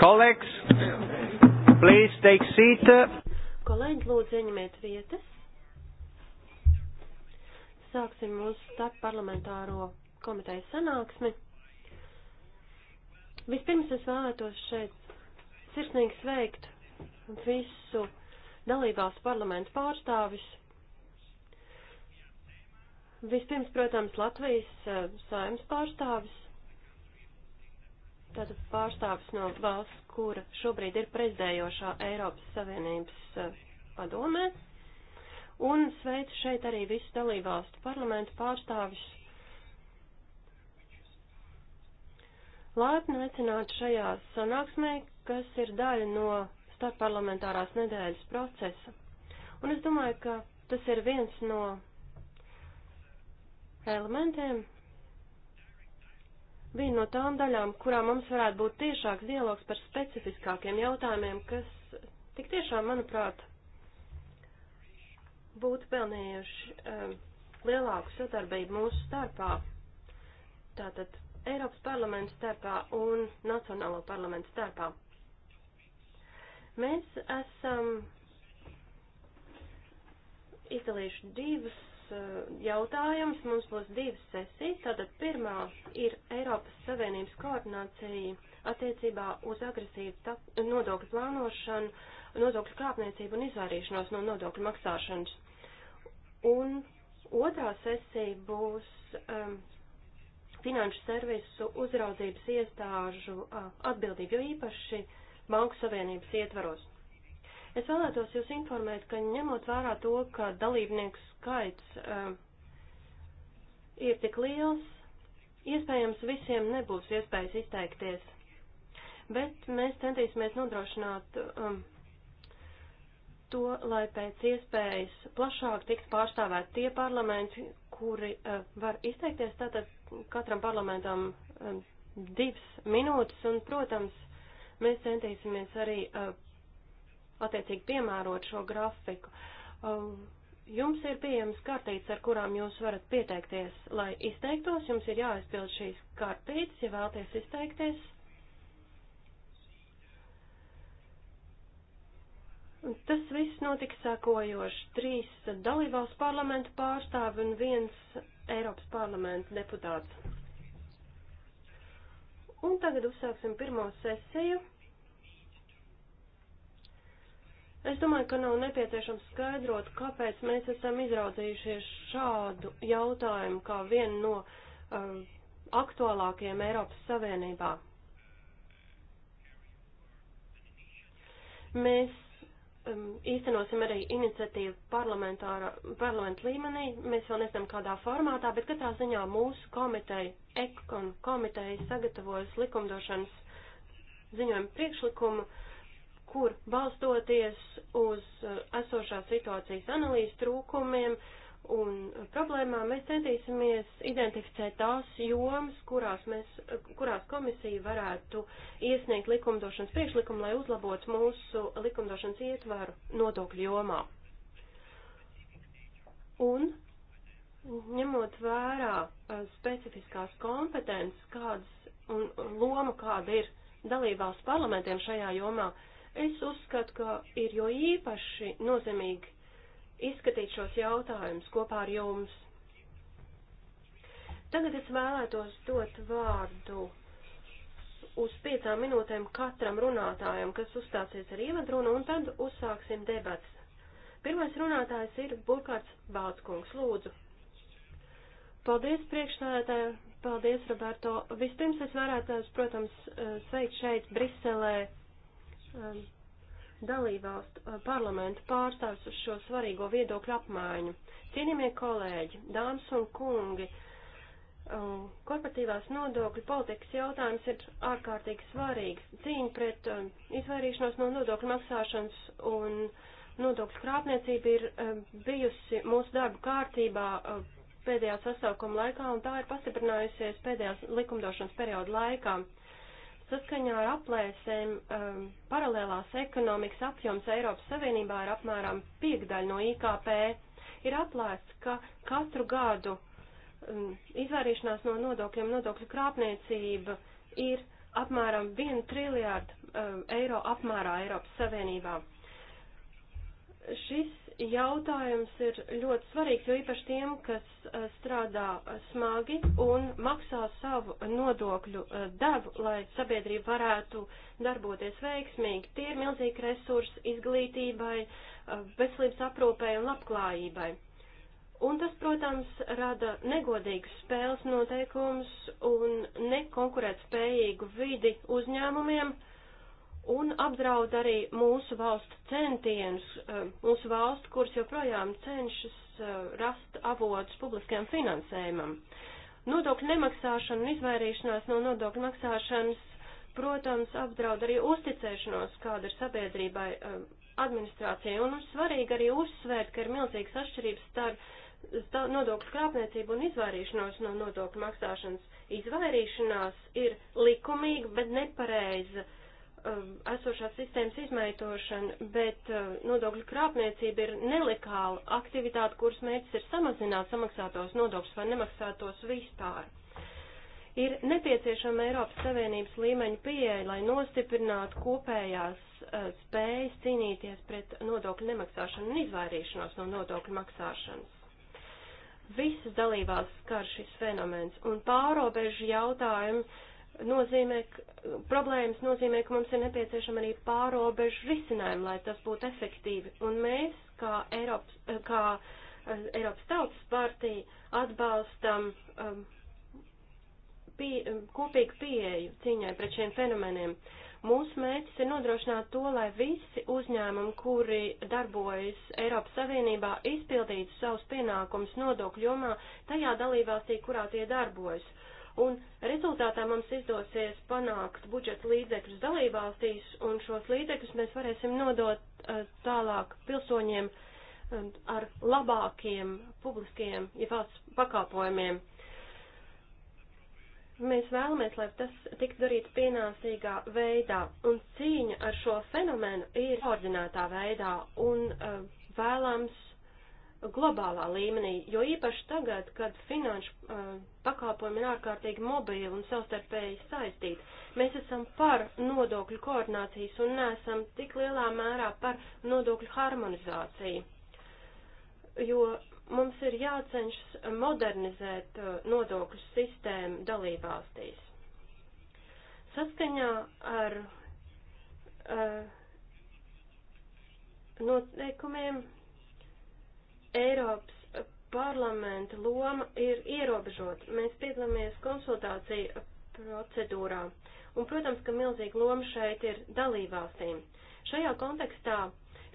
Kolēģis, please take seat. Kolēģi, lūdzu, ieņemiet vietas. Sāksim mūsu starp parlamentāro komitejas sanāksmi. Vispirms es vēlētos šeit sirsnīgi sveikt visu dalībās parlamentu pārstāvis. Vispirms, protams, Latvijas eh, saimnes pārstāvis, Tātad pārstāvis no valsts, kura šobrīd ir prezidējošā Eiropas Savienības eh, padomē. Un sveicu šeit arī visu dalībvalstu parlamentu pārstāvis. Lēpni aicināt šajā sanāksmē, kas ir daļa no starpparlamentārās nedēļas procesa. Un es domāju, ka tas ir viens no elementiem, viena no tām daļām, kurā mums varētu būt tiešāks dialogs par specifiskākiem jautājumiem, kas tik tiešām, manuprāt, būtu pelnījuši um, lielāku sadarbību mūsu starpā. Tātad Eiropas parlamentu starpā un Nacionālo parlamentu starpā. Mēs esam izdalījuši divus E, jautājums. Mums būs divas sesijas. Tātad pirmā ir Eiropas Savienības koordinācija attiecībā uz agresīvu nodokļu plānošanu, nodokļu krāpniecību un izvairīšanos no nodokļu maksāšanas. Un otrā sesija būs um, finanšu servisu uzraudzības iestāžu uh, atbildība, jo īpaši Banku Savienības ietvaros. Es vēlētos jūs informēt, ka ņemot vērā to, ka dalībnieku skaits uh, ir tik liels, iespējams visiem nebūs iespējas izteikties, bet mēs centīsimies nodrošināt um, to, lai pēc iespējas plašāk tiks pārstāvēt tie parlamenti, kuri uh, var izteikties, tātad katram parlamentam um, divas minūtes, un, protams, mēs centīsimies arī uh, attiecīgi piemērot šo grafiku. Um, jums ir pieejamas kartītes, ar kurām jūs varat pieteikties, lai izteiktos. Jums ir jāaizpild šīs kartītes, ja vēlties izteikties. Tas viss notika sākojoši. Trīs dalībvalsts parlamentu pārstāvi un viens Eiropas parlamenta deputāts. Un tagad uzsāksim pirmo sesiju. Es domāju, ka nav nepieciešams skaidrot, kāpēc mēs esam izraudzījušies šādu jautājumu kā vienu no um, aktuālākajiem Eiropas Savienībā. Mēs um, īstenosim arī iniciatīvu parlamentu līmenī. Mēs vēl nezinām, kādā formātā, bet katrā ziņā mūsu komiteja, ekon komiteja sagatavojas likumdošanas ziņojumu priekšlikumu. Uh, kur balstoties uz uh, esošās situācijas analīzes trūkumiem un problēmām mēs centīsimies identificēt tās jomas, kurās, mēs, uh, kurās komisija varētu iesniegt likumdošanas priekšlikumu, lai uzlabotu mūsu likumdošanas ietvaru nodokļu jomā. Un ņemot vērā uh, specifiskās kompetences, kādas un loma, kāda ir dalībvalsts parlamentiem šajā jomā, uh, Es uzskatu, ka ir jo īpaši nozīmīgi izskatīt šos jautājumus kopā ar jums. Tagad es vēlētos dot vārdu uz piecām minūtēm katram runātājam, kas uzstāsies ar ievadrunu, un tad uzsāksim debats. Pirmais runātājs ir Burkārds Bāckungs. Lūdzu. Paldies priekšstādātāji, paldies Roberto. Vispirms es varētu, protams, eh, sveikt šeit Briselē Um, dalībvalstu uh, parlamentu pārstāvis uz šo svarīgo viedokļu apmaiņu. Cienījamie kolēģi, dāmas un kungi, um, korporatīvās nodokļu politikas jautājums ir ārkārtīgi svarīgs. Cīņa pret um, izvairīšanos no nodokļu maksāšanas un nodokļu krāpniecība ir bijusi mūsu darbu kārtībā uh, pēdējā sasaukuma laikā, un tā ir pastiprinājusies pēdējās likumdošanas perioda laikā. Saskaņā ar aplēsēm um, paralēlās ekonomikas apjoms Eiropas Savienībā ir apmēram piekdaļa no IKP. Ir aplēsts, ka katru gadu um, izvairīšanās no nodokļiem nodokļu krāpniecība ir apmēram 1 triljārdu um, eiro apmērā Eiropas Savienībā. Šis jautājums ir ļoti svarīgs, jo īpaši tiem, kas strādā smagi un maksā savu nodokļu devu, lai sabiedrība varētu darboties veiksmīgi. Tie ir milzīgi resursi izglītībai, veselības aprūpei un labklājībai. Un tas, protams, rada negodīgus spēles noteikumus un nekonkurētspējīgu vidi uzņēmumiem, uh, un apdraud arī mūsu valstu centienus, eh, mūsu valstu, kuras joprojām cenšas eh, rast avotus publiskajam finansējumam. Nodokļu nemaksāšana un izvairīšanās no nodokļu maksāšanas, protams, apdraud arī uzticēšanos, kāda ir sabiedrībai eh, administrācijai, un ir svarīgi arī uzsvērt, ka ir milzīgas atšķirības starp nodokļu krāpniecību un izvairīšanos no nodokļu maksāšanas. Izvairīšanās ir likumīga, bet nepareiza Um, esošās sistēmas izmaitošana, bet um, nodokļu krāpniecība ir nelikāla aktivitāte, kuras mērķis ir samazināt samaksātos nodokļus vai nemaksātos vispār. Ir nepieciešama Eiropas Savienības līmeņa pieeja, lai nostiprinātu kopējās uh, spējas cīnīties pret nodokļu nemaksāšanu un izvairīšanos no nodokļu maksāšanas. Visas dalībās skar šis fenomens un pārobežu jautājumi nozīmē, ka problēmas nozīmē, ka mums ir nepieciešama arī pārobežu risinājumi, lai tas būtu efektīvi. Un mēs, kā Eiropas, eh, kā eh, Eiropas tautas partija, atbalstam um, pie, um, kopīgu pieeju cīņai pret šiem fenomeniem. Mūsu mērķis ir nodrošināt to, lai visi uzņēmumi, kuri darbojas Eiropas Savienībā, izpildītu savus pienākumus nodokļu jomā tajā dalībvalstī, kurā tie darbojas. Uh, un rezultātā mums izdosies panākt budžeta līdzekļus dalībvalstīs, un šos līdzekļus mēs varēsim nodot eh, tālāk pilsoņiem eh, ar labākiem publiskiem, ja valsts pakāpojumiem. Mēs vēlamies, lai tas tiktu darīts pienācīgā veidā, un cīņa ar šo fenomenu ir koordinētā veidā, un uh, vēlams globālā līmenī, jo īpaši tagad, kad finanšu uh, pakalpojumi ir ārkārtīgi mobili un savstarpēji saistīti, mēs esam par nodokļu koordinācijas un neesam tik lielā mērā par nodokļu harmonizāciju. Jo mums ir jācenšas modernizēt uh, nodokļu sistēmu dalībvalstīs. Saskaņā ar uh, noteikumiem Eiropas parlamenta loma ir ierobežot. Mēs piedalāmies konsultāciju procedūrā. Un, protams, ka milzīga loma šeit ir dalībvalstīm. Šajā kontekstā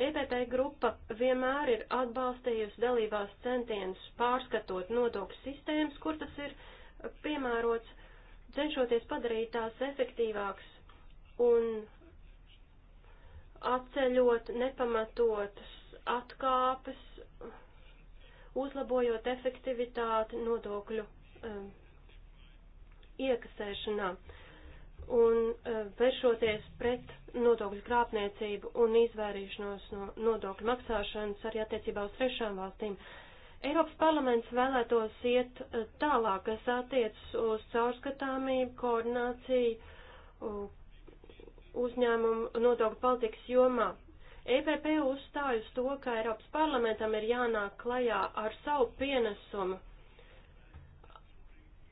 EPP grupa vienmēr ir atbalstījusi dalībās centienus pārskatot nodokļu sistēmas, kur tas ir piemērots, cenšoties padarīt tās efektīvākas un atceļot nepamatotas atkāpes uzlabojot efektivitāti nodokļu um, iekasēšanā un uh, vēršoties pret nodokļu krāpniecību un izvairīšanos no nodokļu maksāšanas arī attiecībā uz trešām valstīm. Eiropas parlaments vēlētos iet uh, tālāk, kas attiecas uz caurskatāmību, koordināciju uh, uzņēmumu nodokļu politikas jomā. EPP uzstāj uz to, ka Eiropas parlamentam ir jānāk klajā ar savu pienesumu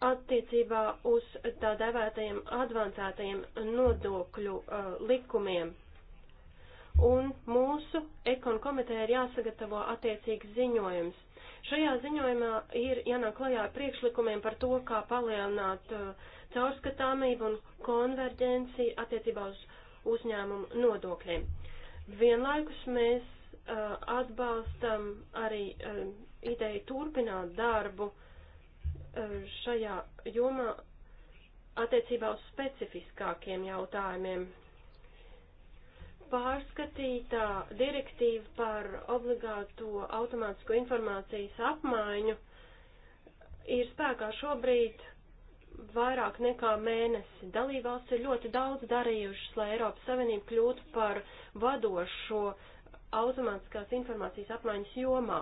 attiecībā uz tā devētajiem advancētajiem nodokļu uh, likumiem. Un mūsu ekonu komiteja ir jāsagatavo attiecīgs ziņojums. Šajā ziņojumā ir jānāk klajā ar priekšlikumiem par to, kā palielināt uh, caurskatāmību un konverģenci attiecībā uz uzņēmumu nodokļiem. Vienlaikus mēs uh, atbalstam arī uh, ideju turpināt darbu uh, šajā jomā attiecībā uz specifiskākiem jautājumiem. Pārskatītā direktīva par obligāto automātisko informācijas apmaiņu ir spēkā šobrīd vairāk nekā mēnesi. Dalībvalsts ir ļoti daudz darījušas, lai Eiropas Savienība kļūtu par vadošo automātiskās informācijas apmaiņas jomā.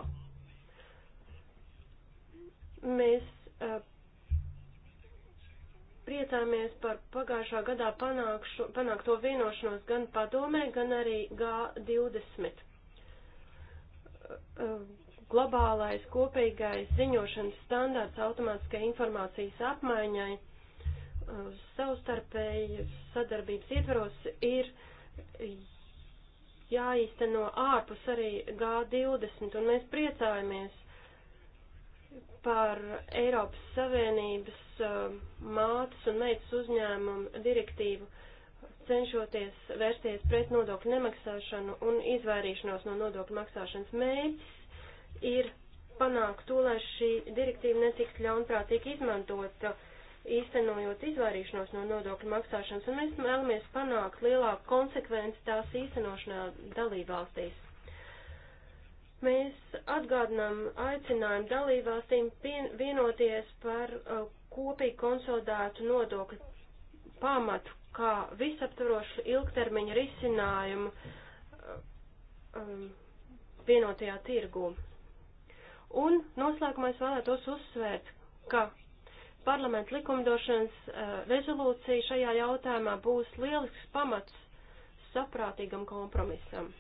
Mēs uh, priecāmies par pagājušā gadā panākšu, panākto vienošanos gan padomē, gan arī G20. Uh, globālais kopīgais ziņošanas standarts automātiskai informācijas apmaiņai uh, savstarpēji sadarbības ietvaros ir jāīsteno ārpus arī G20, un mēs priecājamies par Eiropas Savienības uh, mātes un meitas uzņēmumu direktīvu, cenšoties vērsties pret nodokļu nemaksāšanu un izvairīšanos no nodokļu maksāšanas mērķis ir panākt to, lai šī direktīva netiks ļaunprātīgi izmantota, īstenojot izvairīšanos no nodokļu maksāšanas, un mēs vēlamies panākt lielāku konsekvenci tās īstenošanā dalībvalstīs. Mēs atgādinām aicinājumu dalībvalstīm vienoties par uh, kopīgi konsolidētu nodokļu pamatu, kā visaptvarošu ilgtermiņa risinājumu uh, um, vienotajā tirgū. Un noslēgumā es vēlētos uzsvērt, ka parlamenta likumdošanas eh, rezolūcija šajā jautājumā būs lielisks pamats saprātīgam kompromisam.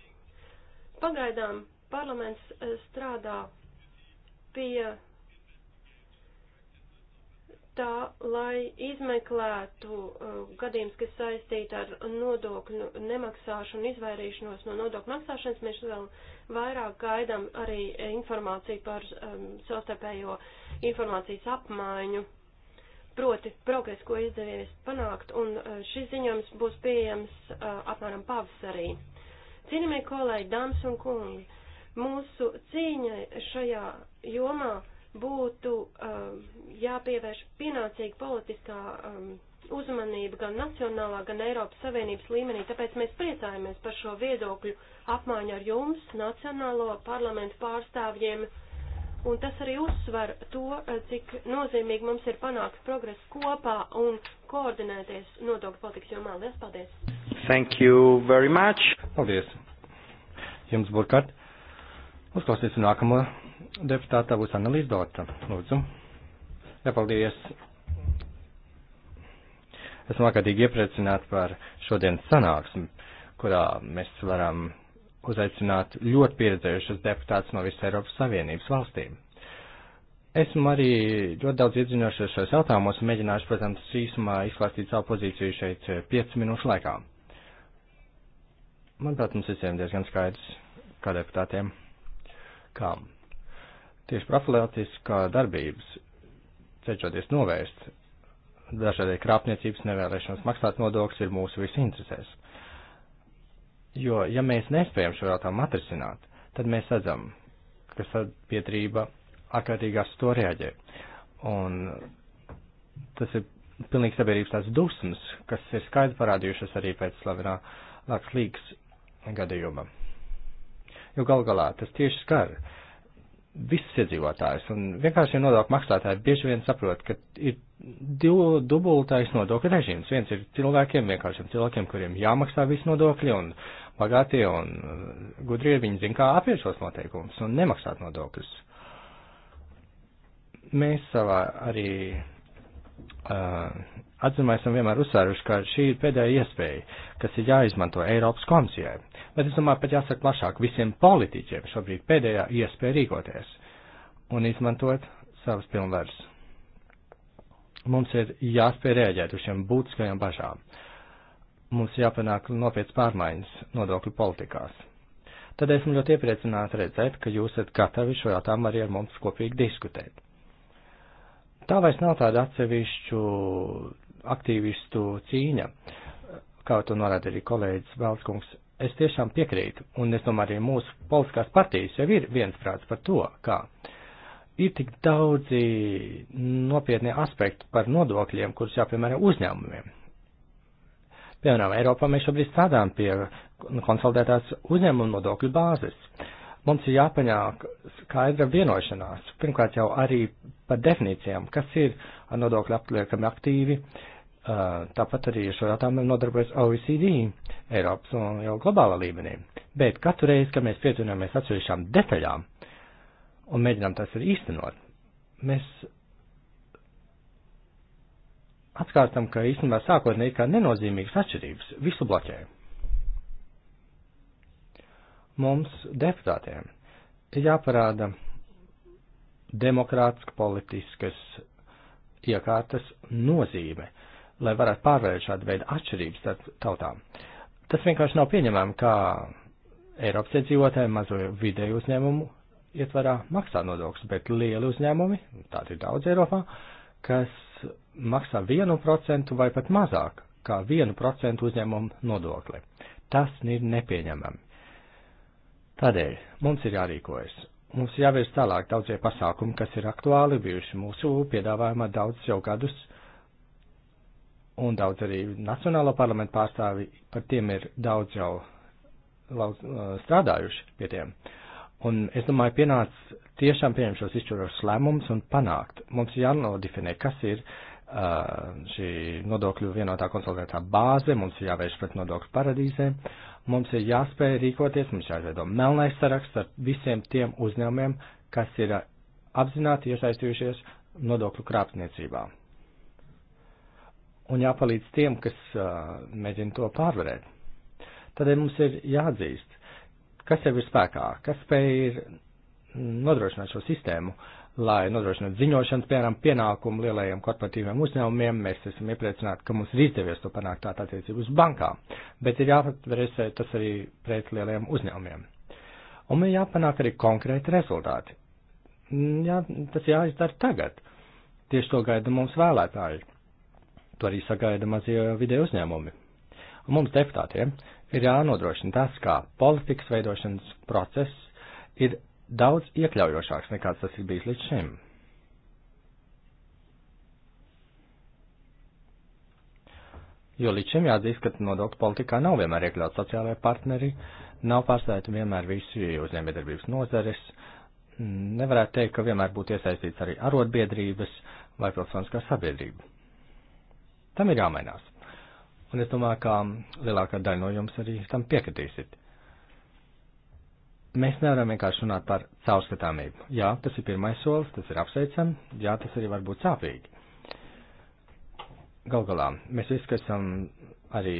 Pagaidām parlaments eh, strādā pie tā, lai izmeklētu uh, gadījumus, kas saistīti ar nodokļu nemaksāšanu, izvairīšanos no nodokļu maksāšanas, mēs vēl vairāk gaidām arī informāciju par um, savstarpējo informācijas apmaiņu, proti progres, ko izdevies panākt, un uh, šis ziņojums būs pieejams uh, apmēram pavasarī. Cienījamie kolēģi, dāmas un kungi, mūsu cīņa šajā jomā būtu um, jāpievērš pienācīga politiskā um, uzmanība gan nacionālā, gan Eiropas Savienības līmenī, tāpēc mēs priecājamies par šo viedokļu apmaiņu ar jums, nacionālo parlamentu pārstāvjiem, un tas arī uzsver to, eh, cik nozīmīgi mums ir panākt progresu kopā un koordinēties nodokļu politikas jomā. Lies, paldies! Thank you very much! Paldies! Jums, Burkart! Uzklausīsim nākamo deputātā būs Annelīze Dota. Lūdzu. Jā, paldies. Esmu ārkārtīgi iepriecināts par šodienas sanāksmi, kurā mēs varam uzaicināt ļoti pieredzējušas deputātus no visas Eiropas Savienības valstīm. Esmu arī ļoti daudz iedzinošies šajos jautājumos un mēģināšu, protams, īsumā izklāstīt savu pozīciju šeit 5 eh, minūšu laikā. Manuprāt, mums visiem diezgan skaidrs, kā deputātiem, kā tieši profilētiskā darbības, cenšoties novērst dažādai krāpniecības nevēlēšanas maksāt nodokļus, ir mūsu visu interesēs. Jo, ja mēs nespējam šo jautājumu atrisināt, tad mēs redzam, ka sabiedrība ārkārtīgās to reaģē. Un tas ir pilnīgi sabiedrības tās dusmas, kas ir skaidri parādījušas arī pēc slavenā Laks Līgas gadījuma. Jo gal galā tas tieši skar uh, visus iedzīvotājus. Un vienkārši nodokļu maksātāji bieži vien saprot, ka ir divu, dubultais nodokļu režīms. Viens ir cilvēkiem, vienkāršiem cilvēkiem, kuriem jāmaksā visi nodokļi, un bagātie un uh, gudrie viņi zina, kā apiet šos noteikumus un nemaksāt nodokļus. Mēs savā arī Uh, atzīmē esam vienmēr uzsvēruši, ka šī ir pēdējā iespēja, kas ir jāizmanto Eiropas komisijai. Bet es domāju, pat jāsaka plašāk visiem politiķiem šobrīd pēdējā iespēja rīkoties un izmantot savas pilnvaras. Mums ir jāspēj rēģēt uz šiem būtiskajiem bažām. Mums jāpanāk nopietnas pārmaiņas nodokļu politikās. Tad esmu ļoti iepriecināta redzēt, ka jūs esat gatavi šo jautājumu arī ar mums kopīgi diskutēt. Tā vairs nav tāda atsevišķu aktīvistu cīņa, kā to norāda arī kolēģis Velskungs. Es tiešām piekrītu, un es domāju, arī mūsu politiskās partijas jau ir viensprāts par to, kā ir tik daudzi nopietni aspekti par nodokļiem, kurus jāpiemēram uzņēmumiem. Piemēram, Eiropā mēs šobrīd strādājam pie konsolidētās uzņēmuma nodokļu bāzes. Uh, Mums ir jāpanāk skaidra vienošanās, pirmkārt jau arī par definīcijām, kas ir ar nodokļu apliekami aktīvi, tāpat arī šo jautājumu nodarbojas OECD, Eiropas un jau globālā līmenī. Bet katru reizi, kad mēs pietuvināmies atsevišķām detaļām un mēģinām tās arī īstenot, mēs atkārtam, ka īstenībā sākotnēji kā nenozīmīgas atšķirības visu bloķēja. Mums, deputātiem, ir jāparāda demokrātiska politiskas iekārtas nozīme, lai varētu pārvarēt šādu veidu atšķirības starp tautām. Tas vienkārši nav pieņemami, kā Eiropas iedzīvotāji mazo vidēju uzņēmumu ietvarā maksā nodokļus, bet lieli uzņēmumi, tādi ir daudz Eiropā, kas maksā 1% vai pat mazāk kā 1% uzņēmumu nodokli. Tas ir nepieņemami. Tādēļ mums ir jārīkojas. Mums jāvērst tālāk daudzie pasākumi, kas ir aktuāli bijuši mūsu piedāvājumā daudz jau gadus, un daudz arī Nacionālo parlamentu pārstāvi par tiem ir daudz jau lauz, uh, strādājuši pie tiem. Un es domāju, pienācis tiešām pieņemt šos izšķirošos lēmumus un panākt. Mums jānodefinē, kas ir uh, šī nodokļu vienotā konsolidētā bāze, mums ir jāvērš pret nodokļu paradīzēm Mums ir jāspēj rīkoties, mums jāizveido melnais saraksts ar visiem tiem uzņēmumiem, kas ir uh, apzināti iesaistījušies nodokļu krāpniecībā. Un jāpalīdz tiem, kas uh, mēģina to pārvarēt. Tādēļ mums ir jāatzīst, kas jau ir spēkā, kas spēj mm, nodrošināt šo sistēmu, uh, lai nodrošinātu ziņošanas, piemēram, pienākumu lielajiem korporatīviem uzņēmumiem. Mēs esam iepriecināti, ka mums ir izdevies to panākt tā attiecību uz bankām, bet ir jāpatveresē eh, tas arī pret lielajiem uzņēmumiem. Un ir jāpanāk arī konkrēti rezultāti. Mm, jā, tas jāizdara tagad. Tieši to gaida mums vēlētāji. To arī sagaida mazie video uzņēmumi. Un mums deputātiem ir jānodrošina tas, kā politikas veidošanas process ir daudz iekļaujošāks nekā tas ir bijis līdz šim. Jo līdz šim jāatzīst, ka nodokļu politikā nav vienmēr iekļauts sociālajie partneri, nav pārstāvēti vienmēr visi uzņēmējdarbības nozares, nevarētu teikt, ka vienmēr būtu iesaistīts arī arotbiedrības vai pilsoniskā sabiedrība. Tam ir jāmainās. Un es domāju, ka lielākā daļa no jums arī tam piekritīsit mēs nevaram vienkārši runāt par caurskatāmību. Jā, tas ir pirmais solis, tas ir apsveicami, jā, tas arī var būt sāpīgi. Gal galā, mēs visi, kas esam arī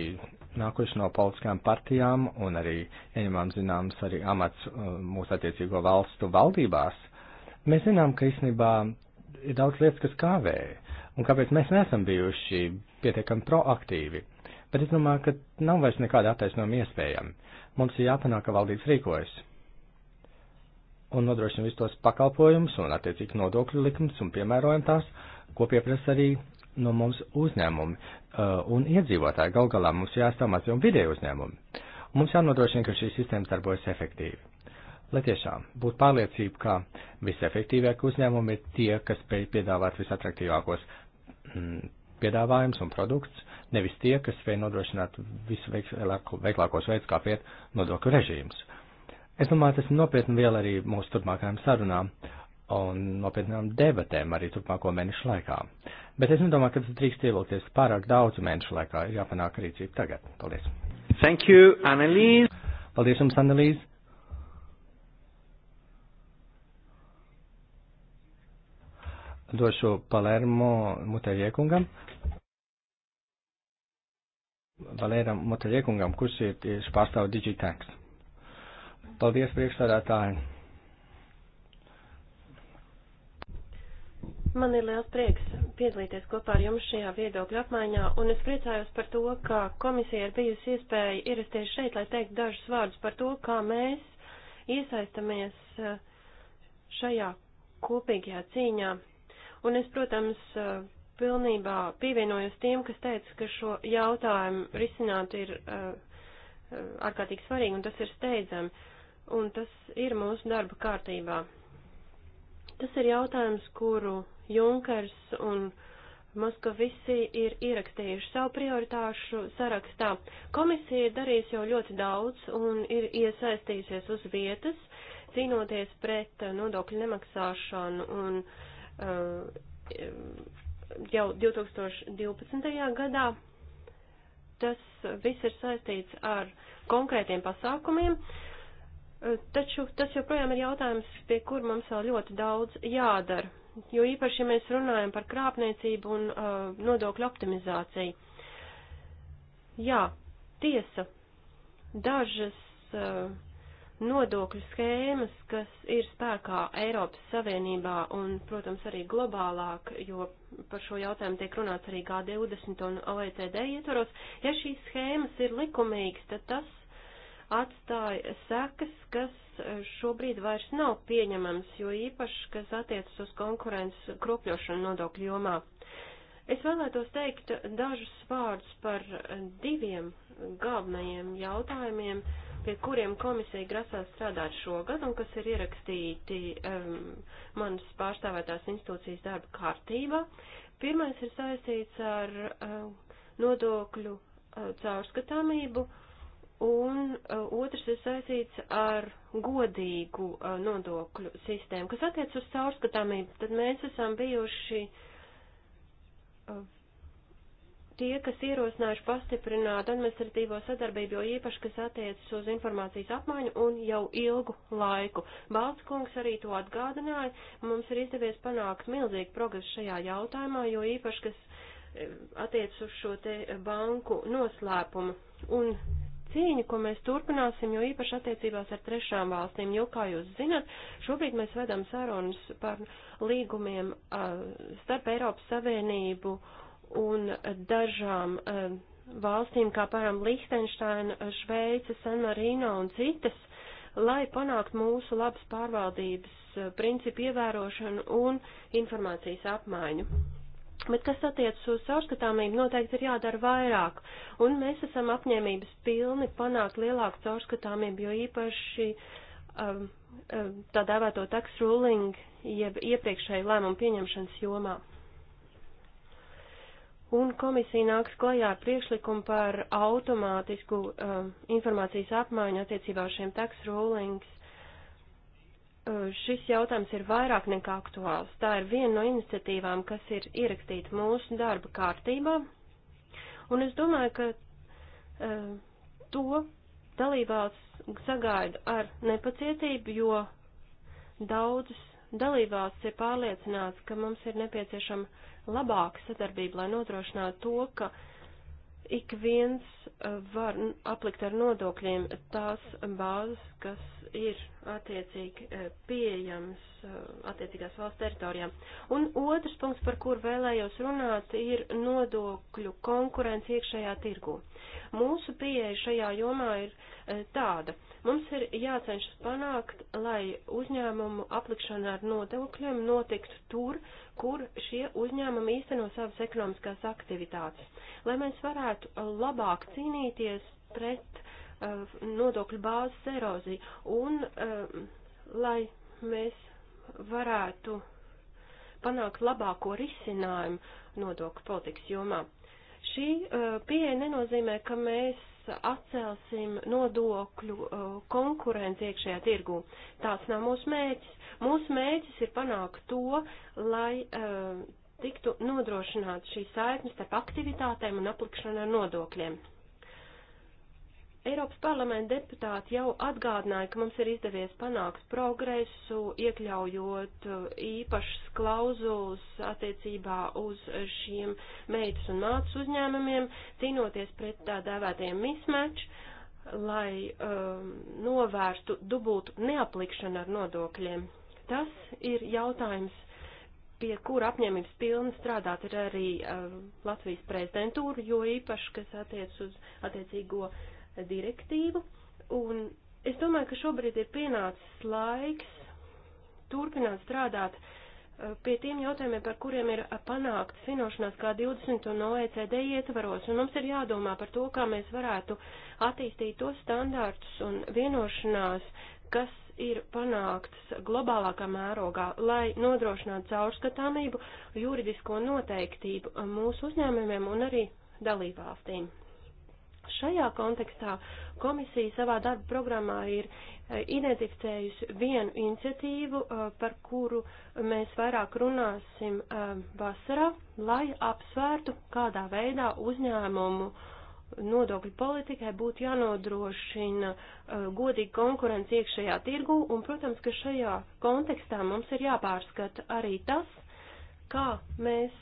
nākuši no politiskām partijām un arī ieņemām zināms arī amats uh, mūsu attiecīgo valstu valdībās, mēs zinām, ka īstenībā ir daudz lietas, kas kāvē, un kāpēc mēs neesam bijuši pietiekami proaktīvi. Bet es domāju, ka nav vairs nekāda attaisnojuma iespējama. Mums ir jāpanāk, ka valdības rīkojas un nodrošina visus tos pakalpojumus un attiecīgi nodokļu likums un piemērojam tās, ko pieprasa arī no mums uzņēmumi uh, un iedzīvotāji. Gal galā mums jāstāv mazie un vidēji uzņēmumi. Mums jānodrošina, ka šīs sistēmas darbojas efektīvi. Lai tiešām būtu pārliecība, ka visefektīvākie uzņēmumi ir tie, kas spēj piedāvāt visatraktīvākos mm, piedāvājums un produkts, nevis tie, kas spēj nodrošināt visveiklākos veids, kā piet nodokļu režīmus. Es domāju, tas ir nopietna viela arī mūsu turpmākajām sarunām un nopietnām debatēm arī turpmāko mēnešu laikā. Bet es nedomāju, ka tas drīkst ievilkties pārāk daudz mēnešu laikā. Ir jāpanāk rīcība tagad. Paldies. Thank you, Annelise. Paldies jums, Annelise. Došu Palermo Mutaļiekungam. Valēram Mutaļiekungam, kurš ir tieši pārstāv DigiTanks. Paldies, priekšstādātāji! Man ir liels prieks piedalīties kopā ar jums šajā viedokļa apmaiņā, un es priecājos par to, ka komisija ir bijusi iespēja ierasties šeit, lai teikt dažus vārdus par to, kā mēs iesaistamies eh, šajā kopīgajā cīņā. Un es, protams, eh, pilnībā pievienojos tiem, kas teica, ka šo jautājumu risināt ir eh, ārkārtīgi svarīgi, un tas ir steidzami un tas ir mūsu darba kārtībā. Tas ir jautājums, kuru Junkers un Moskavisi ir ierakstījuši savu prioritāšu sarakstā. Komisija ir darījusi jau ļoti daudz un ir iesaistījusies uz vietas, cīnoties pret nodokļu nemaksāšanu un uh, jau 2012. gadā. Tas viss ir saistīts ar konkrētiem pasākumiem. Uh, Taču tas joprojām ir jautājums, pie kur mums vēl ļoti daudz jādara, jo īpaši, ja mēs runājam par krāpniecību un uh, nodokļu optimizāciju. Jā, tiesa, dažas uh, nodokļu schēmas, kas ir spēkā Eiropas Savienībā un, protams, arī globālāk, jo par šo jautājumu tiek runāts arī G20 un OECD ietvaros, ja šīs schēmas ir likumīgas, tad tas atstāja sekas, kas e, šobrīd vairs nav pieņemams, jo īpaši, kas attiecas uz konkurences kropļošanu nodokļu jomā. Es vēlētos teikt dažus vārdus par e, diviem galvenajiem jautājumiem, pie kuriem komisija grasās strādāt šogad un kas ir ierakstīti um, manas pārstāvētās institūcijas darba kārtībā. Pirmais ir saistīts ar um, nodokļu uh, caurskatāmību. Uh, Un uh, otrs ir saistīts ar godīgu uh, nodokļu sistēmu, kas attiec uz caurskatāmību. Tad mēs esam bijuši uh, tie, kas ierosinājuši pastiprināt administratīvo sadarbību, jo īpaši, kas attiec uz informācijas apmaiņu un jau ilgu laiku. Balts kungs arī to atgādināja. Mums ir izdevies panākt milzīgu progresu šajā jautājumā, jo īpaši, kas uh, attiec uz šo te banku noslēpumu un cīņu, ko mēs turpināsim, jo īpaši attiecībās ar trešām valstīm, jo, kā jūs zinat, šobrīd mēs vedam sarunas par līgumiem starp Eiropas Savienību un dažām valstīm, kā piemēram Lihtenšteina, Šveice, San Marino un citas, lai panāktu mūsu labas pārvaldības principu ievērošanu un informācijas apmaiņu. Bet kas attiecas uz caurskatāmību, noteikti ir jādara vairāk, un mēs esam apņēmības pilni panākt lielāku caurskatāmību, jo īpaši um, um, tā dēvēto tax ruling, jeb iepriekšēju lēmumu pieņemšanas jomā. Un komisija nāks klajā ar priekšlikumu par automātisku um, informācijas apmaiņu attiecībā uz šiem tax rulings Eh, šis jautājums ir vairāk nekā aktuāls. Tā ir viena no iniciatīvām, kas ir ierakstīta mūsu darba kārtībā. Un es domāju, ka uh, to dalībvalsts sagaida ar nepacietību, jo daudzas dalībvalsts ir pārliecināts, ka mums ir nepieciešama labāka sadarbība, lai nodrošinātu to, ka uh, ik viens eh, var aplikt ar nodokļiem tās bāzes, kas ir attiecīgi eh, pieejams eh, attiecīgās valsts teritorijām. Un otrs punkts, par kur vēlējos runāt, ir nodokļu konkurence iekšējā tirgu. Mūsu pieeja šajā jomā ir tāda. Mums ir jācenšas panākt, lai uzņēmumu aplikšana ar nodokļiem notiktu tur, kur šie uzņēmumi īsteno savas ekonomiskās aktivitātes, lai mēs varētu uh, labāk cīnīties pret uh, nodokļu bāzes eroziju un uh, lai mēs varētu panākt labāko risinājumu nodokļu politikas jomā. Šī uh, pieeja nenozīmē, ka mēs atcelsim nodokļu uh, konkurenci iekšējā tirgū. Tāds nav mūsu mēģis. Mūsu mēģis ir panākt to, lai uh, tiktu nodrošināt šī saiknes starp aktivitātēm un aplikšana ar nodokļiem. Eiropas parlamenta deputāti jau atgādināja, ka mums ir izdevies panākt progresu, iekļaujot uh, īpašas klauzulas attiecībā uz šiem meitas un mātas uzņēmumiem, cīnoties pret tā dēvētajiem mismeču, lai um, novērstu dubultu neaplikšanu ar nodokļiem. Tas ir jautājums, pie kura apņēmības pilni strādāt ir arī um, Latvijas prezidentūra, jo īpaši, kas attiec uz attiecīgo uh, direktīvu, un es domāju, ka šobrīd ir pienācis laiks turpināt strādāt uh, pie tiem jautājumiem, par kuriem ir uh, panākts vienošanās kā 20 un OECD ietvaros, un mums ir jādomā par to, kā mēs varētu attīstīt tos standārtus un vienošanās, kas ir panākts globālākā mērogā, lai nodrošinātu caurskatāmību, juridisko noteiktību uh, mūsu uzņēmumiem un arī dalībvalstīm. Šajā kontekstā komisija savā darba programmā ir e, identificējusi vienu iniciatīvu, e, par kuru mēs vairāk runāsim e, vasarā, lai apsvērtu, kādā veidā uzņēmumu nodokļu politikai būtu jānodrošina godīga konkurence iekšējā tirgu, un, protams, ka šajā kontekstā mums ir jāpārskata arī tas, kā mēs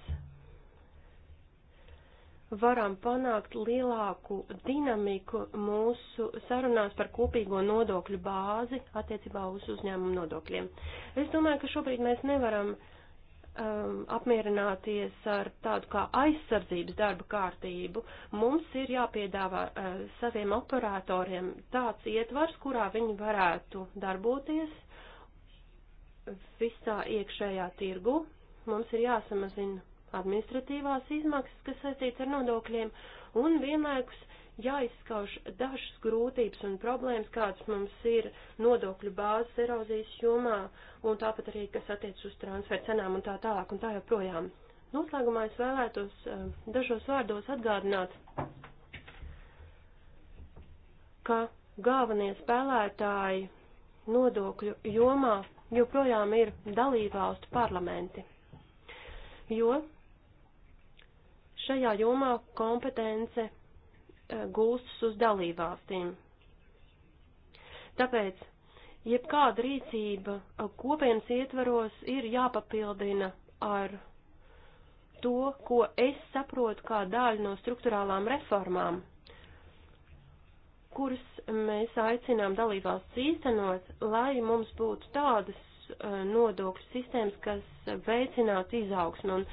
varam panākt lielāku dinamiku mūsu sarunās par kopīgo nodokļu bāzi attiecībā uz uzņēmumu nodokļiem. Es domāju, ka šobrīd mēs nevaram um, apmierināties ar tādu kā aizsardzības darba kārtību. Mums ir jāpiedāvā uh, saviem operatoriem tāds ietvars, kurā viņi varētu darboties visā iekšējā tirgu. Mums ir jāsamazina administratīvās izmaksas, kas saistīts ar nodokļiem, un vienlaikus jāizskauž dažas grūtības un problēmas, kādas mums ir nodokļu bāzes erozijas jomā, un tāpat arī, kas attiec uz transfer cenām un tā tālāk un tā joprojām. Noslēgumā es vēlētos eh, dažos vārdos atgādināt, ka galvenie spēlētāji nodokļu jomā joprojām ir dalībvalstu parlamenti, jo Šajā jomā kompetence e, gūstas uz dalībvalstīm. Tāpēc, jebkāda rīcība e, kopienas ietvaros ir jāpapildina ar to, ko es saprotu kā daļu no struktūrālām reformām, kuras mēs aicinām dalībvalsts īstenot, lai mums būtu tādas e, nodokļu sistēmas, kas veicinātu izaugsmu un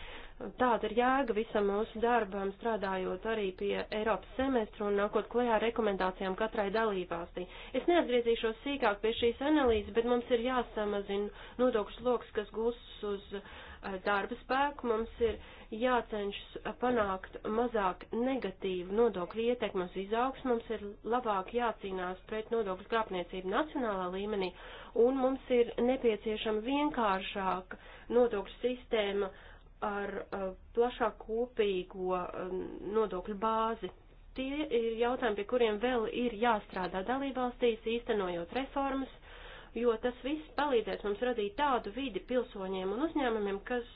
Tāda ir jēga visam mūsu darbam, strādājot arī pie Eiropas semestra un nākot klajā rekomendācijām katrai dalībvalstī. Es neatgriezīšos sīkāk pie šīs analīzes, bet mums ir jāsamazina nodokļu sloks, kas gūsts uz eh, darba spēku. Mums ir jācenšas panākt mazāk negatīvu nodokļu ietekmi uz izaugsmu. Mums ir labāk jācīnās pret nodokļu krāpniecību nacionālā līmenī un mums ir nepieciešama vienkāršāka nodokļu sistēma ar uh, plašāku kopīgo um, nodokļu bāzi. Tie ir jautājumi, pie kuriem vēl ir jāstrādā dalībvalstīs, īstenojot reformas, jo tas viss palīdzēs mums radīt tādu vidi pilsoņiem un uzņēmumiem, kas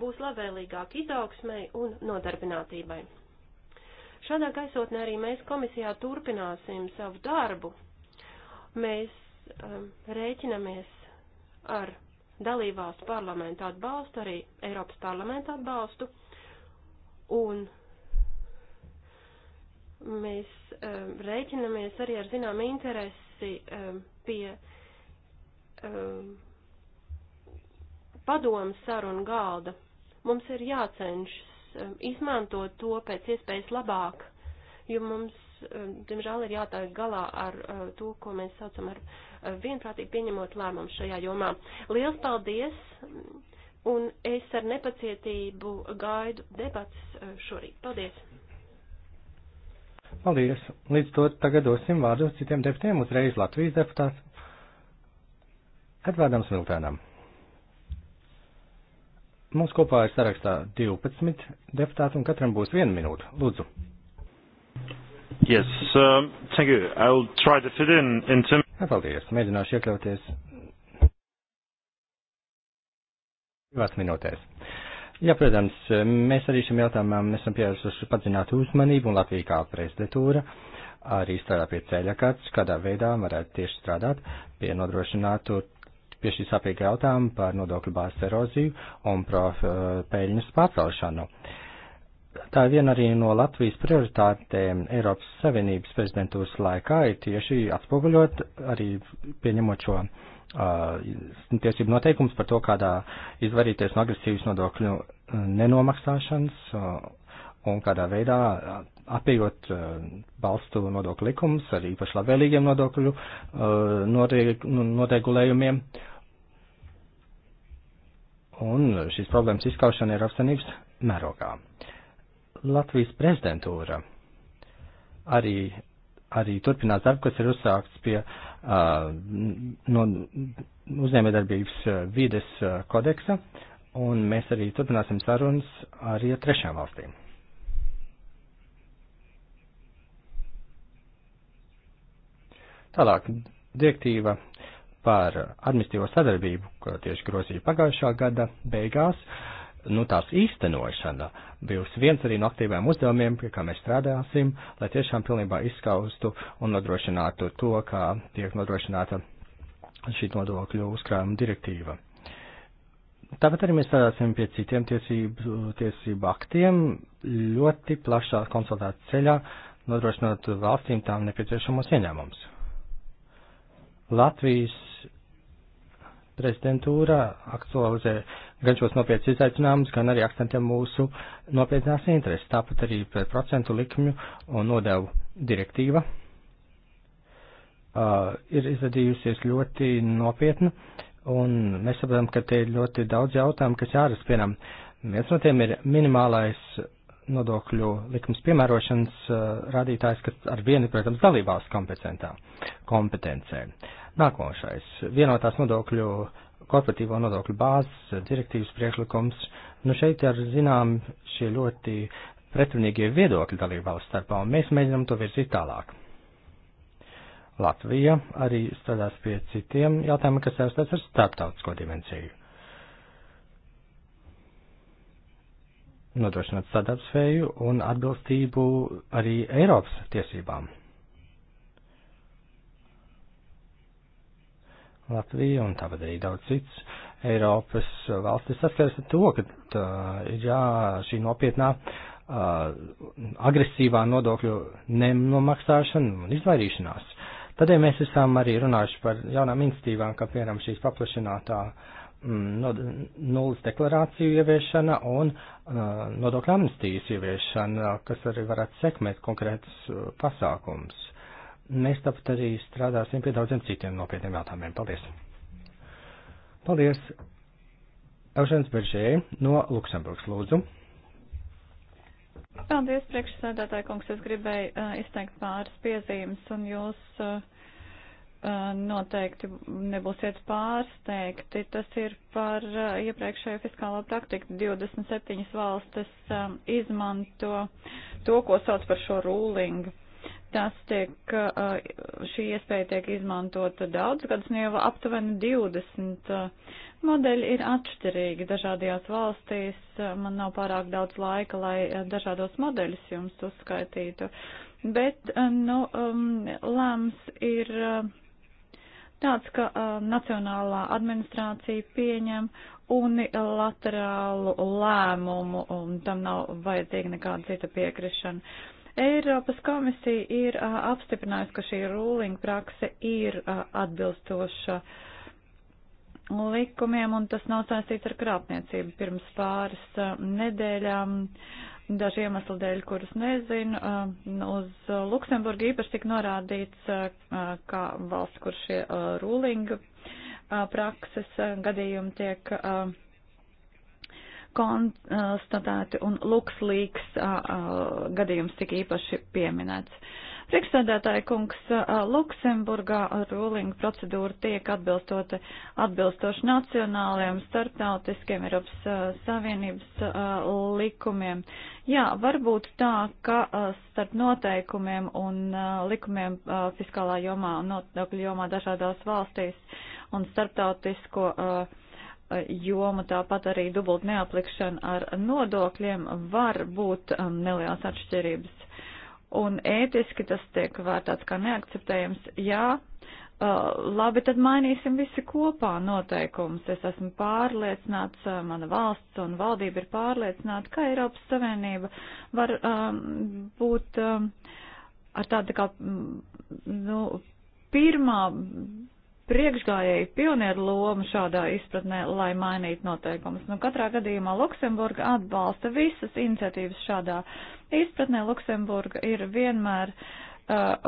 būs labvēlīgāk izaugsmai un nodarbinātībai. Šādā gaisotnē arī mēs komisijā turpināsim savu darbu. Mēs um, rēķinamies ar dalībvalstu parlamentu atbalstu, arī Eiropas parlamentu atbalstu. Un mēs um, rēķinamies arī ar zinām interesi um, pie um, eh, padomas sarunu galda. Mums ir jācenšas um, izmantot to pēc iespējas labāk jo mums, eh, diemžēl, ir jātiek galā ar eh, to, ko mēs saucam ar eh, vienprātīgi pieņemot lēmumu šajā jomā. Liels paldies! Un es ar nepacietību gaidu debats šorīt. Paldies! Paldies! Līdz to tagad dosim vārdu citiem deputiem, uzreiz Latvijas deputāts Edvardam Smiltēnam. Mums kopā ir sarakstā 12 deputāti un katram būs viena minūte. Lūdzu! Yes, um, thank you. I'll try to fit in in term... Ah, paldies, mēģināšu iekļauties divās minūtēs. Jā, protams, mēs arī šim jautājumam esam pievērsuši padzinātu uzmanību un Latvija kā prezidentūra arī strādā pie ceļa kāds, kādā veidā varētu tieši strādāt pie nodrošinātu pie šī sāpīga jautājuma par nodokļu bāzes eroziju un prof, eh, peļņas pārcelšanu. Uh, Tā ir viena arī no Latvijas prioritātēm Eiropas Savienības prezidentūras laikā ir tieši atspoguļot arī pieņemot šo uh, tiesību noteikums par to, kādā izvarīties no agresīvas nodokļu nenomaksāšanas uh, un kādā veidā apjot uh, balstu nodokļu likumus ar īpaši labvēlīgiem nodokļu uh, noregulējumiem. Un šīs problēmas izskaušana ir apsanības mērogām. Latvijas prezidentūra arī, arī turpinās darbu, kas ir uzsākts pie uh, no uzņēmējdarbības vides kodeksa, un mēs arī turpināsim sarunas arī ar trešām valstīm. Tālāk, direktīva par administīvo sadarbību, ko tieši grozīja pagājušā gada beigās, uh, nu, tās īstenošana būs viens arī no aktīviem uzdevumiem, pie kā mēs strādāsim, lai tiešām pilnībā izskaustu un nodrošinātu to, kā tiek nodrošināta šī nodokļu uzkrājuma direktīva. Tāpat arī mēs strādāsim pie citiem tiesību, tiesību aktiem ļoti plašā konsultācijas ceļā, nodrošinot valstīm tām nepieciešamos ieņēmumus. Latvijas prezidentūra aktualizē gan šos nopietnus izaicinājumus, gan arī akcentiem mūsu nopietnās intereses. Tāpat arī pret procentu likmju un nodevu direktīva uh, ir izradījusies ļoti nopietna, un mēs saprotam, ka te ir ļoti daudz jautājumu, kas jāraspinam. Viens no tiem ir minimālais nodokļu likums piemērošanas uh, rādītājs, kas ar vienu, protams, dalībās kompetencē. Nākošais - vienotās nodokļu korporatīvo nodokļu bāzes direktīvas priekšlikums. Nu šeit ir zinām šie ļoti pretrunīgie viedokļi dalībvalsts starpā, un mēs mēģinām to virzīt tālāk. Latvija arī strādās pie citiem jautājumiem, kas saistās ar starptautisko dimensiju. Nodrošināt sadarbspēju un atbilstību arī Eiropas tiesībām. Latvija un tāpat arī daudz cits Eiropas valstis saskaras ar to, ka tā, jā, šī nopietnā uh, agresīvā nodokļu nenomaksāšana un izvairīšanās. Tādēļ ja mēs esam arī runājuši par jaunām institīvām, kā piemēram šīs paplašinātā mm, nulles deklarāciju ieviešana un uh, nodokļu amnestijas ieviešana, kas arī varētu sekmēt konkrētus uh, pasākums mēs tāpat arī strādāsim pie daudziem citiem nopietniem jautājumiem. Paldies! Paldies! Eušens Beržē no Luksemburgas lūdzu. Paldies, priekšsēdētāji kungs. Es gribēju uh, izteikt pāris piezīmes, un jūs uh, noteikti nebūsiet pārsteigti. Tas ir par uh, iepriekšējo fiskālo praktiku. 27 valstis uh, izmanto to, ko sauc par šo ruling Tas tiek, šī iespēja tiek izmantota daudz gadus, nu jau aptuveni 20 modeļi ir atšķirīgi dažādajās valstīs. Man nav pārāk daudz laika, lai dažādos modeļus jums uzskaitītu. Bet, nu, lēms ir tāds, ka Nacionālā administrācija pieņem unilaterālu lēmumu, un tam nav vajadzīga nekāda cita piekrišana. Eiropas komisija ir uh, apstiprinājusi, ka šī ruling prakse ir uh, atbilstoša likumiem un tas nav saistīts ar krāpniecību. Pirms pāris uh, nedēļām, daži iemesli dēļ, kurus nezinu, uh, uz Luksemburgu īpaši tika norādīts, uh, kā valsts, kur šie uh, ruling uh, prakses uh, gadījumi tiek. Uh, konstatēti un lukslīgs gadījums tika īpaši pieminēts. Priekšsēdētāja kungs Luksemburgā ruling procedūra tiek atbilstota atbilstoši nacionālajiem, starptautiskiem Eiropas Savienības likumiem. Jā, varbūt tā, ka starp noteikumiem un likumiem fiskālā jomā un notokļu jomā dažādās valstīs un starptautisko uh, jomu, tāpat arī dubult neaplikšana ar nodokļiem var būt um, nelielas atšķirības. Un ētiski tas tiek vērtāts kā neakceptējams. Jā, uh, labi, tad mainīsim visi kopā noteikumus. Es esmu pārliecināts, uh, mana valsts un valdība ir pārliecināta, ka Eiropas Savienība var um, būt um, ar tādu kā, mm, nu, pirmā priekšgājēji pionieru lomu šādā izpratnē, lai mainītu noteikumus. Nu, katrā gadījumā Luksemburga atbalsta visas iniciatīvas šādā izpratnē. Luksemburga ir vienmēr uh,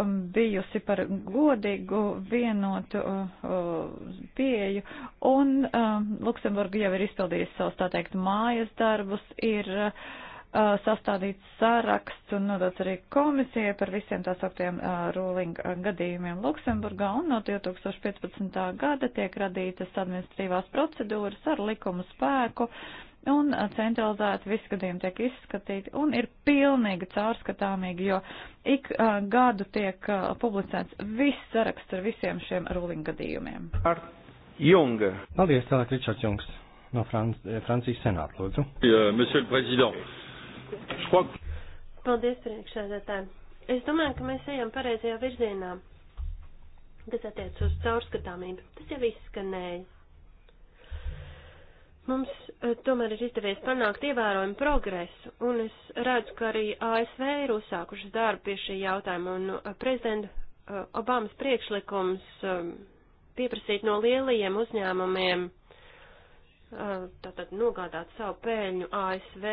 um, bijusi par godīgu, vienotu uh, uh pieju, un uh, Luksemburga jau ir izpildījusi savus, tā teikt, mājas darbus, ir uh, sastādīts saraksts un nodots arī komisijai par visiem tās augtiem ruling gadījumiem Luksemburgā, un no 2015. gada tiek radītas administratīvās procedūras ar likumu spēku, un centralizēti visi gadījumi tiek izskatīti, un ir pilnīgi caurskatāmīgi, jo ik gadu tiek publicēts viss saraksts ar visiem šiem ruling gadījumiem. Ar Junga. Paldies, tālāk Ričards Jungs no Franc Francijas senāta, lūdzu. Jā, crois... Paldies, priekšsēdētāji. Es domāju, ka mēs ejam pareizajā virzienā, kas attiec uz caurskatāmību. Tas jau izskanēja. Mums eh, tomēr ir izdevies panākt ievērojumu progresu, un es redzu, ka arī ASV ir uzsākušas darbu pie šī jautājuma, un eh, prezidenta eh, Obamas priekšlikums pieprasīt no lielajiem uzņēmumiem Uh, tātad nogādāt savu pēļņu ASV,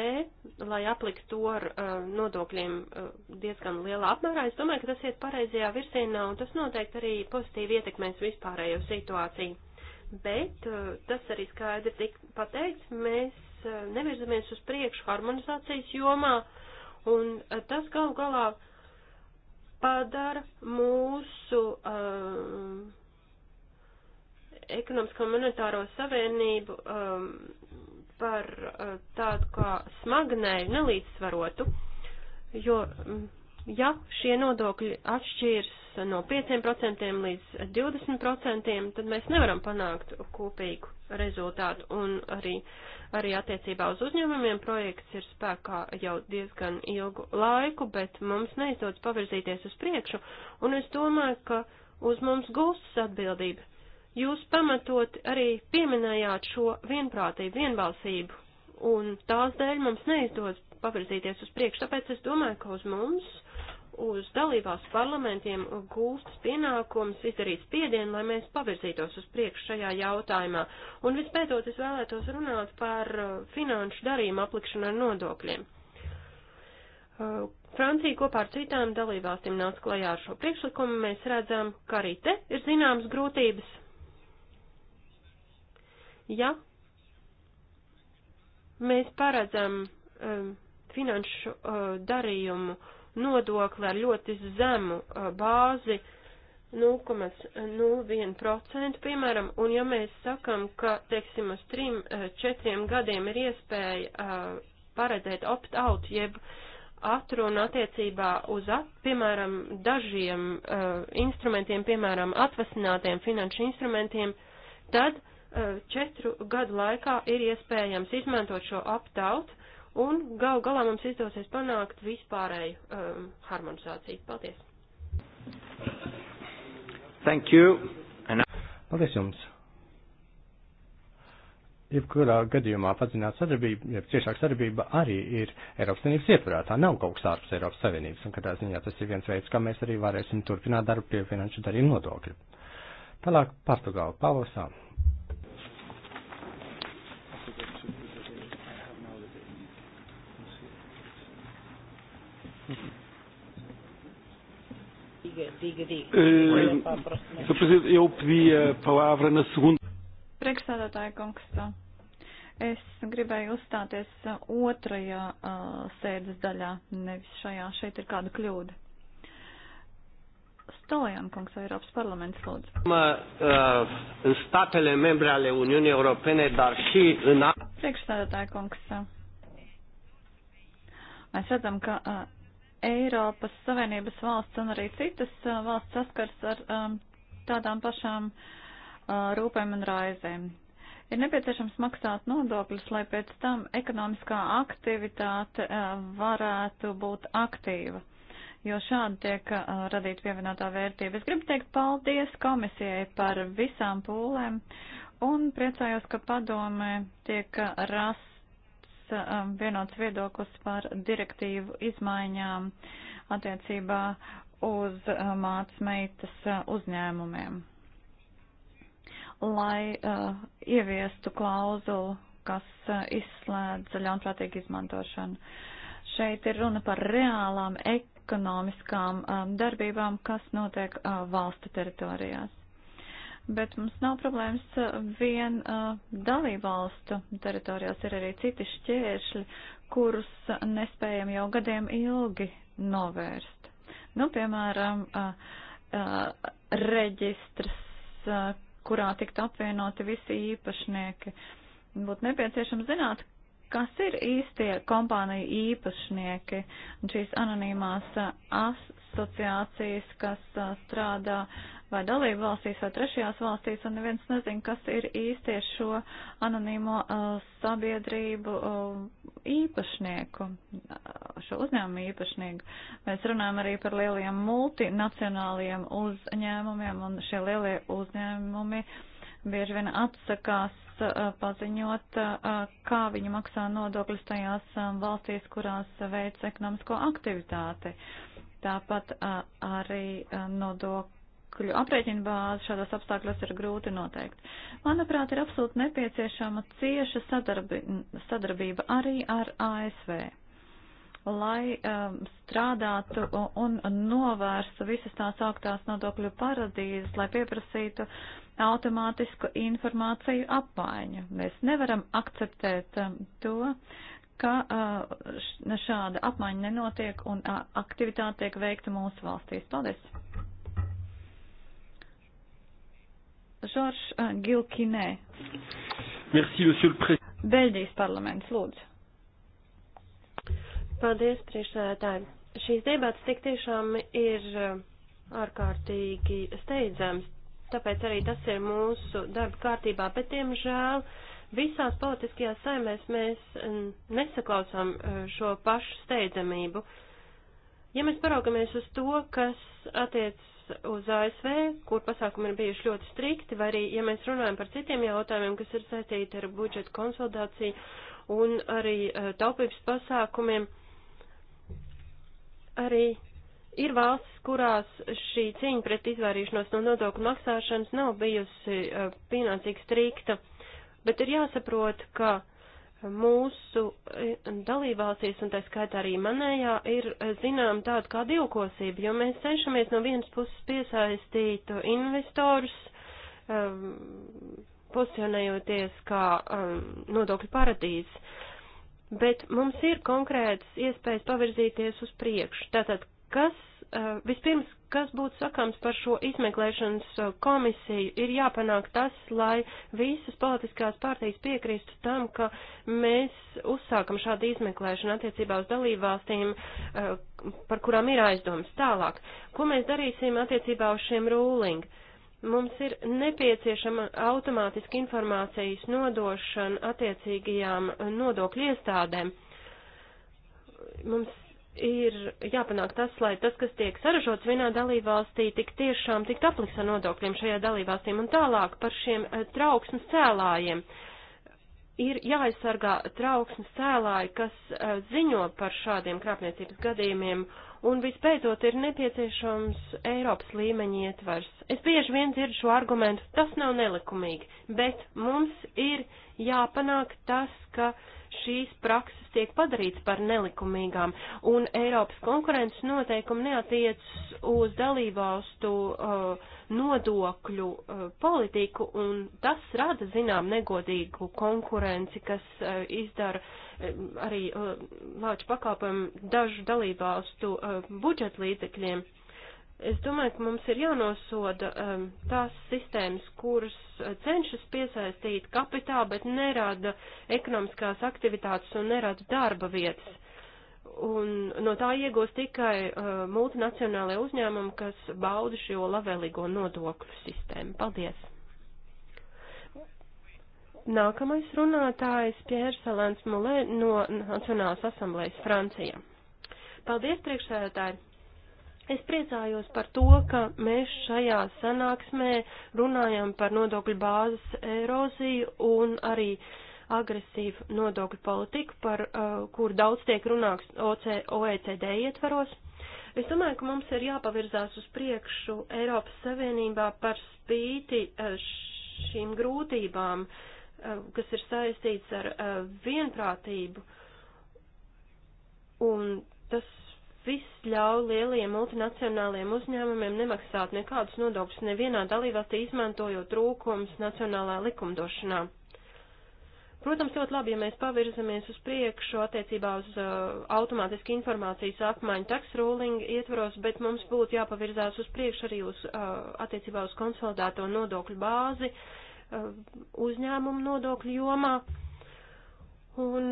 lai aplikt to ar uh, nodokļiem uh, diezgan lielā apmērā. Es domāju, ka tas iet pareizajā virzienā un tas noteikti arī pozitīvi ietekmēs vispārējo situāciju. Bet tas arī skaidri tik pateikts, mēs nevirzamies uz priekšu harmonizācijas jomā un tas gal galā padara mūsu. Uh, ekonomisko monetāro savienību um, par uh, tādu kā smagnēju nelīdzsvarotu, jo, mm, ja šie nodokļi atšķirs no 5% līdz 20%, tad mēs nevaram panākt kopīgu rezultātu. Un arī, arī attiecībā uz uzņēmumiem projekts ir spēkā jau diezgan ilgu laiku, bet mums neizdodas pavirzīties uz priekšu, un es domāju, ka uz mums gūstas atbildība Jūs pamatot arī pieminējāt šo vienprātību, vienbalsību, un tās dēļ mums neizdodas pavirzīties uz priekšu, tāpēc es domāju, ka uz mums, uz dalībās parlamentiem gūstas pienākums izdarīt spiedienu, lai mēs pavirzītos uz priekšu šajā jautājumā. Un vispētot es vēlētos runāt par uh, finanšu darījumu aplikšanu ar nodokļiem. Uh, Francija kopā ar citām dalībvalstīm nāca klajā ar šo priekšlikumu. Mēs redzam, ka arī te ir zināmas grūtības, Ja mēs paredzam um, finanšu uh, darījumu nodokli ar ļoti zemu uh, bāzi 0,01%, uh, piemēram, un ja mēs sakam, ka, teiksim, uz 3-4 uh, gadiem ir iespēja uh, paredzēt opt-out, jeb atrunu attiecībā uz, at, piemēram, dažiem uh, instrumentiem, piemēram, atvasinātiem finanšu instrumentiem, tad uh, Eh, četru gadu laikā ir iespējams izmantot šo aptaut, un gal galā mums izdosies panākt vispārēju um, harmonizāciju. Paldies! Thank you! And... Paldies jums! Jebkurā gadījumā padziļināt sadarbību, jeb ciešāk sadarbība arī ir Eiropas Savienības ietvarā. Tā nav kaut kas ārpus Eiropas Savienības, un katrā ziņā tas ir viens veids, kā mēs arī varēsim turpināt darbu pie finanšu darījumu nodokļu. Tālāk Portugāla pavasā. Diga, diga, diga. Uh, eh, Sr. Presidente, eu pedi a palavra na segunda. Priekšstādātāja kungs, es gribēju uzstāties otrajā uh, sēdes daļā, nevis šajā. Šeit ir kāda kļūda. Stolijan kungs, Eiropas parlaments, lūdzu. În statele membre ale Uniunii Europene, dar și în... Priekšstādātāja kungs, mēs redzam, ka uh, Eiropas Savienības valsts un arī citas uh, valsts saskars ar um, tādām pašām uh, rūpēm un raizēm. Ir nepieciešams maksāt nodokļus, lai pēc tam ekonomiskā aktivitāte uh, varētu būt aktīva, jo šādi tiek uh, radīta pievienotā vērtība. Es gribu teikt paldies komisijai par visām pūlēm un priecājos, ka padomē tiek uh, rast Um, vienots viedoklis par direktīvu izmaiņām attiecībā uz uh, mācmeitas uh, uzņēmumiem. Lai uh, ieviestu klauzulu, kas uh, izslēdz ļaunprātīgu izmantošanu. Šeit ir runa par reālām ekonomiskām um, darbībām, kas notiek uh, valstu teritorijās bet mums nav problēmas uh, vien uh, dalībvalstu teritorijās ir arī citi šķēršļi, kurus uh, nespējam jau gadiem ilgi novērst. Nu, piemēram, uh, uh, reģistrs, uh, kurā tiktu apvienoti visi īpašnieki. Būtu nepieciešams zināt, kas ir īstie kompāniju īpašnieki un šīs anonīmās uh, asociācijas, kas strādā uh, vai dalību valstīs vai trešajās valstīs, un neviens nezin, kas ir īstie šo anonīmo uh, sabiedrību uh, īpašnieku, uh, šo uzņēmumu īpašnieku. Mēs runājam arī par lieliem multinacionāliem uzņēmumiem, un šie lielie uzņēmumi bieži vien atsakās uh, paziņot, uh, kā viņi maksā nodokļus tajās uh, valstīs, kurās veic ekonomisko aktivitāti. Tāpat uh, arī uh, nodokļu līdzekļu aprēķinu bāzi šādos apstākļos ir grūti noteikt. Manuprāt, ir absolūti nepieciešama cieša sadarbi, sadarbība arī ar ASV, lai um, strādātu un novērstu visas tās augtās nodokļu paradīzes, lai pieprasītu automātisku informāciju apmaiņu. Mēs nevaram akceptēt um, to, ka uh, šāda apmaiņa nenotiek un uh, aktivitāte tiek veikta mūsu valstīs. Paldies! Žoržs uh, eh, Gilkinē. Merci, monsieur le président. Beļģijas parlaments, lūdzu. Paldies, priekšsēdētāji. Šīs debats tik tiešām ir eh, ārkārtīgi steidzams, tāpēc arī tas ir mūsu darba kārtībā, bet, diemžēl, visās politiskajās saimēs mēs mm, nesaklausām eh, šo pašu steidzamību. Ja mēs paraugamies uz to, kas attiec uz ASV, kur pasākumi ir bijuši ļoti strikti, vai arī, ja mēs runājam par citiem jautājumiem, kas ir saistīti ar budžeta konsolidāciju un arī eh, taupības pasākumiem, arī ir valstis, kurās šī cīņa pret izvairīšanos no nodokļu maksāšanas nav bijusi eh, pienācīgi strikta, bet ir jāsaprot, ka mūsu e, dalībvalstīs, un tā skaitā arī manējā, ir e, zinām tāda kā divkosība, jo mēs cenšamies no vienas puses piesaistīt investors, um, pozicionējoties kā um, nodokļu paradīze, bet mums ir konkrētas iespējas pavirzīties uz priekšu. Tātad, kas Eh, vispirms, kas būtu sakāms par šo izmeklēšanas eh, komisiju, ir jāpanāk tas, lai visas politiskās partijas piekristu tam, ka mēs uzsākam šādu izmeklēšanu attiecībā uz dalībvalstīm, eh, par kurām ir aizdomas. Tālāk, ko mēs darīsim attiecībā uz šiem ruling? Mums ir nepieciešama automātiska informācijas nodošana attiecīgajām nodokļu iestādēm mums ir jāpanāk tas, lai tas, kas tiek saražots vienā dalībvalstī, tik tiešām tikt apliks ar nodokļiem šajā dalībvalstīm un tālāk par šiem eh, trauksmes cēlājiem. Ir jāaizsargā trauksmes cēlāji, kas eh, ziņo par šādiem krāpniecības gadījumiem, un vispēcot ir nepieciešams Eiropas līmeņa ietvers. Es bieži vien dzirdu šo argumentu, tas nav nelikumīgi, bet mums ir jāpanāk tas, ka uh, šīs prakses tiek padarīts par nelikumīgām, un Eiropas konkurences noteikumi neatiec uz dalībvalstu uh, nodokļu uh, politiku, un tas rada, zinām, negodīgu konkurenci, kas uh, izdara um, arī lāču uh, pakāpojumu dažu dalībvalstu uh, budžetlīdzekļiem. līdzekļiem. Es domāju, ka mums ir jānosoda um, tās sistēmas, kuras uh, cenšas piesaistīt kapitālu, bet nerada ekonomiskās aktivitātes un nerada darba vietas. Un no tā iegūst tikai uh, multinacionālajie uzņēmumi, kas bauda šo labvēlīgo nodokļu sistēmu. Paldies! Nākamais runātājs Pjērs Alans Mulē no Nacionālas asamblējas Francija. Paldies, priekšsēdētāji! Es priecājos par to, ka mēs šajā sanāksmē runājam par nodokļu bāzes eroziju un arī agresīvu nodokļu politiku, par uh, kur daudz tiek runāts OECD ietvaros. Es domāju, ka mums ir jāpavirzās uz priekšu Eiropas Savienībā par spīti uh, šīm grūtībām, uh, kas ir saistīts ar uh, vienprātību. Un tas viss ļauj lielajiem multinacionāliem uzņēmumiem nemaksāt nekādus nodokļus nevienā dalībvalstī, izmantojot trūkums nacionālā likumdošanā. Protams, ļoti labi, ja mēs pavirzamies uz priekšu attiecībā uz uh, automātisku informācijas apmaiņu tax ruling ietvaros, bet mums būtu jāpavirzās uz priekšu arī uz uh, attiecībā uz konsolidēto nodokļu bāzi uh, uzņēmumu nodokļu jomā. Un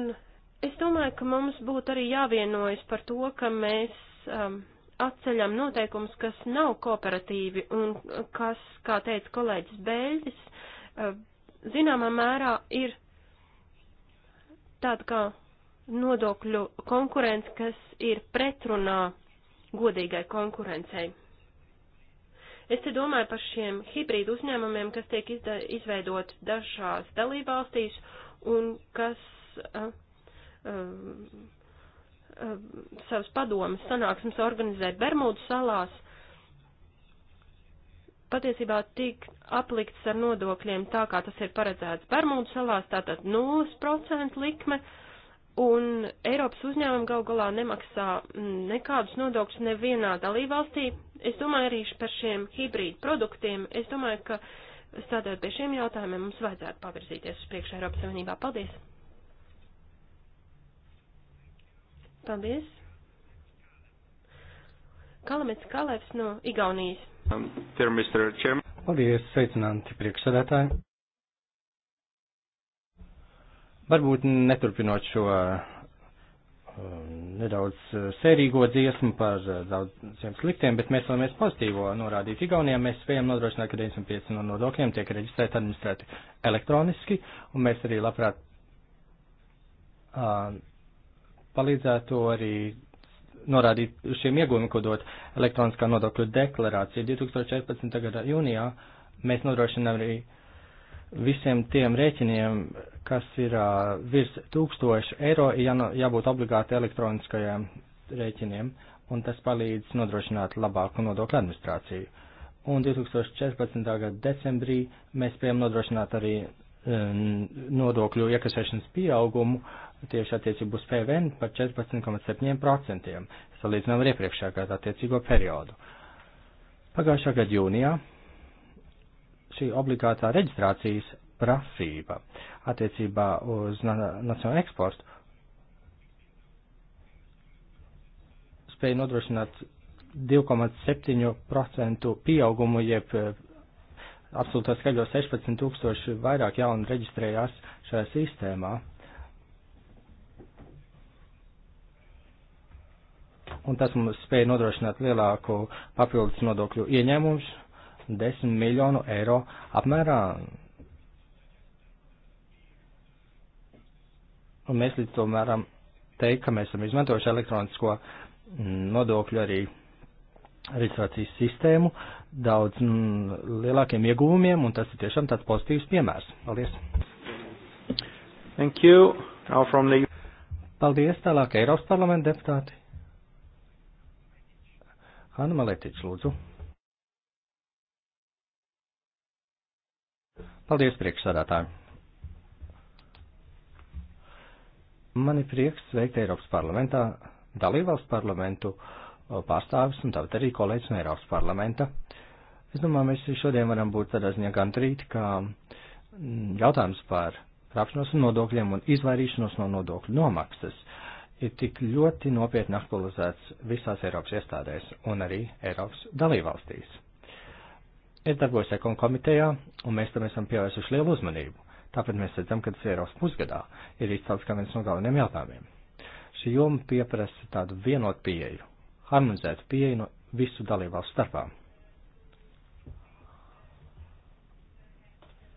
Es domāju, ka mums būtu arī jāvienojas par to, ka mēs um, atceļam noteikumus, kas nav kooperatīvi un kas, kā teica kolēģis Bēļģis, um, zināmā mērā ir tāda kā nodokļu konkurence, kas ir pretrunā godīgai konkurencei. Es te domāju par šiem hibrīdu uzņēmumiem, kas tiek izveidot dažās dalībvalstīs un kas uh, Um, um, savas padomas sanāksmes organizēt Bermudu salās, patiesībā tik aplikts ar nodokļiem tā, kā tas ir paredzēts Bermudu salās, tātad 0% likme, un Eiropas uzņēmumi gal galā nemaksā mm, nekādus nodokļus nevienā dalībvalstī. Es domāju arī par šiem hibrīdu produktiem. Es domāju, ka strādājot pie šiem jautājumiem, mums vajadzētu pavirzīties uz priekšu Eiropas Savienībā. Paldies! Paldies. Kalamets Kalevs no Igaunijas. Um, dear Mr. Chairman. Paldies, sveicināti priekšsēdētāji. Varbūt neturpinot šo um, nedaudz uh, sērīgo dziesmu par uh, daudziem sliktiem, bet mēs vēlamies pozitīvo norādīt. Igaunijā mēs spējam nodrošināt, ka 95 no nodokļiem tiek reģistrēti administrēti elektroniski, un mēs arī labprāt uh, palīdzētu arī norādīt šiem iegūmi, ko dot elektroniskā nodokļu deklarācija. 2014. gada jūnijā mēs nodrošinām arī visiem tiem rēķiniem, kas ir uh, virs tūkstoši eiro, jā, jābūt obligāti elektroniskajiem rēķiniem, un tas palīdz nodrošināt labāku nodokļu administrāciju. Un 2014. gada decembrī mēs spējam nodrošināt arī um, nodokļu iekasēšanas pieaugumu uh, tieši attiecību uz PVN par 14,7%, salīdzinām ar iepriekšējā gada attiecīgo periodu. Pagājušā gada jūnijā šī obligātā reģistrācijas prasība attiecībā uz na nacionālu eksportu spēja nodrošināt 2,7% pieaugumu, jeb absolūtā skaļo 16 tūkstoši vairāk jaunu reģistrējās šajā sistēmā. un tas mums spēja nodrošināt lielāku papildus nodokļu ieņēmumus - 10 miljonu eiro apmērā. Un mēs līdz tam varam teikt, ka mēs esam izmantojuši elektronisko nodokļu arī reģistrācijas sistēmu daudz mm, lielākiem ieguvumiem, un tas ir tiešām tāds pozitīvs piemērs. Paldies! Thank you. Now from the... Paldies, tālāk Eiropas parlamenta deputāti. Anna Maletič, lūdzu. Paldies, priekšsādātāji. Man ir prieks sveikt Eiropas parlamentā dalībvalstu parlamentu pārstāvis un tāpat arī kolēģis no Eiropas parlamenta. Es domāju, mēs šodien varam būt tādā ziņā gandrīt, ka mm, jautājums par krāpšanos un nodokļiem un izvairīšanos no nodokļu nomaksas uh, ir tik ļoti nopietni aktualizēts visās Eiropas iestādēs un arī Eiropas dalībvalstīs. Es darbojos Ekon komitejā, un mēs tam esam pievērsuši lielu uzmanību. Tāpēc mēs redzam, ka tas Eiropas pusgadā ir izcelts kā viens no galveniem jautājumiem. Šī joma pieprasa tādu vienotu pieeju, harmonizētu pieeju no visu dalībvalstu starpā.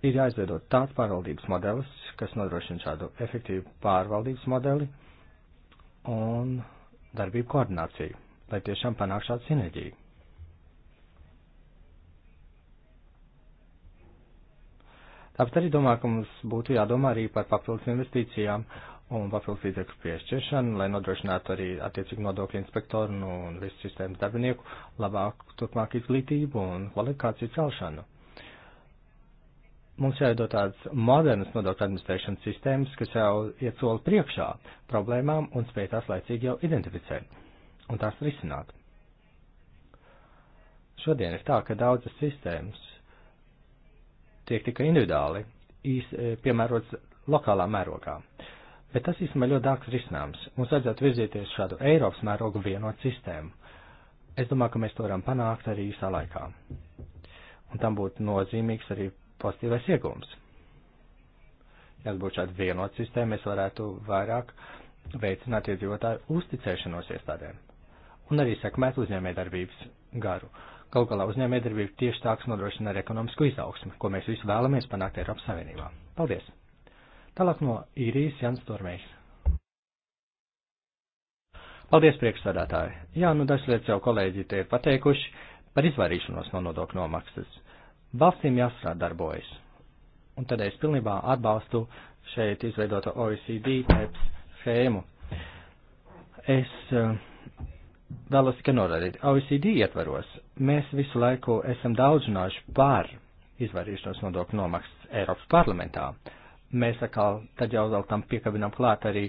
Ir jāizveido tāds pārvaldības modelis, kas nodrošina šādu efektīvu pārvaldības modeli, uh, un darbību koordināciju, lai tiešām panāk šādu sinerģiju. Tāpēc arī domāju, ka mums būtu jādomā arī par papildus investīcijām un papildus līdzekļu piešķiršanu, lai nodrošinātu arī attiecīgi nodokļu inspektoru un visu sistēmas darbinieku labāku turpmāk izglītību un kvalifikāciju celšanu. Mums jāiedod tādas modernas nodokļu administrēšanas sistēmas, kas jau iet soli priekšā problēmām un spēj tās laicīgi jau identificēt un tās risināt. Šodien ir tā, ka daudzas sistēmas tiek tikai individuāli īs, e, piemērots lokālā mērogā. Bet tas īstenībā ļoti dārgs risinājums. Mums vajadzētu virzīties šādu Eiropas mērogu vienotu sistēmu. Es domāju, ka mēs to varam panākt arī īsā laikā. Un tam būtu nozīmīgs arī pozitīvais iegums. Ja būtu šāda vienota sistēma, mēs varētu vairāk veicināt iedzīvotāju uzticēšanos iestādēm un arī sekmēt uzņēmējdarbības garu. Galu galā uzņēmējdarbība tieši tāks nodrošina arī ekonomisko izaugsmu, ko mēs visi vēlamies panākt Eiropas Savienībā. Paldies! Tālāk no īrijas Jans Tormējs. Paldies, priekšsādātāji! Jā, nu dažas lietas jau kolēģi te ir pateikuši par izvairīšanos no nodokļu nomaksas. Valstīm jāsadarbojas. Un tad es pilnībā atbalstu šeit izveidoto OECD TEPS schēmu. Es uh, vēlos tikai norādīt, OECD ietvaros mēs visu laiku esam daudz runājuši par izvairīšanos nodokļu nomaksas Eiropas parlamentā. Mēs atkal tad jau vēl tam piekabinām klāt arī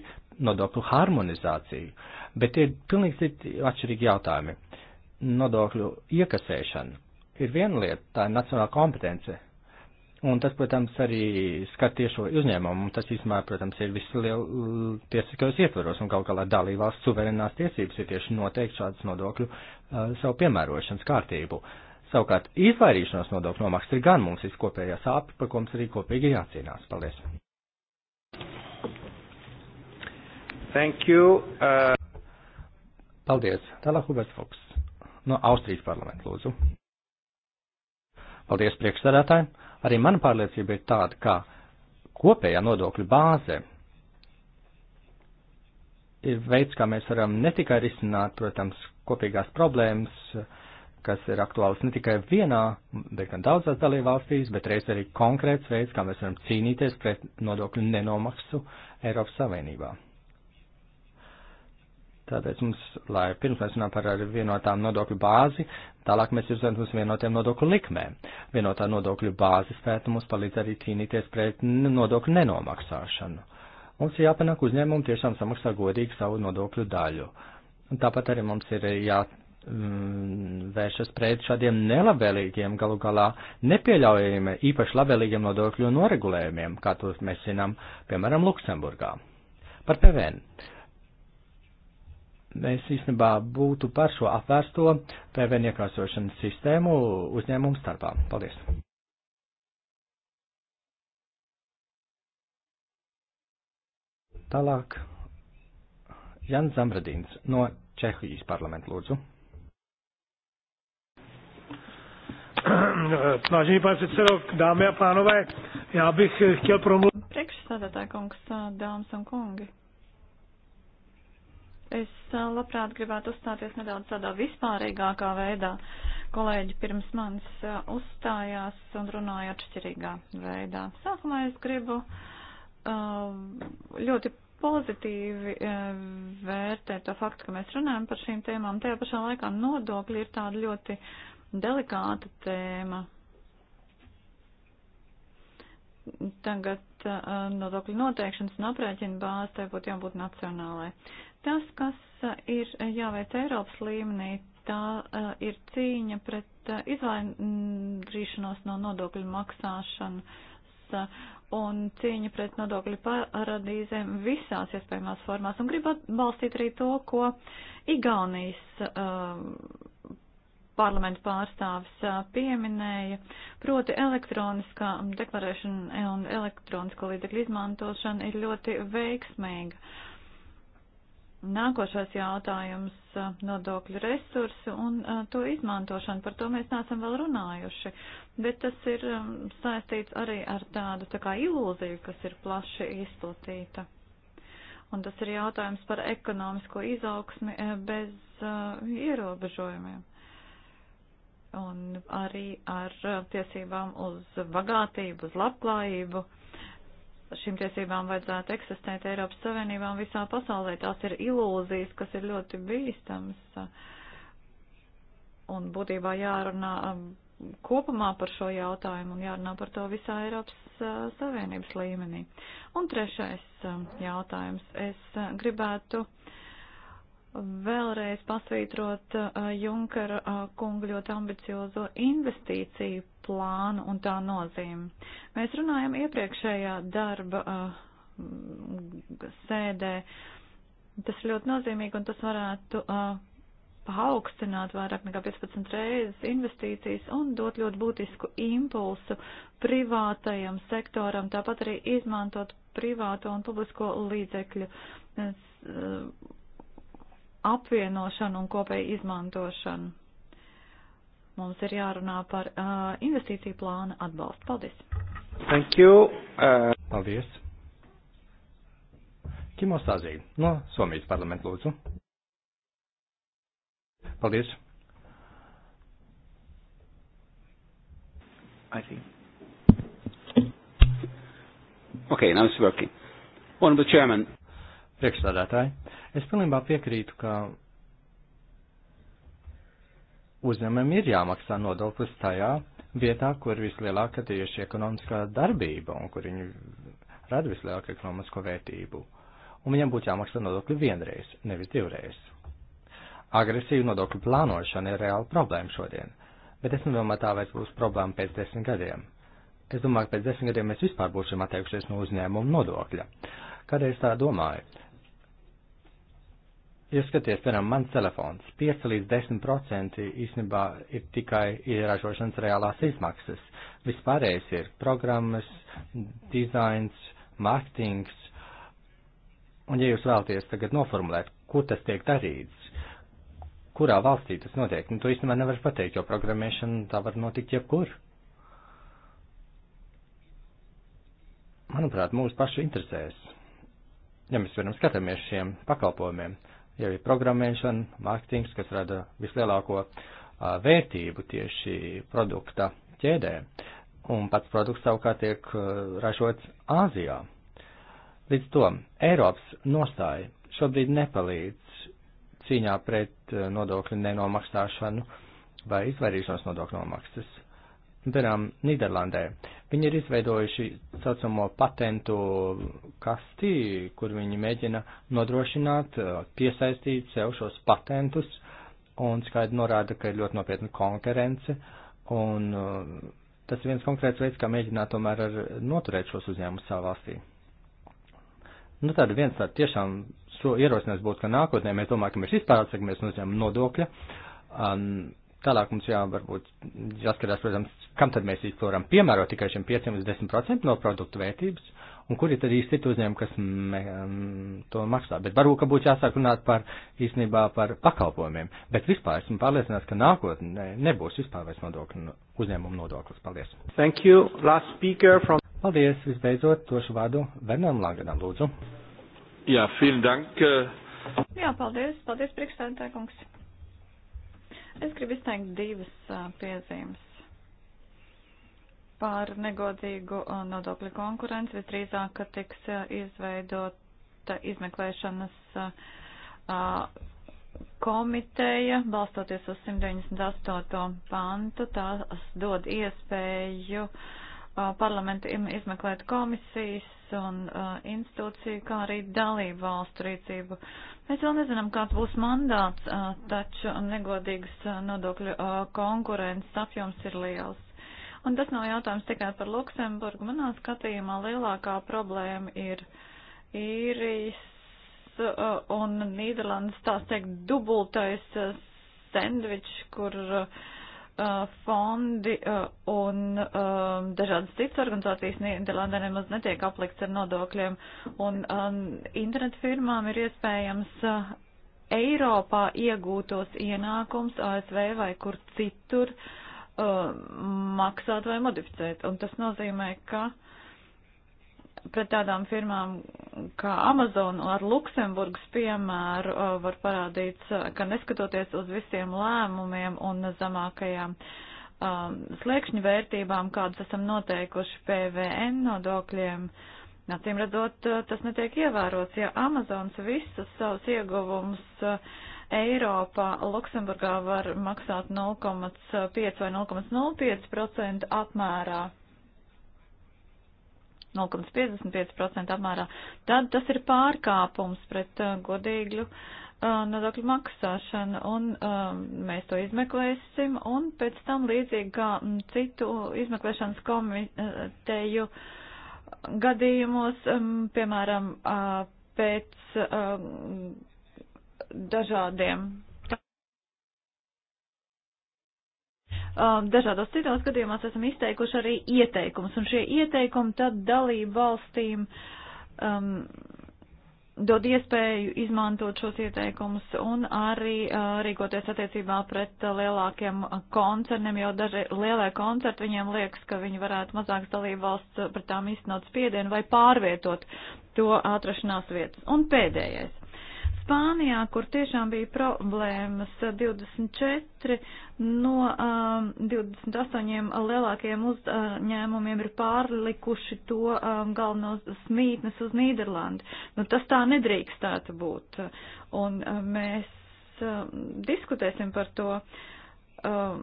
nodokļu harmonizāciju, bet tie ir pilnīgi citi atšķirīgi jautājumi. Nodokļu iekasēšana ir viena lieta, tā ir nacionāla kompetence. Un tas, protams, arī skar tiešo uzņēmumu, un tas, īsumā, protams, ir visu lielu tiesiskajos ietvaros, un kaut galā dalībvalsts suverenās tiesības ir tieši noteikt šādas nodokļu uh, savu piemērošanas kārtību. Savukārt, izvairīšanās nodokļu nomaksas ir gan mums viskopējā sāpe, par ko mums arī kopīgi ir jācīnās. Paldies! Thank you. Uh... Paldies. Tālāk Huberts Foks no Austrijas parlamenta lūdzu. Paldies priekšsēdētājiem. Arī mana pārliecība ir tāda, ka kopējā nodokļu bāze ir veids, kā mēs varam ne tikai risināt, protams, kopīgās problēmas, kas ir aktuāls ne tikai vienā, bet gan daudzās dalībvalstīs, bet reiz arī konkrēts veids, kā mēs varam cīnīties pret nodokļu nenomaksu Eiropas Savienībā. Tāpēc mums, lai pirms mēs runājam par vienotām nodokļu bāzi, tālāk mēs uzzinām uz vienotiem nodokļu likmēm. Vienotā nodokļu bāze spētu mums palīdz arī cīnīties pret nodokļu nenomaksāšanu. Mums ir jāpanāk uzņēmumu tiešām samaksā godīgi savu nodokļu daļu. Un tāpat arī mums ir eh, jāvēršas mm, pret šādiem nelabvēlīgiem, galu galā nepieļaujamiem, īpaši labvēlīgiem nodokļu noregulējumiem, kā tos mēs zinām, piemēram, Luksemburgā. Par PVN. Uh, mēs īstenībā būtu par šo apvērsto PVN iekrāsošanas sistēmu uzņēmumu starpā. Paldies! Tālāk Jans Zambradīns no Čehijas parlamenta lūdzu. Vážený pane předsedo, dámy a pánové, já bych chtěl promluvit. Priekšstādātā kungs, dāmas un kungi. Es labprāt gribētu uzstāties nedaudz tādā vispārīgākā veidā. Kolēģi pirms manis uzstājās un runāja atšķirīgā veidā. Sākumā es gribu ļoti pozitīvi vērtēt to faktu, ka mēs runājam par šīm tēmām. Tajā pašā laikā nodokļi ir tāda ļoti delikāta tēma. Tagad bet uh, nodokļu noteikšanas un aprēķina bāze tai būtu jābūt nacionālai. Tas, kas uh, ir jāveic Eiropas līmenī, tā uh, ir cīņa pret uh, izvairīšanos no nodokļu maksāšanas uh, un cīņa pret nodokļu paradīzēm visās iespējamās formās. Un gribu atbalstīt arī to, ko Igaunijas uh, parlamentu pārstāvis pieminēja, proti elektroniskā deklarēšana un elektronisko līdzekļu izmantošana ir ļoti veiksmīga. Nākošais jautājums - nodokļu resursi un to izmantošana. Par to mēs neesam vēl runājuši, bet tas ir saistīts arī ar tādu tā kā ilūziju, kas ir plaši izplatīta. Un tas ir jautājums par ekonomisko izaugsmi bez ierobežojumiem un arī ar uh, tiesībām uz bagātību, uz labklājību. Šīm tiesībām vajadzētu eksistēt Eiropas Savienībām visā pasaulē. Tās ir ilūzijas, kas ir ļoti bīstams. Un būtībā jārunā um, kopumā par šo jautājumu un jārunā par to visā Eiropas uh, Savienības līmenī. Un trešais um, jautājums. Es uh, gribētu uh, vēlreiz pasvītrot eh, Junkara eh, kunga ļoti ambiciozo investīciju plānu un tā nozīmi. Mēs runājam iepriekšējā darba eh, sēdē. Tas ļoti nozīmīgi un tas varētu paaugstināt vairāk nekā 15 reizes investīcijas un dot ļoti būtisku impulsu privātajam sektoram, tāpat arī izmantot privāto un publisko līdzekļu apvienošanu un kopēju izmantošanu. Mums ir jārunā par uh, investīciju plāna atbalstu. Paldies! Thank you! Uh... Paldies! Kimo Sazī no Somijas parlamenta lūdzu. Paldies! I think. Okay, now it's working. Honorable Chairman. Priekšsādātāji. Uh, Es pilnībā piekrītu, ka uzņēmumiem ir jāmaksā nodoklis tajā vietā, kur vislielākā tieši ekonomiskā darbība un kur viņi rada vislielāko ekonomisko vērtību. Un viņam būtu jāmaksā nodokļi vienreiz, nevis divreiz. Agresīva nodokļu plānošana ir reāla problēma šodien, bet es nedomāju, tā vairs būs problēma pēc desmit gadiem. Es domāju, ka pēc desmit gadiem mēs vispār būsim atteikušies no uzņēmuma nodokļa. Kādēļ es tā domāju? Ja skaties, piemēram, mans telefons, 5 līdz 10% īstenībā ir tikai ieražošanas reālās izmaksas. Vispārējais ir programmas, dizains, mārketings. Un ja jūs vēlaties tagad noformulēt, kur tas tiek darīts, kurā valstī tas notiek, nu to īstenībā nevar pateikt, jo programmēšana tā var notikt jebkur. Manuprāt, mūsu pašu interesēs, ja mēs varam skatāmies šiem pakalpojumiem jau ir programmēšana, mārketings, kas rada vislielāko vērtību tieši produkta ķēdē. Un pats produkts savukārt tiek ražots Āzijā. Līdz to Eiropas nostāja šobrīd nepalīdz cīņā pret nodokļu nenomaksāšanu vai izvairīšanos nodokļu nomaksas darām Nīderlandē. Viņi ir izveidojuši saucamo patentu kasti, kur viņi mēģina nodrošināt, uh, piesaistīt sev šos patentus un skaidri norāda, ka ir ļoti nopietna konkurence un uh, tas ir viens konkrēts veids, kā mēģināt tomēr ar noturēt šos uzņēmumus savā valstī. Nu, tad viens tāds tiešām so ierosinājums būtu, ka nākotnē mēs domājam, ka mēs vispār atsakamies no uzņēmuma nodokļa. Um, Tālāk mums jā, varbūt jāskatās, protams, kam tad mēs īsti varam piemērot tikai šiem 5 līdz 10% no produktu vērtības, un kur ir tad īsti citi uzņēmumi, kas me, mm, to maksā. Bet varbūt, ka būtu jāsāk runāt par īstenībā par pakalpojumiem. Bet vispār esmu pārliecināts, ka nākotnē nebūs vispār vairs nodokļu, uzņēmumu nodoklis. Paldies. Thank you. Last speaker from. Paldies. Visbeidzot, došu vārdu Vernam Langanam, lūdzu. Jā, vielen dank. Eh. Jā, paldies. Paldies, priekšstādātāj kungs. Es gribu izteikt divas piezīmes. Par negodīgu nodokļu konkurenci visdrīzāk, ka tiks izveidota izmeklēšanas komiteja, balstoties uz 198. pantu, tās dod iespēju uh, parlamenta izmeklēt komisijas un uh, institūciju, kā arī dalību valstu rīcību. Mēs vēl nezinām, kāds būs mandāts, uh, taču negodīgas uh, nodokļu uh, konkurences apjoms ir liels. Un tas nav jautājums tikai par Luksemburgu. Manā skatījumā lielākā problēma ir īrijas uh, un Nīderlandes, tā teikt, dubultais uh, sendvičs, kur uh, Uh, fondi uh, un um, dažādas citas organizācijas Nīderlandē nemaz netiek aplikts ar nodokļiem. Un um, internetu firmām ir iespējams uh, Eiropā iegūtos ienākums ASV vai kur citur maksāt vai modificēt. Un tas nozīmē, ka pret tādām firmām kā Amazon ar Luksemburgas piemēru uh, var parādīt, uh, ka neskatoties uz visiem lēmumiem un zemākajām um, sliekšņu vērtībām, kādas esam noteikuši PVN nodokļiem, acīm redzot, uh, tas netiek ievērots. Ja Amazons visus savus ieguvumus Eiropā, Luksemburgā var maksāt 0,5 vai 0,05% apmērā 0,55% apmērā, tad tas ir pārkāpums pret uh, godīgļu uh, nodokļu maksāšanu, un um, mēs to izmeklēsim, un pēc tam līdzīgi kā mm, citu izmeklēšanas komiteju uh, gadījumos, um, piemēram, uh, pēc um, dažādiem Um, dažādos citos gadījumos esam izteikuši arī ieteikumus, un šie ieteikumi tad dalību valstīm um, dod iespēju izmantot šos ieteikumus un arī uh, rīkoties attiecībā pret uh, lielākiem koncerniem, jo daži lielie koncerti viņiem liekas, ka viņi varētu mazākas dalībvalsts pret tām iztenot spiedienu vai pārvietot to atrašanās vietas. Un pēdējais. Spānijā, kur tiešām bija problēmas, 24 eh, no um, 28 lielākajiem uzņēmumiem ir pārlikuši to um, galveno smītnes uz Nīderlandi. Nu, tas tā nedrīkstētu būt. Un um, mēs um, diskutēsim par to. Um,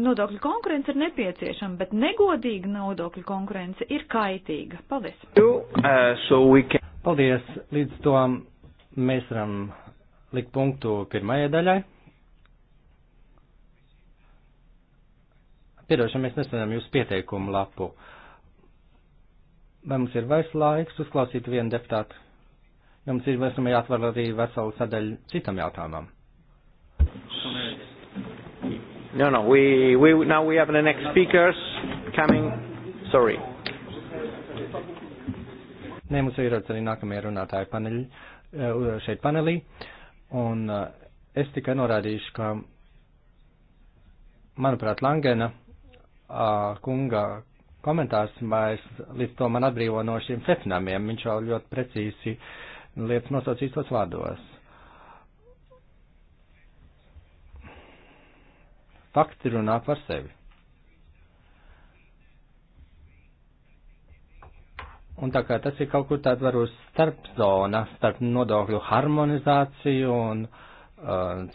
nodokļu konkurence ir nepieciešama, bet negodīga nodokļu konkurence ir kaitīga. Paldies! You, uh, so can... Paldies! Līdz to Mēs varam likt punktu pirmajai daļai. Piedošana, mēs nesaņemam jūsu pieteikumu lapu. Vai mums ir vairs laiks uzklausīt vienu deputātu? Jums ir vairs jāatver arī veselu sadaļu citam jautājumam. No, no, we, we, now we have the next speakers coming. Sorry. Nē, mums ir arī nākamie runātāji paneļi. Eh, šeit panelī, un eh, es tikai norādīšu, ka, manuprāt, Langena eh, kunga komentārs mēs līdz to man atbrīvo no šiem secinājumiem. Viņš jau ļoti precīzi lietas nosaucīs tos vārdos. Fakti runā par sevi. Un tā kā tas ir kaut kur tāds varbūt starpzona, starp nodokļu harmonizāciju un uh,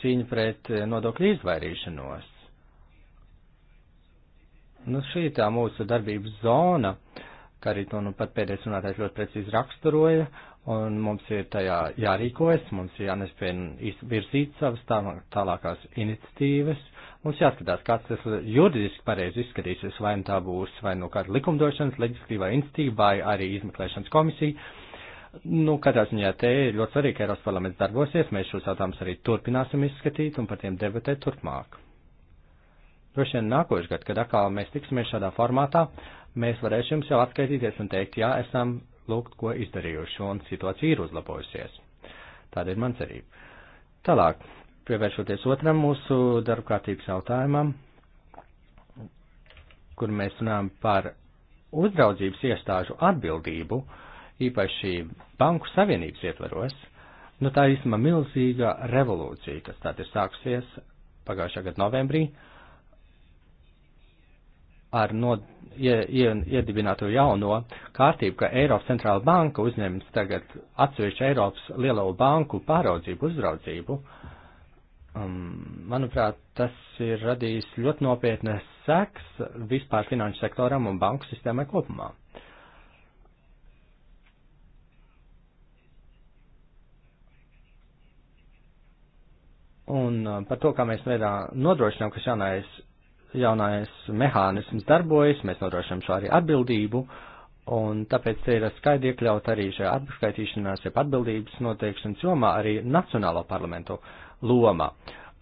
cīņu pret nodokļu izvairīšanos. Nu, šī tā mūsu darbības zona, kā arī to nu pat pēdējais runātājs ļoti precīzi raksturoja, un mums ir tajā jārīkojas, mums ir jānespēj virzīt savas tālākās iniciatīvas, Mums jāskatās, kāds tas juridiski pareizi izskatīsies, vai nu tā būs, vai nu no kāda likumdošanas, leģislatīvā institīva, vai arī izmeklēšanas komisija. Nu, katrā ziņā te ir ļoti svarīgi, ka Eiropas parlaments darbosies, mēs šos jautājumus arī turpināsim izskatīt un par tiem debatēt turpmāk. Droši vien nākošais gads, kad atkal mēs tiksimies šādā formātā, mēs varēsim jums jau atskaitīties un teikt, jā, esam lūgt, ko izdarījuši, un situācija ir uzlabojusies. Tāda ir man cerība. Tālāk, Pievēršoties otram mūsu darbkārtības jautājumam, kur mēs runājam par uzraudzības iestāžu atbildību, īpaši Banku Savienības ietvaros, nu tā ir īstenībā milzīga revolūcija, kas tā ir sāksies pagājušā gada novembrī ar no, ie, ie, iedibināto jauno kārtību, ka Eiropas centrāla banka uzņems tagad atsevišķu Eiropas lielo banku pāraudzību, uzraudzību. Uh, Um, manuprāt, tas ir radījis ļoti nopietnas seks vispār finanšu sektoram un banku sistēmai kopumā. Un uh, par to, kā mēs veidā nodrošinām, ka jaunais, jaunais mehānisms darbojas, mēs nodrošinām šo arī atbildību, un tāpēc te ir skaidri iekļaut arī šajā atskaitīšanās, jeb atbildības noteikšanas jomā arī Nacionālo parlamentu uh, loma.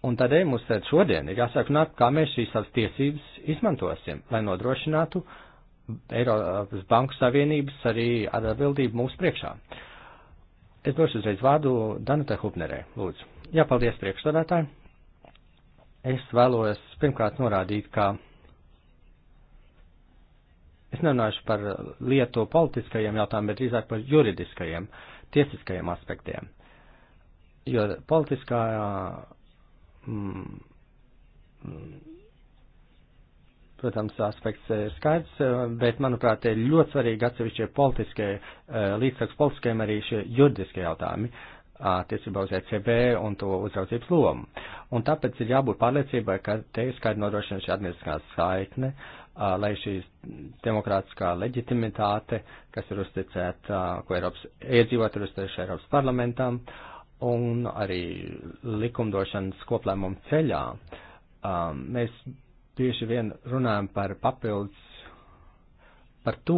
Un tādēļ mums šodien ir jāsāk runāt, kā mēs šīs savas tiesības izmantosim, lai nodrošinātu Eiropas Banku Savienības arī atbildību mūsu priekšā. Es došu uzreiz vārdu Danutai Hupnerē, lūdzu. Jā, paldies priekšstādātāji. Es vēlos pirmkārt norādīt, ka es nerunāšu par lietu politiskajiem jautājumiem, bet drīzāk par juridiskajiem, tiesiskajiem aspektiem jo politiskā mm, mm, protams, aspekts ir skaidrs, bet, manuprāt, ir ļoti svarīgi atsevišķie politiskie, eh, līdzsaks politiskiem arī šie juridiskie jautājumi attiecībā uz ECB un to uzraudzības lomu. Un tāpēc ir jābūt pārliecībai, ka te ir skaidri nodrošina šī administratīvā saikne, lai šīs demokrātiskā leģitimitāte, kas ir uzticēta, ko Eiropas iedzīvotāji ir uzticējuši Eiropas parlamentam, uh, un arī likumdošanas koplēmumu ceļā. Um, mēs bieži vien runājam par papildus, par to,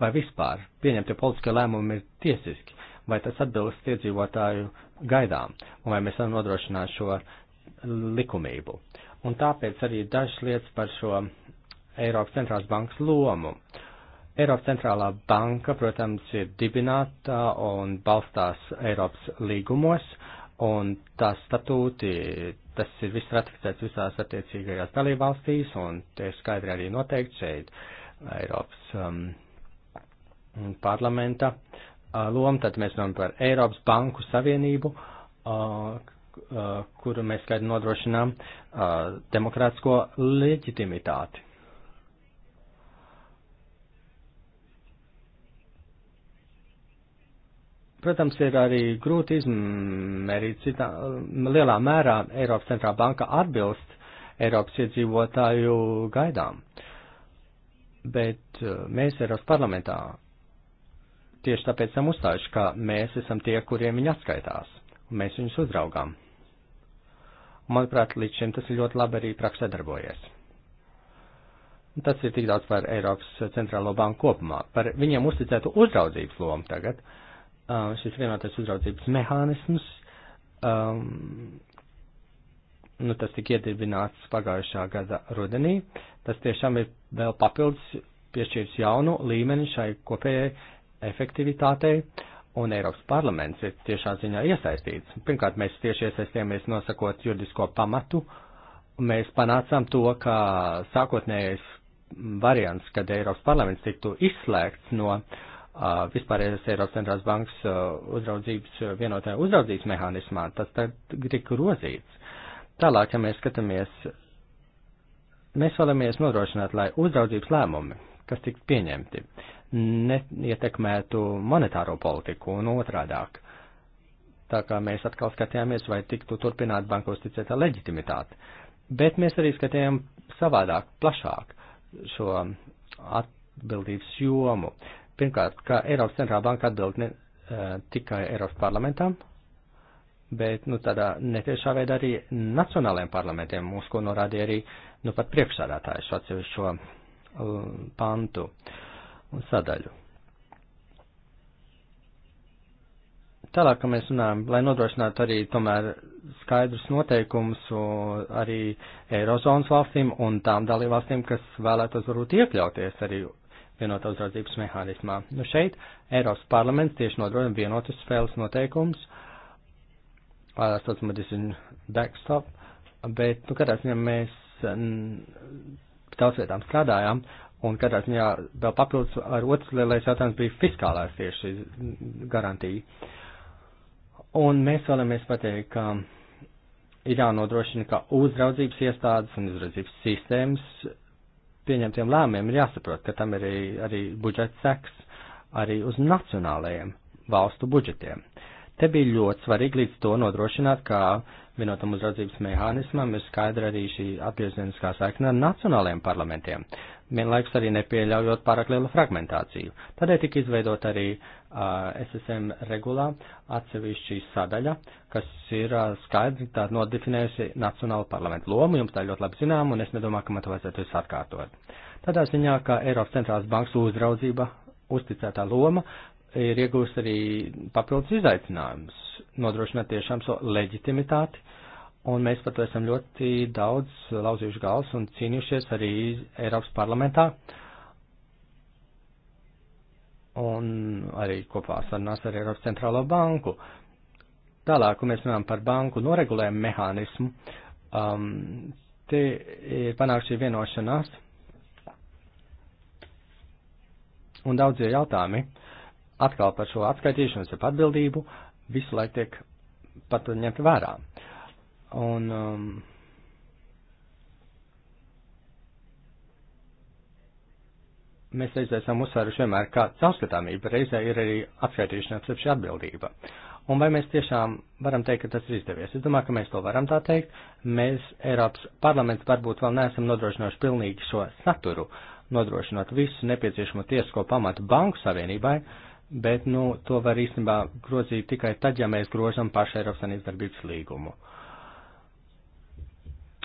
vai vispār pieņemtie politiskie lēmumi ir tiesiski, vai tas atbilst iedzīvotāju gaidām, un vai mēs varam nodrošināt šo likumību. Un tāpēc arī dažas lietas par šo Eiropas centrālās bankas lomu. Uh, Eiropas centrālā banka, protams, ir dibināta un balstās Eiropas līgumos, un tā statūti, tas ir viss ratificēts visās attiecīgajās dalībvalstīs, un tie skaidri arī noteikti šeit Eiropas um, parlamenta uh, loma, tad mēs runājam par Eiropas banku savienību, uh, uh, kuru mēs skaidri nodrošinām uh, demokrātisko leģitimitāti. Protams, ir arī grūti izmērīt, citā, lielā mērā Eiropas centrā banka atbilst Eiropas iedzīvotāju gaidām. Bet eh, mēs Eiropas parlamentā tieši tāpēc esam uzstājuši, ka mēs esam tie, kuriem viņi atskaitās, un mēs viņus uzraugām. Manuprāt, līdz šim tas ir ļoti labi arī praksē darbojies. Tas ir tik daudz par Eiropas centrālo banku kopumā. Par viņiem uzticētu uzraudzības lomu tagad. Uh, uh, šis vienotais uzraudzības mehānisms, um, nu, tas tika iedibināts pagājušā gada rudenī, tas tiešām ir vēl papildus piešķīrs jaunu līmeni šai kopējai efektivitātei, un Eiropas parlaments ir tiešā ziņā iesaistīts. Pirmkārt, mēs tieši iesaistījāmies nosakot juridisko pamatu, un mēs panācām to, ka sākotnējais variants, kad Eiropas parlaments tiktu izslēgts no uh, vispārējais Eiropas centrās bankas uzraudzības vienotajā uzraudzības mehānismā, tas tad tika grozīts. Tālāk, ja mēs skatāmies, mēs vēlamies nodrošināt, lai uzraudzības lēmumi, kas tiks pieņemti, neietekmētu monetāro politiku un otrādāk. Tā kā mēs atkal skatījāmies, vai tiktu turpināt banku uzticētā leģitimitāte. Bet mēs arī skatījām savādāk, plašāk šo atbildības jomu. Uh, Pirmkārt, ka Eiropas centrālā banka atbild ne uh, tikai Eiropas parlamentam, bet, nu, tādā netiešā veidā arī nacionālajiem parlamentiem, mūs, ko norādīja arī, nu, pat priekšsādātājs šo atsevišķo uh, pantu un sadaļu. Tālāk, ka mēs runājam, lai nodrošinātu arī tomēr skaidrus noteikumus arī Eirozonas valstīm un tām dalībvalstīm, kas vēlētos varbūt iekļauties arī vienotā uzraudzības mehānismā. Nu šeit Eiropas parlaments tieši nodrošina vienotus spēles noteikumus, saucamā disina backstop, bet, nu, katrā ziņā mēs daudz vietām strādājām, un katrā ziņā vēl papildus ar otrs lielais jautājums bija fiskālās tieši garantija. Un mēs vēlamies pateikt, ka ir jānodrošina, ka uzraudzības iestādes un uzraudzības sistēmas pieņemtiem lēmiem ir jāsaprot, ka tam ir arī, arī budžets seks arī uz nacionālajiem valstu budžetiem. Te bija ļoti svarīgi līdz to nodrošināt, ka vienotam uzraudzības mehānismam ir skaidra arī šī atgriezeniskā saikne ar nacionālajiem parlamentiem. Uh, vienlaiks arī nepieļaujot pārāk lielu fragmentāciju. Tādēļ tika izveidot arī uh, SSM regulā atsevišķī sadaļa, kas ir uh, skaidri tā nodefinējusi Nacionālo parlamentu lomu, jums tā ļoti labi zinām, un es nedomāju, ka man to vajadzētu visu atkārtot. Tādā ziņā, ka Eiropas centrālās bankas uzraudzība, uzticētā loma, ir iegūst arī papildus izaicinājums, nodrošināt tiešām savu so leģitimitāti, uh, un mēs par to esam ļoti daudz lauzījuši gals un cīnījušies arī Eiropas parlamentā un arī kopā sarunās ar Eiropas centrālo banku. Tālāk, kad mēs runājam par banku noregulējumu mehānismu, um, te ir panākta šī vienošanās un daudzie jautājumi atkal par šo atskaitīšanos, par atbildību, visu laiku tiek pat ņemt vērā. Un um, mēs reizē esam uzsvēruši vienmēr, ka caurskatāmība reizē ir arī atskaitīšana atsevišķa atbildība. Un vai mēs tiešām varam teikt, ka tas ir izdevies? Es domāju, ka mēs to varam tā teikt. Mēs, Eiropas parlaments, varbūt vēl neesam nodrošinājuši pilnīgi šo saturu, nodrošinot visu nepieciešamo tiesisko pamatu banku savienībai, bet, nu, to var īstenībā grozīt tikai tad, ja mēs grožam pašu Eiropas Savienības darbības līgumu. Uh,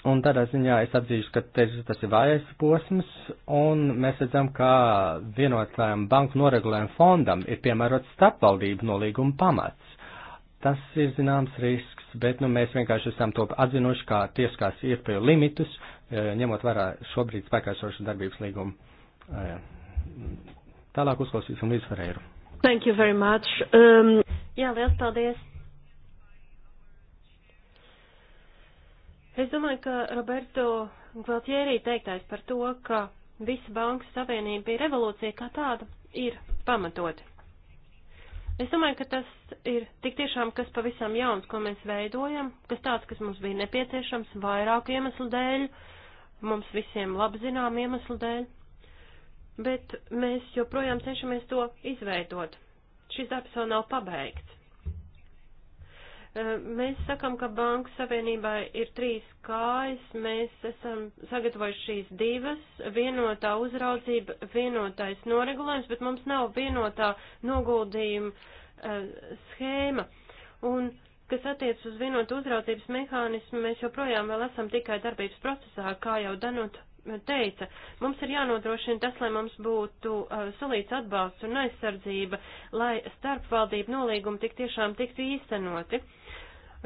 Un tādā ziņā es atzīšu, ka te, tas ir vājais posms, un mēs redzam, ka vienotajam banku noregulējumu fondam ir piemērots starpvaldību nolīguma pamats. Tas ir zināms risks, bet nu, mēs vienkārši esam to atzinuši kā tieskās iespēju limitus, e, ņemot vērā šobrīd spēkāsošu darbības līgumu. E, tālāk uzklausīsim līdzvarēru. Thank you very much. Um, jā, liels paldies. Es domāju, ka Roberto Gvaltierī teiktais par to, ka visa bankas savienība bija revolūcija kā tāda, ir pamatoti. Es domāju, ka tas ir tik tiešām kas pavisam jauns, ko mēs veidojam, kas tāds, kas mums bija nepieciešams vairāku iemeslu dēļ, mums visiem labi zinām iemeslu dēļ, bet mēs joprojām cenšamies to izveidot. Šis darbs vēl nav pabeigts. Eh, mēs sakam, ka Banku Savienībai ir trīs kājas, mēs esam sagatavojuši šīs divas - vienotā uzraudzība, vienotais noregulējums, bet mums nav vienotā noguldījuma uh, schēma. Un, kas attiec uz vienotu uzraudzības mehānismu, mēs joprojām vēl esam tikai darbības procesā, kā jau Danuta teica, mums ir jānodrošina tas, lai mums būtu uh, solīts atbalsts un aizsardzība, lai starpvaldību nolīgumi tik tiešām tiktu īstenoti. Uh,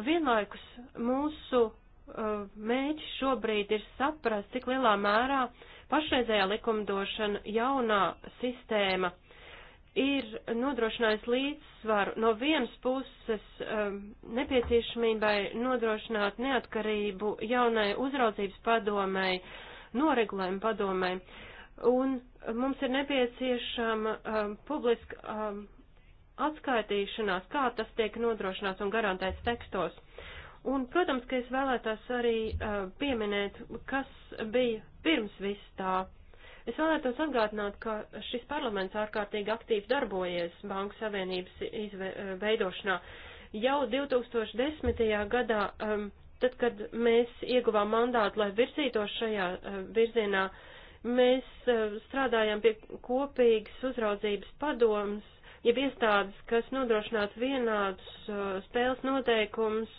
Vienlaikus mūsu uh, mēģis šobrīd ir saprast, cik lielā mērā pašreizējā likumdošana jaunā sistēma ir nodrošinājis līdzsvaru no vienas puses um, nepieciešamībai nodrošināt neatkarību jaunai uzraudzības padomai, noregulējuma padomai, un mums ir nepieciešama um, publiska um, atskaitīšanās, kā tas tiek nodrošināts un garantēts tekstos. Un, protams, ka es vēlētos arī uh, pieminēt, kas bija pirms vis tā. Es vēlētos atgādināt, ka šis parlaments ārkārtīgi aktīvi darbojies Banku Savienības izve, veidošanā. Jau 2010. gadā, um, tad, kad mēs ieguvām mandātu, lai virzītos šajā uh, virzienā, mēs uh, strādājām pie kopīgas uzraudzības padomas jeb iestādes, kas nodrošinātu vienādus uh, spēles noteikumus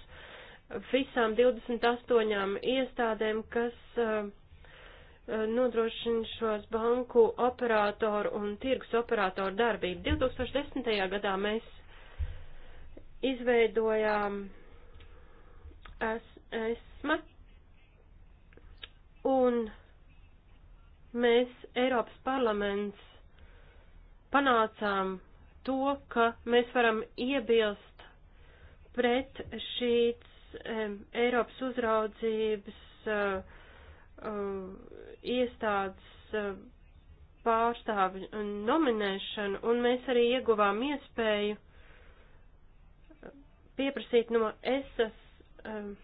visām 28 iestādēm, kas uh, uh, nodrošina šos banku operatoru un tirgus operatoru darbību. 2010. gadā mēs izveidojām ESMA un mēs Eiropas parlaments panācām to, ka mēs varam iebilst pret šīs um, Eiropas uzraudzības uh, uh, iestādes uh, pārstāvi nominēšanu, un mēs arī ieguvām iespēju pieprasīt no ESAS um,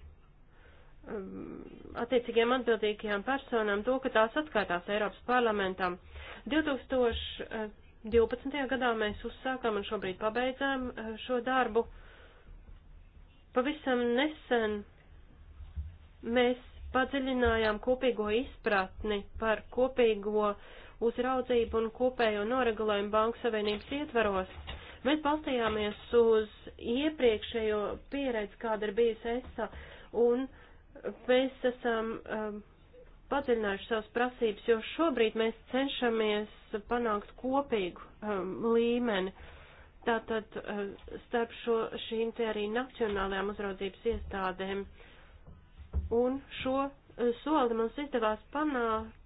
attiecīgiem atbildīgajām personām to, ka tās atskaitās Eiropas parlamentam. 2000, 12. gadā mēs uzsākām un šobrīd pabeidzām eh, šo darbu. Pavisam nesen mēs padziļinājām kopīgo izpratni par kopīgo uzraudzību un kopējo noregulējumu Banku Savienības ietvaros. Mēs balstījāmies uz iepriekšējo pieredzi, kāda ir bijusi ESA, un mēs esam um, padziļinājuši savas prasības, jo šobrīd mēs cenšamies panākt kopīgu um, līmeni. Tātad um, starp šo, šīm te arī nacionālajām uzraudzības iestādēm. Un šo uh, soli mums izdevās panākt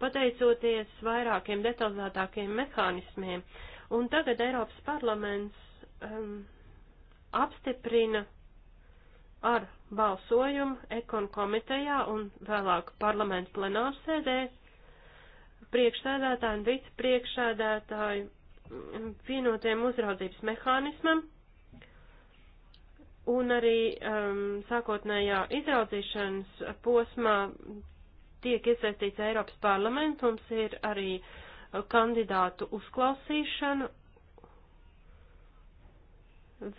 pateicoties vairākiem detalizētākiem mehānismiem. Un tagad Eiropas parlaments um, apstiprina ar balsojumu ekon komitejā un vēlāk parlamentu plenārsēdē priekšsēdētāji un vicepriekšsēdētāji mm, vienotiem uzraudzības mehānismam un arī um, sākotnējā izraudzīšanas posmā tiek iesaistīts Eiropas parlaments, mums ir arī mm, kandidātu uzklausīšana.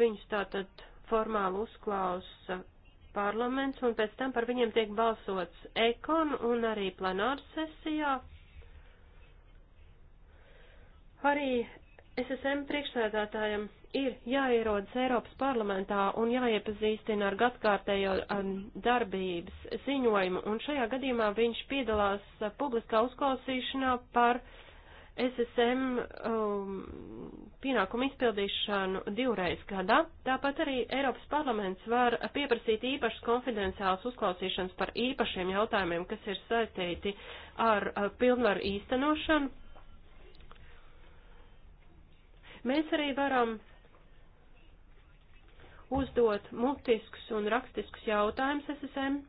Viņus tātad formāli uzklausa parlaments, un pēc tam par viņiem tiek balsots ekon un arī plenāru sesijā. Arī SSM priekšsēdētājiem ir jāierodas Eiropas parlamentā un jāiepazīstina ar gadkārtējo um, darbības ziņojumu, un šajā gadījumā viņš piedalās publiskā uzklausīšanā par uh, SSM um, pienākumu izpildīšanu divreiz gadā. Tāpat arī Eiropas parlaments var pieprasīt īpašas konfidenciālas uzklausīšanas par īpašiem jautājumiem, kas ir saistīti ar uh, pilnvaru īstenošanu. Mēs arī varam uzdot mutiskus un rakstiskus jautājumus SSM.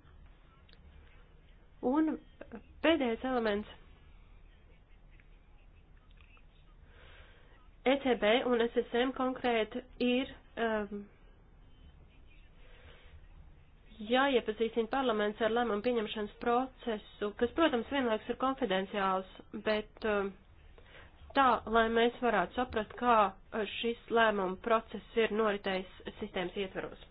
Un pēdējais elements ECB un SSM konkrēti ir um, jāiepazīstina parlaments ar lēmumu pieņemšanas procesu, kas, protams, vienlaiks ir konfidenciāls, bet um, tā, lai mēs varētu saprast, kā uh, šis lēmumu process ir noritējis sistēmas ietveros.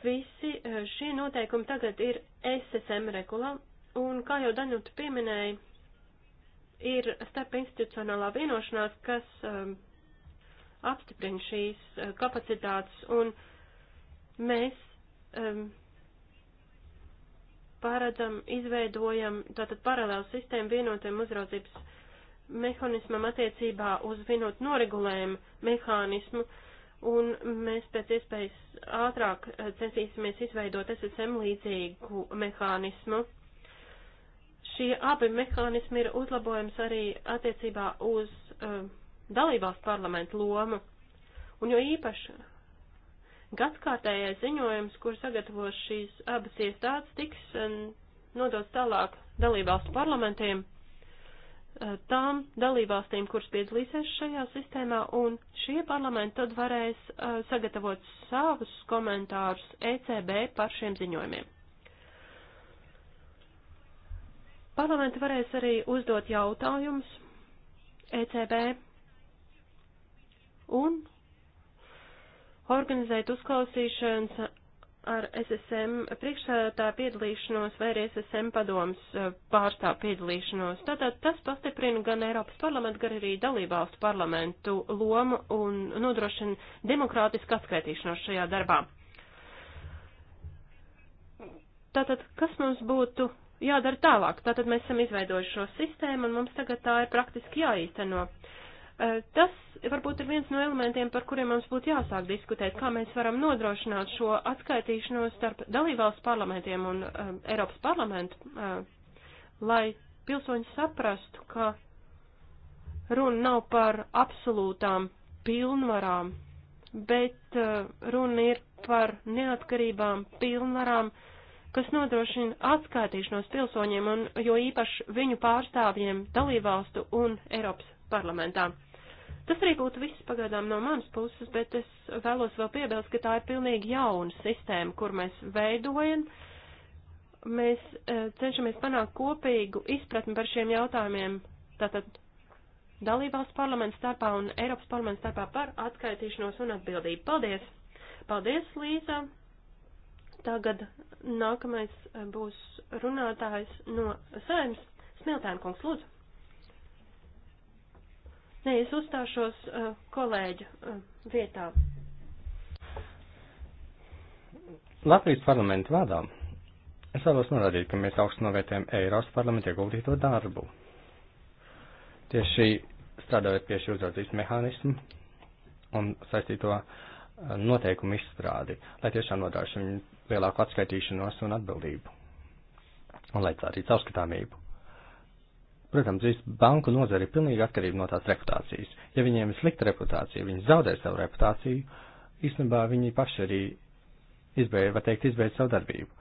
Visi uh, šie noteikumi tagad ir SSM regulā, un, kā jau Danuta pieminēja, ir starp institucionālā vienošanās, kas um, apstiprina šīs uh, kapacitātes, un mēs um, paredzam, izveidojam tātad paralēlu sistēmu vienotiem uzraudzības mehānismam attiecībā uz vienotu noregulējumu mehānismu, un mēs pēc iespējas ātrāk uh, censīsimies izveidot SSM līdzīgu mehānismu. Šie abi mehānismi ir uzlabojums arī attiecībā uz uh, dalībvalstu parlamentu lomu. Un jo īpaši gadskārtējais ziņojums, kur sagatavos šīs abas iestādes, tiks um, nodots tālāk dalībvalstu parlamentiem, uh, tām dalībvalstīm, kuras piedalīsies šajā sistēmā, un šie parlamenti tad varēs uh, sagatavot savus komentārus ECB par šiem ziņojumiem. Parlamenti varēs arī uzdot jautājumus ECB un organizēt uzklausīšanas ar SSM priekšsēdētāju piedalīšanos vai arī SSM padomas eh, pārstāvu piedalīšanos. Tātad tas pastiprina gan Eiropas parlamentu, gan arī dalībvalstu parlamentu lomu un nodrošina demokrātisku atskaitīšanos šajā darbā. Tātad, kas mums būtu jādara tālāk. Tātad mēs esam izveidojuši šo sistēmu un mums tagad tā ir praktiski jāīsteno. Eh, tas varbūt ir viens no elementiem, par kuriem mums būtu jāsāk diskutēt, kā mēs varam nodrošināt šo atskaitīšanos starp dalībvalstu parlamentiem un um, Eiropas parlamentu, um, lai pilsoņi saprastu, ka runa nav par absolūtām pilnvarām, bet uh, runa ir par neatkarībām, pilnvarām, uh, kas nodrošina atskaitīšanos pilsoņiem un jo īpaši viņu pārstāvjiem dalībvalstu un Eiropas parlamentā. Tas arī būtu viss pagaidām no manas puses, bet es vēlos vēl piebilst, ka tā ir pilnīgi jauna sistēma, kur mēs veidojam. Mēs e, cenšamies panākt kopīgu izpratni par šiem jautājumiem, tātad dalībvalsts parlaments starpā un Eiropas parlaments starpā par atskaitīšanos un atbildību. Paldies! Paldies, Līza! Tagad nākamais e, būs runātājs no saimnes. Smiltēna kungs, lūdzu. Nē, es uzstāšos uh, kolēģu uh, vietā. Latvijas parlamentu vārdā es vēlos norādīt, ka mēs augstu novērtējam Eiropas parlamentu ieguldīto darbu. Tieši strādājot pie šī uzraudzības mehānismu un saistīto noteikumu izstrādi, lai tiešām nodrošinātu lielāku atskaitīšanos un atbildību. Un lai tā arī caurskatāmību. Protams, visu banku nozari ir pilnīgi atkarība no tās reputācijas. Ja viņiem ir slikta reputācija, viņi zaudē savu reputāciju, īstenībā viņi paši arī izbeidz, var teikt, izbeidz savu darbību.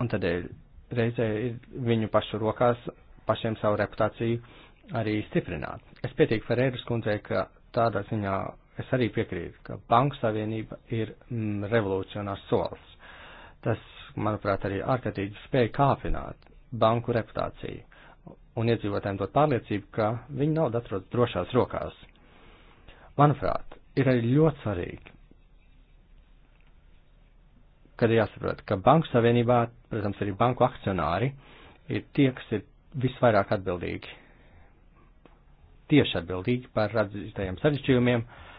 Un tādēļ eh, reizē ir viņu pašu rokās pašiem savu reputāciju arī stiprināt. Es pietieku Ferēras kundzei, ka tādā ziņā Es arī piekrītu, ka Banku Savienība ir mm, revolucionārs solis. Tas, manuprāt, arī ārkārtīgi spēja kāpināt banku reputāciju un iedzīvotājiem dot pārliecību, ka viņu nauda atrodas drošās rokās. Manuprāt, ir arī ļoti svarīgi, kad ir jāsaprot, ka Banku Savienībā, protams, arī banku akcionāri ir tie, kas ir visvairāk atbildīgi tieši atbildīgi par radzītajiem sarežģījumiem, uh,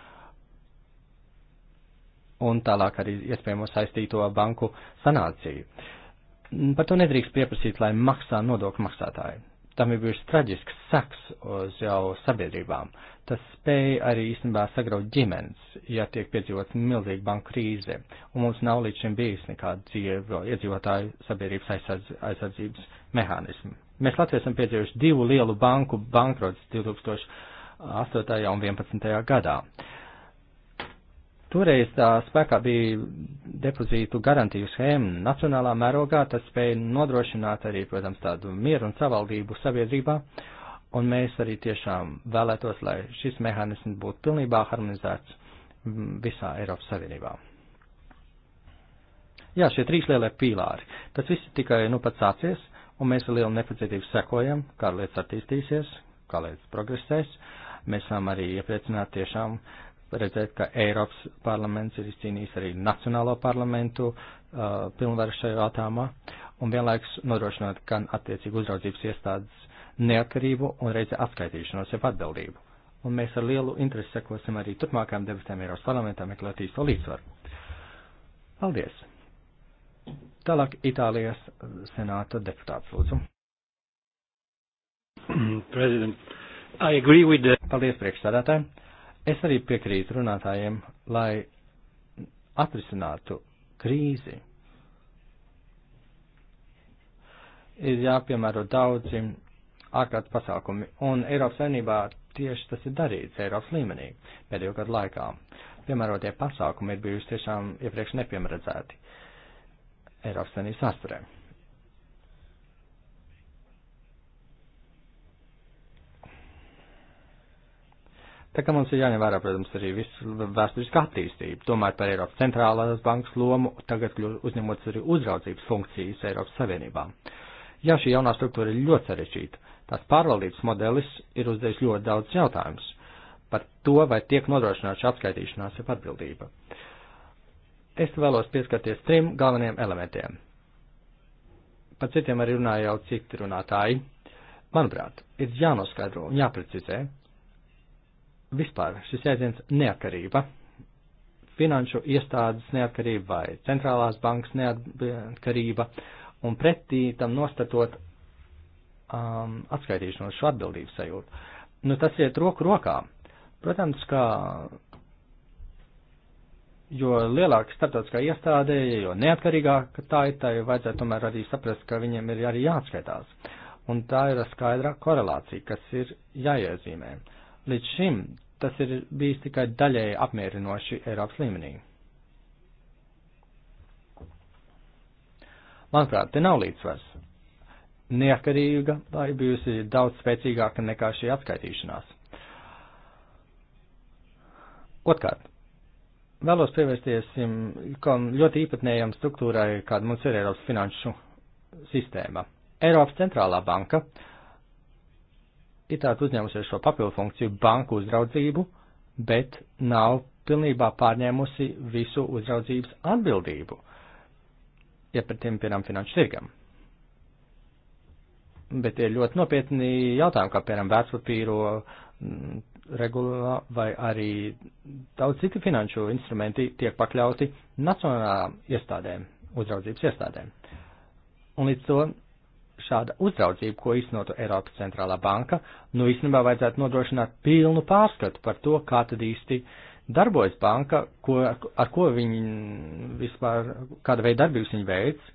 un tālāk arī iespējamo saistīto banku sanāciju. Par to nedrīkst pieprasīt, lai maksā nodokļu maksātāji. Tam ir bijis traģisks saks uz jau sabiedrībām. Tas spēja arī īstenībā sagraut ģimenes, ja tiek piedzīvots milzīga banka krīze, un mums nav līdz šim bijis nekāda dzīvo iedzīvotāju sabiedrības aizsardz, aizsardzības mehānismu. Mēs Latvijā esam piedzīvojuši divu lielu banku bankrotus 2008. un 2011. gadā. Uh, Toreiz tā spēkā bija depozītu garantiju schēma nacionālā mērogā, tas spēja nodrošināt arī, protams, tādu mieru un savaldību sabiedrībā, un mēs arī tiešām vēlētos, lai šis mehānisms būtu pilnībā harmonizēts visā Eiropas Savienībā. Jā, šie trīs lielie pīlāri, tas viss tikai nu pats sācies, un mēs ar lielu nepacietību sekojam, kā lietas attīstīsies, kā lietas progresēs. Mēs esam arī iepriecināti tiešām Var redzēt, ka Eiropas parlaments ir izcīnījis arī Nacionālo parlamentu uh, pilnvaru šajā jautājumā un vienlaikus nodrošinot gan attiecīgu uzraudzības iestādes neatkarību un reizi atskaitīšanos jau atbildību. Un mēs ar lielu interesi sekosim arī turpmākajām debatēm Eiropas parlamentā meklēt īsto līdzsvaru. Paldies! Tālāk Itālijas senāta deputāts lūdzu. President, I agree with the... Paldies priekšstādātājiem. Es arī piekrītu runātājiem, lai atrisinātu krīzi. Ir jāpiemēro daudzi ārkārtas pasākumi, un Eiropas saimnībā tieši tas ir darīts Eiropas līmenī pēdējo gadu laikā. Piemērotie pasākumi ir bijuši tiešām iepriekš nepiemēredzēti Eiropas saimnības vēsturē. Tā kā mums ir jāņem vērā, protams, arī visu vēsturiskā attīstību. Tomēr par Eiropas centrālās bankas lomu tagad uzņemots arī uzraudzības funkcijas Eiropas Savienībā. Jā, šī jaunā struktūra ir ļoti sarežģīta. Tās pārvaldības modelis ir uzdevis ļoti daudz jautājumus par to, vai tiek nodrošināta šī apskaitīšanās jau atbildība. Es vēlos pieskarties trim galvenajiem elementiem. Par citiem arī runāja jau citi runātāji. Manuprāt, ir jānoskaidro un jāprecizē, vispār šis jēdziens neatkarība, finanšu iestādes neatkarība vai centrālās bankas neatkarība, un pretī tam nostatot um, atskaitīšanos šo atbildības sajūtu. Nu, tas iet roku rokā. Protams, ka jo lielāka starptautiskā iestāde, jo neatkarīgāka tā ir, tai vajadzētu tomēr arī saprast, ka viņiem ir arī jāatskaitās. Un tā ir skaidra korelācija, kas ir jāiezīmē. Uh, Līdz šim tas ir bijis tikai daļēji apmierinoši Eiropas līmenī. Manuprāt, te nav līdzsvars. Neatkarīga vai bijusi daudz spēcīgāka nekā šī atskaitīšanās. Otkārt, vēlos pievērsties ļoti īpatnējam struktūrai, kāda mums ir Eiropas finanšu sistēma. Eiropas centrālā banka uh, ir tāds uzņēmusies šo papildu funkciju banku uzraudzību, bet nav pilnībā pārņēmusi visu uzraudzības atbildību, ja par tiem piemēram finanšu tirgam. Bet ir ļoti nopietni jautājumi, kā piemēram vērtspapīro mm, regulā vai arī daudz citi finanšu instrumenti tiek pakļauti nacionālām iestādēm, uzraudzības iestādēm. Un līdz to šāda uzraudzība, ko iznotu Eiropas centrālā banka, nu īstenībā vajadzētu nodrošināt pilnu pārskatu par to, kā tad īsti darbojas banka, ko, ar ko viņi vispār, kāda veida darbības viņi veids.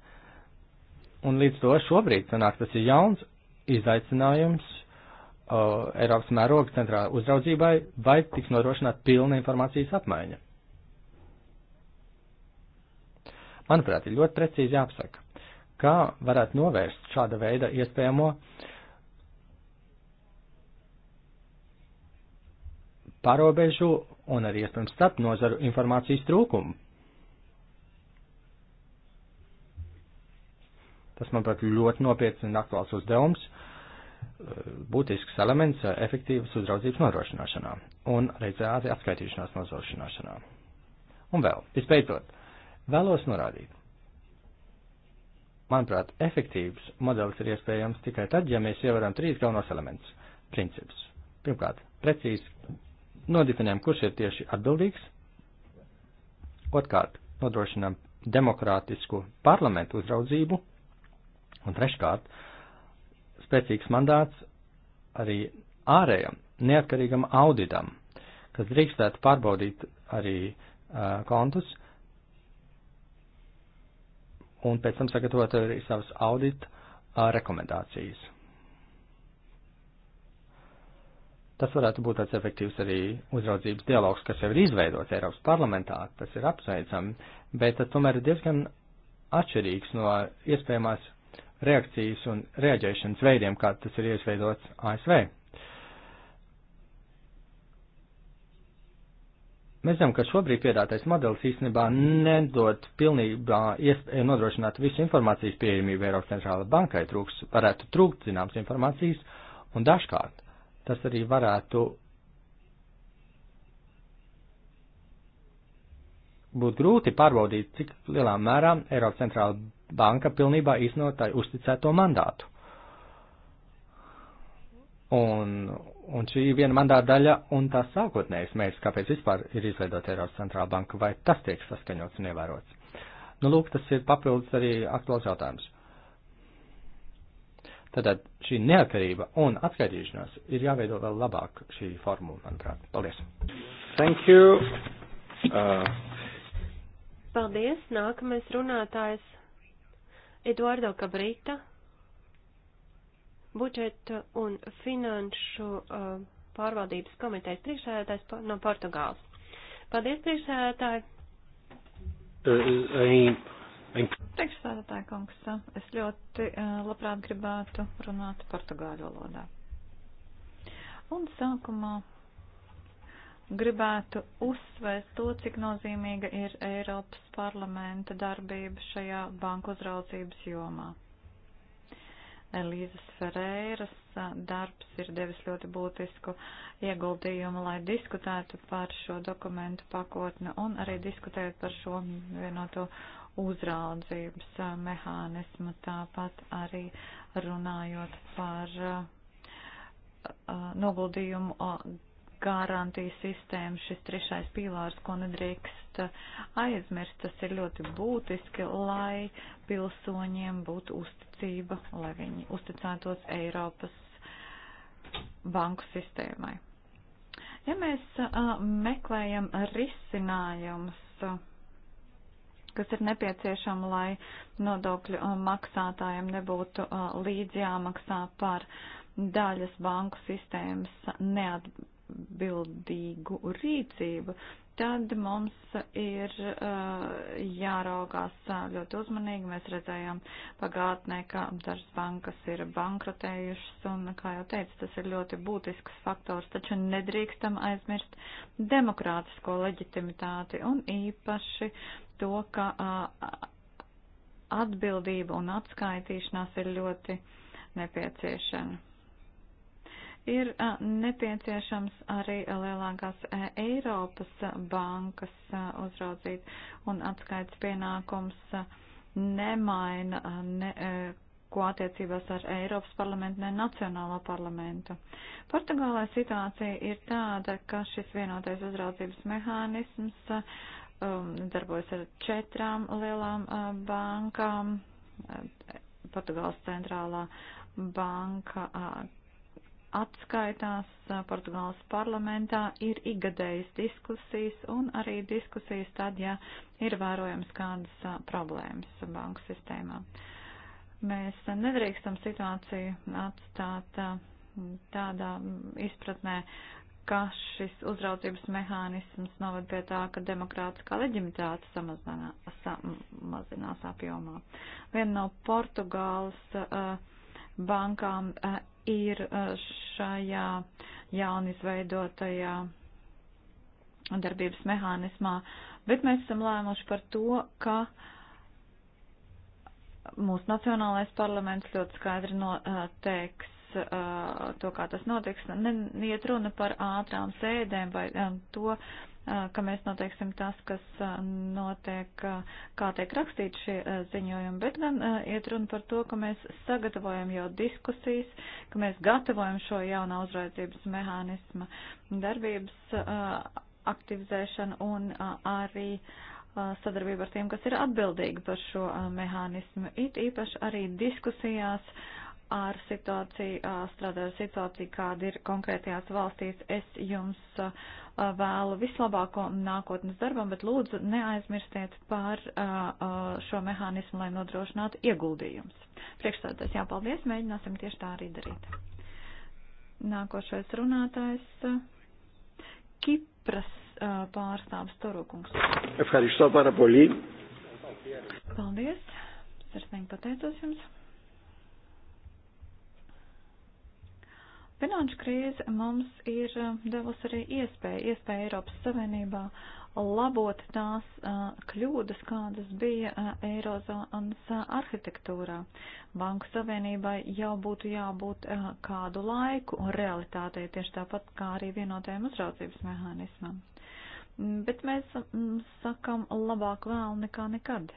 Un līdz to šobrīd, sanāk, tas ir jauns izaicinājums uh, Eiropas mēroga centrālajai uzraudzībai, vai tiks nodrošināta pilna informācijas apmaiņa. Manuprāt, ir ļoti precīzi jāapsaka kā varētu novērst šāda veida iespējamo pārobežu un arī iespējams starp nozaru informācijas trūkumu. Tas, manuprāt, ļoti nopietns un aktuāls uzdevums, būtisks elements efektīvas uzraudzības nodrošināšanā un reizē atskaitīšanās nodrošināšanā. Un vēl, visbeidzot, vēlos norādīt, Manuprāt, efektīvs modelis ir iespējams tikai tad, ja mēs ievaram trīs galvenos elementus - principus. Pirmkārt, precīzi nodefinējam, kurš ir tieši atbildīgs. Otkārt, nodrošinām demokrātisku parlamentu uzraudzību. Un treškārt, spēcīgs mandāts arī ārējam, neatkarīgam auditam, kas drīkstētu pārbaudīt arī uh, kontus, un pēc tam sagatavot arī savas audita rekomendācijas. Tas varētu būt tāds efektīvs arī uzraudzības dialogs, kas jau ir izveidots Eiropas parlamentā, tas ir apsveicami, bet tas tomēr ir diezgan atšķirīgs no iespējamās reakcijas un reaģēšanas veidiem, kā tas ir iesveidots ASV. Mēs zinām, ka šobrīd piedātais modelis īstenībā nedod pilnībā iespēju nodrošināt visu informācijas pieejamību Eiropas centrāla bankai. Trūks, varētu trūkt zināms informācijas, un dažkārt tas arī varētu būt grūti pārbaudīt, cik lielā mērā Eiropas centrāla banka pilnībā īstenot tai uzticēto mandātu. Un Un šī viena mandāta daļa un tās sākotnējais mērķis, kāpēc vispār ir izveidota Eiropas centrāla banka, vai tas tiek saskaņots un ievērots? Nu, lūk, tas ir papildus arī aktuāls jautājums. Tātad šī neatkarība un atskaitīšanās ir jāveido vēl labāk šī formula, manuprāt. Paldies! Thank you! Uh... Paldies! Nākamais runātājs Eduardo Cabrita budžeta un finanšu uh, pārvaldības komitejas priekšsēdētājs no Portugāles. Paldies, priekšsēdētāji! Uh, uh, priekšsēdētāji, kungs, uh, es ļoti uh, labprāt gribētu runāt portugāļu valodā. Un sākumā gribētu uzsvērt to, cik nozīmīga ir Eiropas parlamenta darbība šajā banku uzraudzības jomā. Elīzes Ferreiras darbs ir devis ļoti būtisku ieguldījumu, lai diskutētu par šo dokumentu pakotni un arī diskutēt par šo vienoto uzraudzības mehānismu, tāpat arī runājot par noguldījumu garantiju sistēmu, šis trešais pīlārs, ko nedrīkst aizmirst, tas ir ļoti būtiski, lai pilsoņiem būtu uzticība, lai viņi uzticētos Eiropas banku sistēmai. Ja mēs a, meklējam risinājumus, kas ir nepieciešama, lai nodokļu maksātājiem nebūtu līdz jāmaksā par daļas banku sistēmas neatbildību atbildīgu rīcību, tad mums ir uh, jāraugās uh, ļoti uzmanīgi. Mēs redzējām pagātnē, ka dažas bankas ir bankrotējušas, un, kā jau teicu, tas ir ļoti būtisks faktors, taču nedrīkstam aizmirst demokrātisko leģitimitāti un īpaši to, ka uh, atbildība un atskaitīšanās ir ļoti nepieciešama ir nepieciešams arī lielākās Eiropas bankas uzraudzīt un atskaits pienākums nemaina ne, ko attiecībās ar Eiropas parlamentu, ne Nacionālo parlamentu. Portugālē situācija ir tāda, ka šis vienotais uzraudzības mehānisms um, darbojas ar četrām lielām uh, bankām. Portugāles centrālā banka, atskaitās Portugāles parlamentā, ir igadējas diskusijas un arī diskusijas tad, ja ir vērojams kādas problēmas banku sistēmā. Mēs nedrīkstam situāciju atstāt tādā izpratnē, ka šis uzraudzības mehānisms noved pie tā, ka demokrātiskā leģimitāte samazinās apjomā. Viena no Portugāles uh, bankām uh, ir šajā jaunizveidotajā darbības mehānismā, bet mēs esam lēmuši par to, ka mūsu nacionālais parlaments ļoti skaidri noteiks to, kā tas notiks. Neiet runa par ātrām sēdēm vai to, ka mēs noteiksim tas, kas notiek, kā tiek rakstīti šie ziņojumi, bet gan iet runa par to, ka mēs sagatavojam jau diskusijas, ka mēs gatavojam šo jaunu uzraudzības mehānismu darbības aktivizēšanu un arī sadarbību ar tiem, kas ir atbildīgi par šo mehānismu, it īpaši arī diskusijās ar situāciju, strādāju ar situāciju, kāda ir konkrētajās valstīs. Es jums uh, vēlu vislabāko nākotnes darbam, bet lūdzu neaizmirstiet par šo mehānismu, lai nodrošinātu ieguldījumus. Priekšstādājs jāpaldies, mēģināsim tieši tā arī darīt. Nākošais runātājs Kipras pārstāvs Torukungs. Paldies, sirsnīgi pateicos jums. Finanšu krīze mums ir uh, devusi arī iespēju, iespēju Eiropas Savienībā labot tās uh, kļūdas, kādas bija uh, Eirozonas arhitektūrā. Banku Savienībai jau būtu jābūt kādu laiku realitātei, tieši tāpat kā arī vienotajam uzraudzības mehānismam. Mm, bet mēs mm, sakam labāk vēl nekā nekad.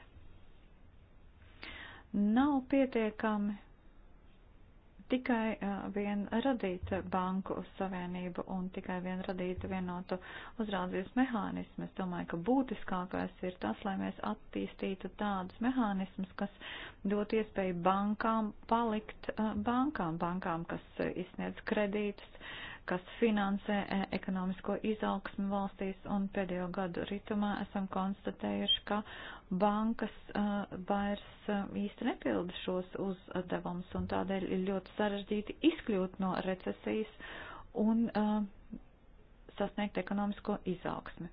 Nav pietiekami tikai vien radīt banku savienību un tikai vien radīt vienotu uzraudzības mehānismu. Es domāju, ka būtiskākais ir tas, lai mēs attīstītu tādus mehānismus, kas dot iespēju bankām palikt bankām, bankām, kas izsniedz kredītus, kas finansē e, ekonomisko izaugsmu valstīs, un pēdējo gadu ritumā esam konstatējuši, ka bankas e, vairs e, īsti nepilda šos uzdevumus, un tādēļ ir ļoti sarežģīti izkļūt no recesijas un sasniegt ekonomisko izaugsmi.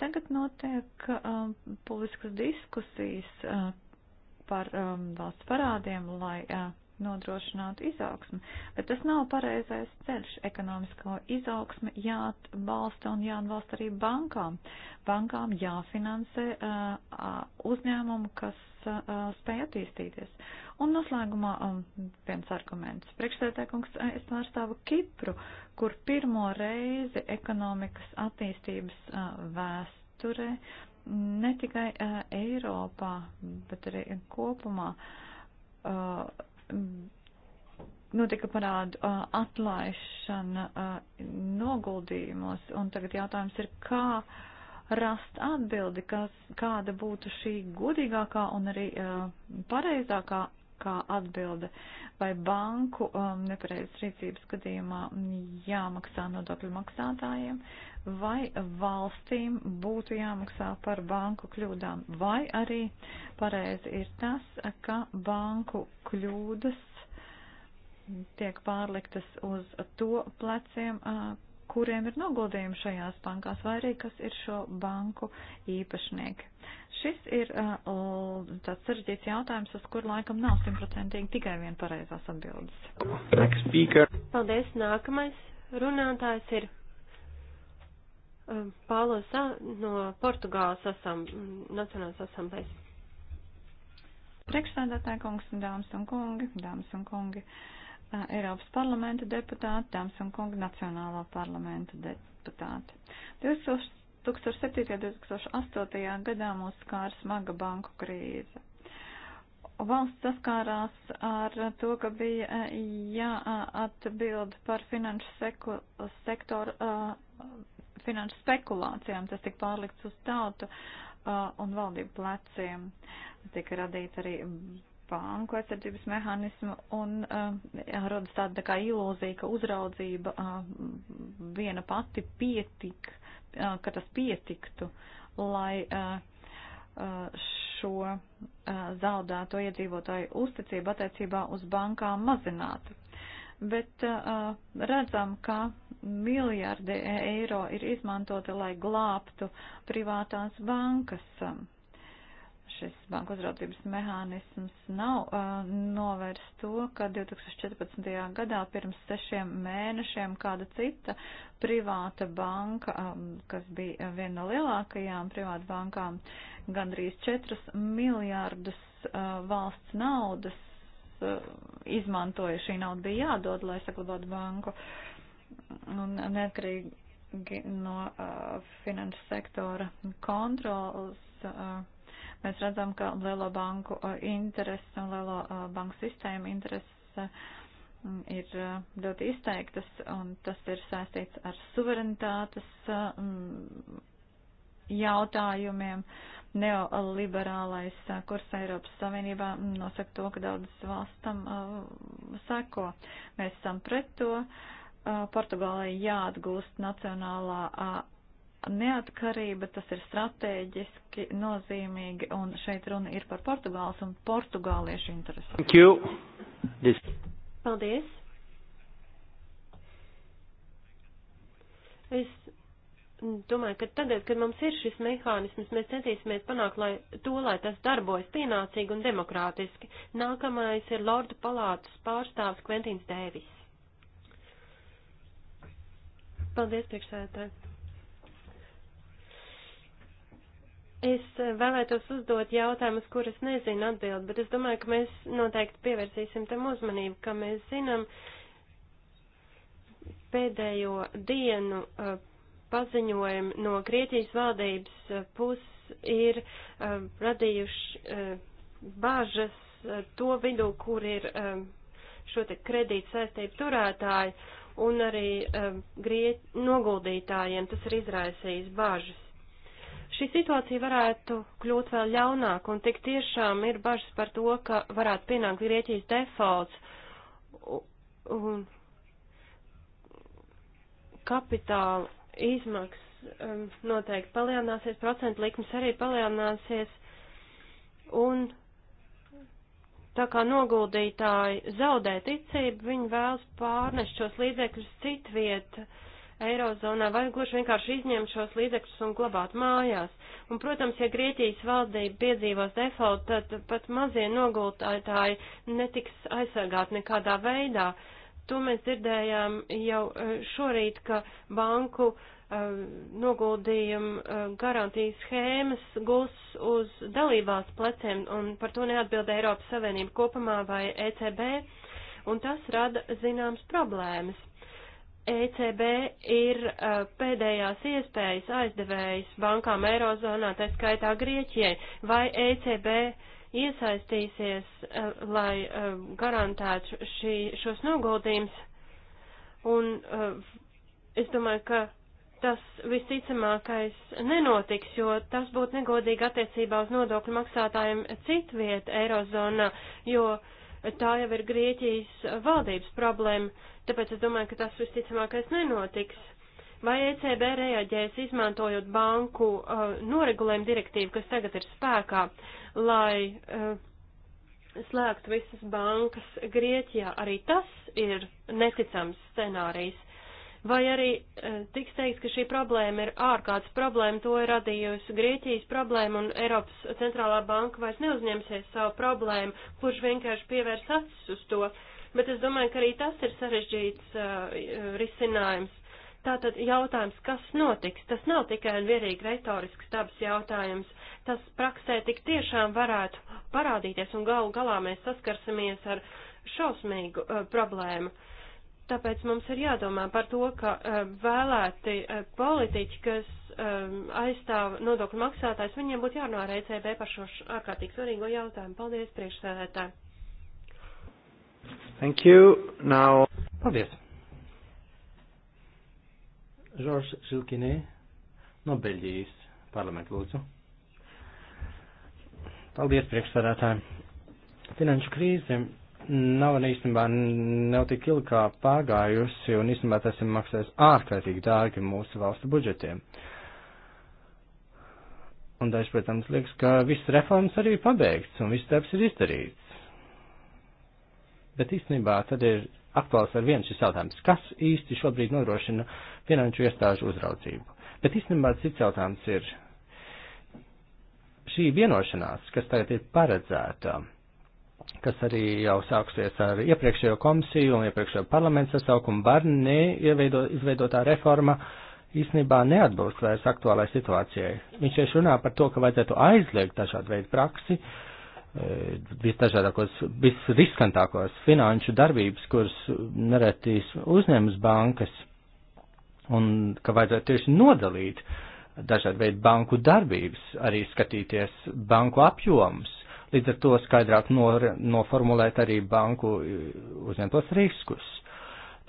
Tagad notiek publiskas diskusijas par valsts parādiem, lai nodrošinātu izaugsmu. Bet tas nav pareizais ceļš. Ekonomisko izaugsmu jāatbalsta un jāatbalsta arī bankām. Bankām jāfinansē uh, uzņēmumu, kas uh, spēj attīstīties. Un noslēgumā um, viens arguments. Priekšsēdētājkungs, es pārstāvu Kipru, kur pirmo reizi ekonomikas attīstības uh, vēsturē ne tikai uh, Eiropā, bet arī kopumā. Uh, Mm. notika nu, parādu uh, atlaišana uh, noguldījumos, un tagad jautājums ir, kā rast atbildi, kas, kāda būtu šī godīgākā un arī uh, pareizākā kā atbilde vai banku um, nepareizas rīcības gadījumā jāmaksā nodokļu maksātājiem, vai valstīm būtu jāmaksā par banku kļūdām, vai arī pareizi ir tas, ka banku kļūdas tiek pārliktas uz to pleciem, uh, kuriem ir noguldījumi šajās bankās, vai arī kas ir šo banku īpašnieki. Šis ir uh, tāds sarežģīts jautājums, uz kur laikam nav simtprocentīgi tikai vien pareizās atbildes. Paldies. Nākamais runātājs ir Paulo Sa no Portugāles asam, Nacionālās asamblēs. Priekšsēdētāji kungs, dāmas un kungi, dāmas un kungi, Eiropas parlamenta deputāti, dāmas un kungi, Nacionālā parlamenta deputāti. 2000 2007.-2008. gadā mūs skāra smaga banku krīze. Valsts saskārās ar to, ka bija eh, jāatbild par finanšu seku, sektoru, eh, finanšu spekulācijām, tas tika pārlikts uz tautu eh, un valdību pleciem. Tika radīta arī banku aizsardzības mehānismu un uh, rodas tāda tā kā ilūzija, ka uzraudzība uh, viena pati pietika ka tas pietiktu, lai šo zaudēto iedzīvotāju uzticību attiecībā uz bankām mazinātu. Bet redzam, ka miljardi eiro ir izmantoti, lai glābtu privātās bankas šis banku uzraudzības mehānisms nav uh, novērst to, ka 2014. gadā pirms sešiem mēnešiem kāda cita privāta banka, um, kas bija viena no lielākajām privāta bankām, gandrīz 4 miljārdus uh, valsts naudas uh, izmantoja. Šī nauda bija jādod, lai saglabātu banku. Un neatkarīgi no uh, finanšu sektora kontrolas. Uh, Mēs redzam, ka lielo banku uh, interesi un lielo uh, banku sistēmu interesi mm, ir uh, ļoti izteiktas, un tas ir saistīts ar suverenitātes mm, jautājumiem. Neoliberālais kurs Eiropas Savienībā nosaka to, ka daudzas valsts tam seko. Mēs esam pret to. Portugālei jāatgūst nacionālā neatkarība, tas ir strateģiski nozīmīgi, un šeit runa ir par Portugāles un portugāliešu interesēm. This... Paldies! Es domāju, ka tad, kad mums ir šis mehānisms, mēs centīsimies panākt, lai to, lai tas darbojas pienācīgi un demokrātiski. Nākamais ir Lordu palātas pārstāvs Kventīns Dēvis. Paldies, priekšsēdētāji! Es vēlētos uzdot jautājumus, kuras nezinu atbild, bet es domāju, ka mēs noteikti pievērsīsim tam uzmanību, ka mēs zinām pēdējo dienu uh, paziņojumi no Grieķijas valdības uh, puses ir uh, radījuši bāžas to vidū, kur ir um, šo te kredīt saistību turētāji un arī um, Grie... noguldītājiem tas ir izraisījis bāžas. Šī situācija varētu kļūt vēl ļaunāka, un tik tiešām ir bažas par to, ka varētu pienākt Grieķijas defaults un kapitāla izmaksas um, noteikti palielināsies, procentu likmes arī palielināsies, un tā kā noguldītāji zaudē ticību, viņi vēlas pārnest šos līdzekļus citviet. Uh, Eirozonā, vai gluži vienkārši izņemt šos līdzekļus un glabāt mājās. Un, protams, ja Grieķijas valdība piedzīvos default, tad pat mazie nogultātāji netiks aizsargāti nekādā veidā. To mēs dzirdējām jau e, šorīt, ka banku e, noguldījuma e, garantijas schēmas guls uz dalībās pleciem, un par to neatbild Eiropas Savienība kopumā vai ECB, un tas rada zināmas problēmas ECB ir uh, pēdējās iespējas aizdevējs bankām Eirozonā, tā skaitā Grieķijai, vai ECB iesaistīsies, uh, lai uh, garantētu šī, šos noguldījumus. Un es domāju, ka tas visticamākais nenotiks, jo tas būtu negodīgi attiecībā uz nodokļu maksātājiem citviet Eirozonā, jo uh, tā jau ir Grieķijas valdības problēma, tāpēc es domāju, ka tas visticamākais nenotiks. Vai ECB reaģēs izmantojot banku uh, noregulējumu direktīvu, kas tagad ir spēkā, lai uh, slēgtu visas bankas Grieķijā? Arī tas ir neticams scenārijs vai arī e, tiks teiks, ka šī problēma ir ārkārtas problēma, to ir radījusi Grieķijas problēma un Eiropas centrālā banka vairs neuzņemsies savu problēmu, kurš vienkārši pievērs acis uz to. Bet es domāju, ka arī tas ir sarežģīts uh, risinājums. Tātad jautājums, kas notiks, tas nav tikai un vienīgi retorisks dabas jautājums. Tas praksē tik tiešām varētu parādīties un galu galā mēs saskarsimies ar šausmīgu uh, problēmu. Uh, Tāpēc mums ir jādomā par to, ka eh, vēlēti eh, politiķi, kas eh, aizstāv nodokļu maksātājs, viņiem būtu jārunā ar ECB par šo ārkārtīgi svarīgo jautājumu. Paldies, priekšsēdētāji. Thank you. Now. Paldies. Žoržs Žilkinē no Beļģijas parlamenta lūdzu. Paldies, priekšsēdētāji. Finanšu krīze nav īstenībā nav tik ilgi kā pārgājusi, un īstenībā tas ir maksājis ārkārtīgi dārgi mūsu valstu budžetiem. Un daži, protams, liekas, ka viss reformas arī ir pabeigts, un viss darbs ir izdarīts. Bet īstenībā tad ir aktuāls ar vienu šis jautājums, kas īsti šobrīd nodrošina finanšu iestāžu uzraudzību. Bet īstenībā cits jautājums ir šī vienošanās, kas tagad ir paredzēta kas arī jau sāksies ar iepriekšējo komisiju un iepriekšējo parlamentu sasaukumu, var neizveidotā reforma īstenībā neatbilst vairs aktuālai situācijai. Viņš tieši runā par to, ka vajadzētu aizliegt dažādu veidu praksi, eh, visdažādākos, visriskantākos finanšu darbības, kuras neretīs uzņēmas bankas, un ka vajadzētu tieši nodalīt dažādu veidu banku darbības, arī skatīties banku apjomus Līdz ar to skaidrāk nor, noformulēt arī banku uzņemtos riskus.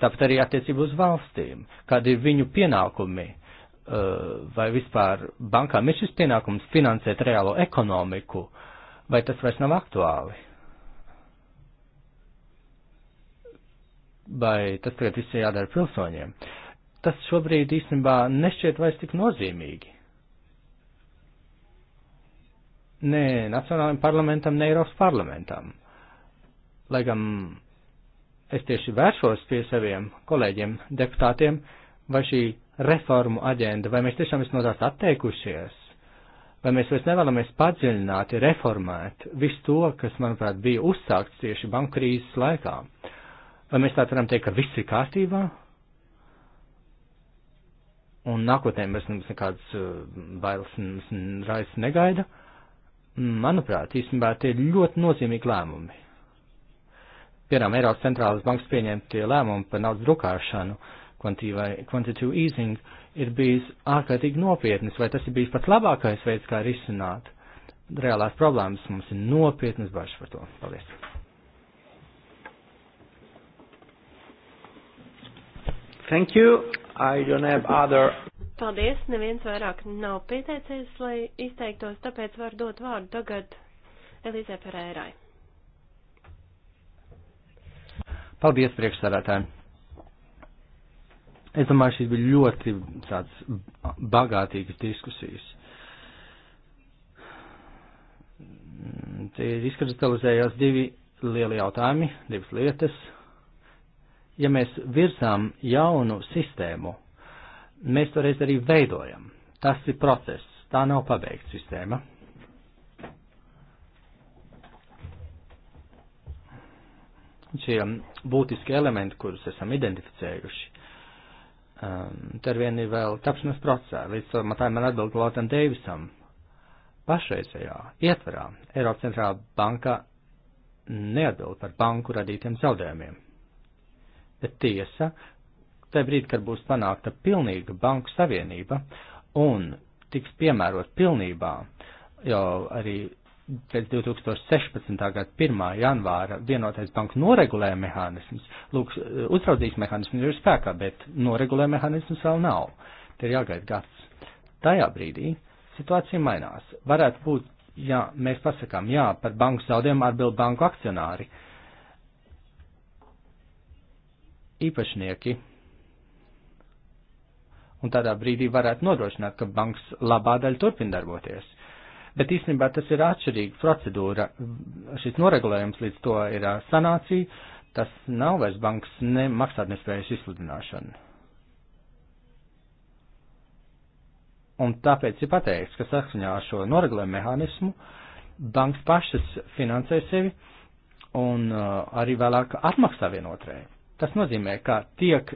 Tāpat arī attiecību uz valstīm, kādi ir viņu pienākumi, eh, vai vispār bankām ir šis pienākums finansēt reālo ekonomiku, vai tas vairs nav aktuāli. Vai tas tagad viss ir jādara pilsoņiem? Tas šobrīd īstenībā nešķiet vairs tik nozīmīgi ne nacionālajiem parlamentam, ne Eiropas parlamentam. Lai gan es tieši vēršos pie saviem kolēģiem, deputātiem, vai šī reformu aģenda, vai mēs tiešām esam no tās atteikušies, vai mēs vairs nevēlamies padziļināt, reformēt visu to, kas, manuprāt, bija uzsākts tieši banku krīzes laikā. Vai mēs tā varam teikt, ka viss ir kārtībā? Un nākotnē mēs nekādas eh, bailes un raizes negaida. Uh, Manuprāt, īstenībā tie ir ļoti nozīmīgi lēmumi. Piemēram, Eiropas centrālas bankas pieņemtie lēmumi par naudas drukāšanu, quantitative easing, ir bijis ārkārtīgi nopietnis, vai tas ir bijis pat labākais veids, kā risināt reālās problēmas. Mums ir nopietnas bažas par to. Paldies! Thank you. I don't have other Paldies, neviens vairāk nav pieteicies, lai izteiktos, tāpēc var dot vārdu tagad Elīzē Ferērai. Paldies, priekšsarātāji. Es domāju, šīs bija ļoti tāds bagātīgas diskusijas. Te izkristalizējās divi lieli jautājumi, divas lietas. Ja mēs virzām jaunu sistēmu, mēs to reiz arī veidojam. Tas ir process, tā nav pabeigta sistēma. Šie būtiski elementi, kurus esam identificējuši, um, te vien ir vēl tapšanas procesā, līdz to matāju man atbild Lotam Deivisam. Pašreizējā ietvarā Eiropas centrāla banka neatbild par banku radītiem zaudējumiem. Bet tiesa tajā brīdī, kad būs panākta pilnīga banku savienība un tiks piemērot pilnībā jau arī pēc 2016. gada 1. janvāra vienotais banku noregulē mehānisms, lūk, uzraudzības mehānisms ir spēkā, bet noregulē mehānisms vēl nav. Te ir jāgaida gads. Tajā brīdī situācija mainās. Varētu būt, ja mēs pasakām, jā, par banku zaudējumu atbild banku akcionāri, īpašnieki, un tādā brīdī varētu nodrošināt, ka bankas labā daļa turpin darboties. Bet īstenībā tas ir atšķirīga procedūra. Šis noregulējums līdz to ir sanācija, tas nav vairs bankas ne maksātnespējas izsludināšana. Un tāpēc ir pateikts, ka saskaņā ar šo noregulējumu mehānismu bankas pašas finansē sevi un uh, arī vēlāk atmaksā vienotrai. Tas nozīmē, ka tiek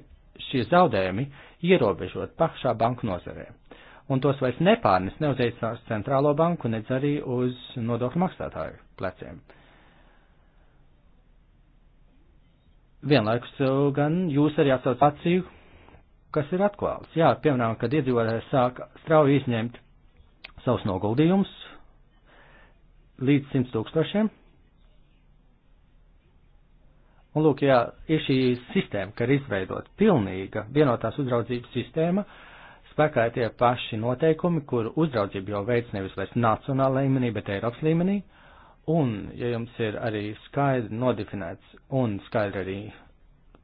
šie zaudējumi uh, ierobežot pašā banku nozarē. Un tos vairs nepārnes neuzreiz uz centrālo banku, nedz arī uz nodokļu maksātāju pleciem. Vienlaikus gan jūs arī atsaucat acīju, kas ir atklāts. Jā, piemēram, kad iedzīvotāji sāk strauji izņemt savus noguldījumus līdz 100 tūkstošiem, Un lūk, jā, ir šī sistēma, ka ir izveidot pilnīga vienotās uzraudzības sistēma, spēkā ir tie paši noteikumi, kur uzraudzība jau veids nevis vairs nacionāla līmenī, bet Eiropas līmenī. Un, ja jums ir arī skaidri nodefinēts un skaidri arī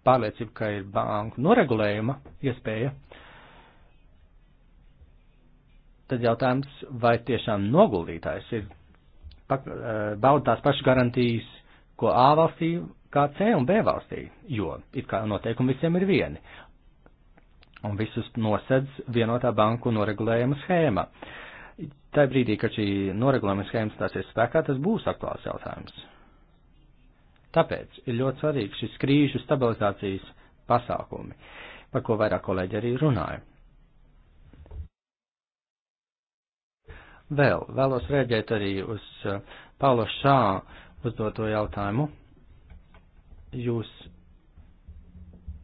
pārliecība, ka ir banku noregulējuma iespēja, tad jautājums, vai tiešām noguldītājs ir eh, bauda tās pašas garantijas, ko A valstī kā C un B valstī, jo it kā noteikumi visiem ir vieni. Un visus nosedz vienotā banku noregulējuma schēma. Tā brīdī, kad šī noregulējuma schēma stāsies spēkā, tas būs aktuāls jautājums. Tāpēc ir ļoti svarīgi šis krīžu stabilizācijas pasākumi, par ko vairāk kolēģi arī runāja. Vēl vēlos rēģēt arī uz uh, Paulo Šā uzdoto jautājumu jūs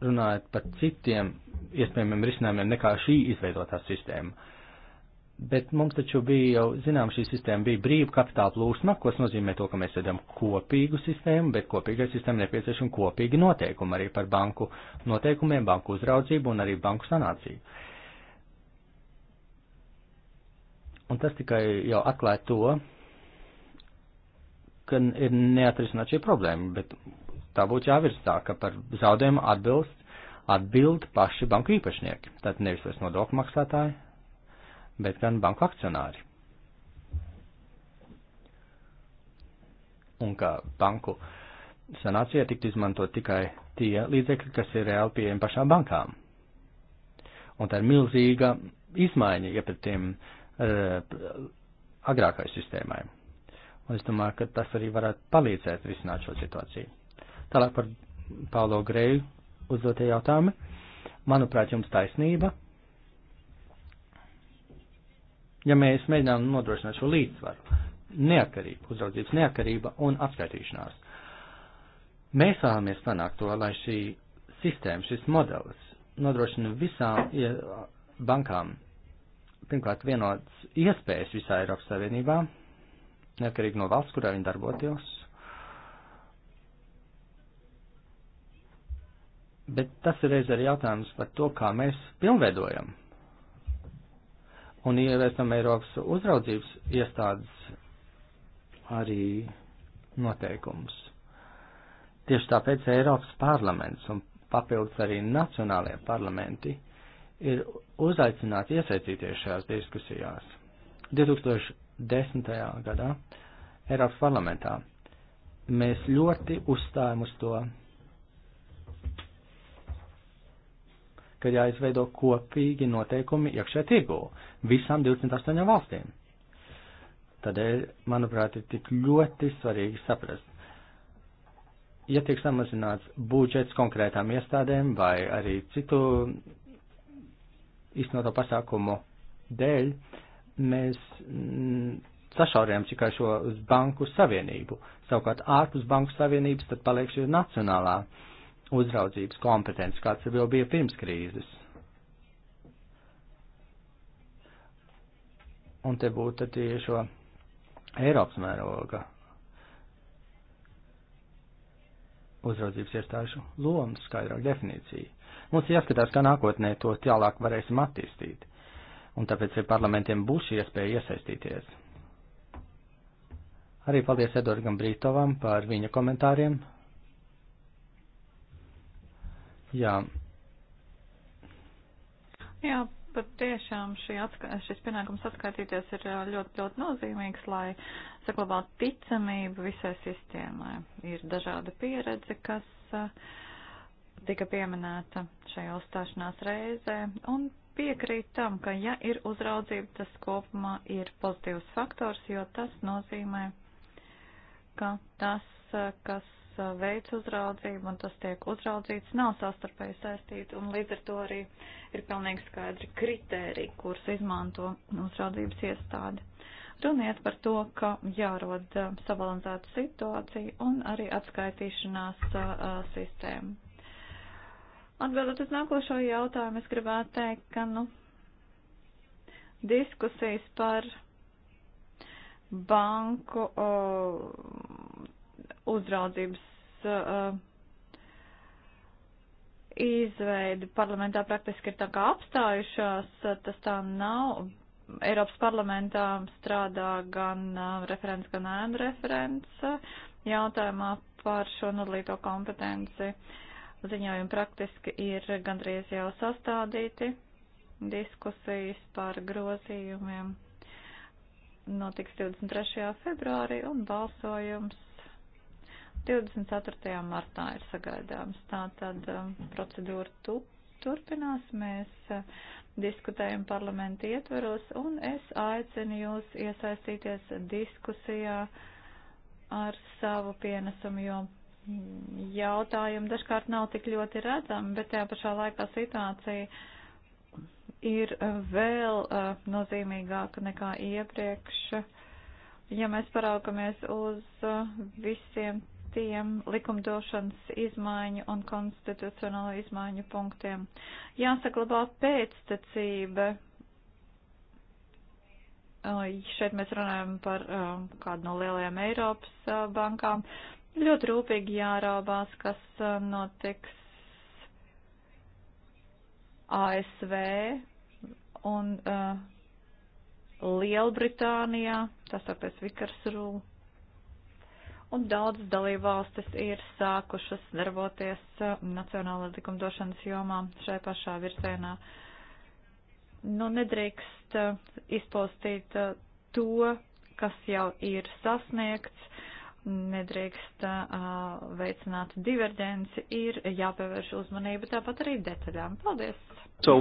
runājat par citiem iespējamiem risinājumiem nekā šī izveidotā sistēma. Bet mums taču bija jau, zinām, šī sistēma bija brīva kapitāla plūsma, kas nozīmē to, ka mēs redzam kopīgu sistēmu, bet kopīgai sistēmai nepieciešama kopīga noteikuma arī par banku noteikumiem, banku uzraudzību un arī banku sanāciju. Un tas tikai jau atklāja to, ka ir neatrisināt šī problēma, bet tā būtu jāvirz tā, ka par zaudējumu atbilst atbild paši banku īpašnieki. Tātad nevis vairs nodokļu maksātāji, bet gan banku akcionāri. Un ka banku sanācijā tikt izmantot tikai tie līdzekļi, kas ir reāli pieejami pašām bankām. Un tā ir milzīga izmaiņa iepratiem uh, e, agrākai sistēmai. Un es domāju, ka tas arī varētu palīdzēt risināt šo situāciju. Tālāk par Paulo Greju uzdotie jautājumi. Manuprāt, jums taisnība. Ja mēs mēģinām nodrošināt šo līdzsvaru, neatkarību, uzraudzības neatkarība un apskaitīšanās, mēs vēlamies panākt to, lai šī sistēma, šis modelis nodrošina visām bankām pirmkārt vienotas iespējas visā Eiropas Savienībā, neatkarīgi no valsts, kurā viņi darbotos, Bet tas ir reiz arī jautājums par to, kā mēs pilnveidojam un ieviesam Eiropas uzraudzības iestādes arī noteikumus. Tieši tāpēc Eiropas parlaments un papildus arī nacionālajie parlamenti ir uzaicināti iesaistīties šajās diskusijās. 2010. gadā Eiropas parlamentā mēs ļoti uzstājam uz to, ka jāizveido kopīgi noteikumi iekšē tirgū visām 28 valstīm. Tādēļ, manuprāt, ir tik ļoti svarīgi saprast, ja tiek samazināts budžets konkrētām iestādēm vai arī citu iznoto pasākumu dēļ, mēs mm, sašaurējam tikai šo uz banku savienību. Savukārt ārpus banku savienības tad paliek šī nacionālā uh, uzraudzības kompetenci, kāds jau bija pirms krīzes. Un te būtu tiešo Eiropas mēroga uzraudzības iestāžu lomu skaidrāk definīciju. Mums jāskatās, kā nākotnē to tālāk varēsim attīstīt, un tāpēc ir parlamentiem būs šī iespēja iesaistīties. Arī paldies Edorgam Brītovam par viņa komentāriem Jā. Jā, pat tiešām atska šis pienākums atskaitīties ir ļoti, ļoti nozīmīgs, lai saglabātu ticamību visai sistēmai. Ir dažāda pieredze, kas tika pieminēta šajā uzstāšanās reizē, un piekrīt tam, ka ja ir uzraudzība, tas kopumā ir pozitīvs faktors, jo tas nozīmē, ka tas, kas Uh, veids uzraudzību un tas tiek uzraudzīts, nav sastarpēji saistīti un līdz ar to arī ir pilnīgi skaidri kritēriji, kurus izmanto uzraudzības iestādi. Runiet par to, ka jārod uh, sabalansēta situācija un arī atskaitīšanās uh, sistēma. Atbildot uz nākošo jautājumu, es gribētu teikt, ka nu, diskusijas par banku o, uzraudzības uh, izveidi parlamentā praktiski ir tā kā apstājušās, uh, tas tā nav. Eiropas parlamentā strādā gan uh, referents, gan ēnu referents uh, jautājumā par šo nodalīto kompetenci. Ziņojumi praktiski ir gandrīz jau sastādīti. Diskusijas par grozījumiem notiks 23. februārī un balsojums 24. martā ir sagaidāms. Tā tad um, procedūra tu, turpinās, mēs uh, diskutējam parlamenta ietveros, un es aicinu jūs iesaistīties diskusijā ar savu pienesumu, jo mm, jautājumi dažkārt nav tik ļoti redzami, bet tajā pašā laikā situācija ir uh, vēl uh, nozīmīgāka nekā iepriekš. Ja mēs paraugamies uz visiem punktiem, likumdošanas izmaiņu un konstitucionālo izmaiņu punktiem. Jāsaklabā pēctecība. Šeit mēs runājam par kādu no lielajām Eiropas bankām. Ļoti rūpīgi jāraubās, kas notiks ASV un Lielbritānijā, tas tāpēc Vikars Rūla un daudzas dalībvalstis ir sākušas darboties uh, nacionālās likumdošanas jomā šai pašā virzienā. Nu, nedrīkst uh, izpostīt uh, to, kas jau ir sasniegts, nedrīkst uh, veicināt divergenci, ir jāpievērš uzmanība tāpat arī detaļām. Paldies! So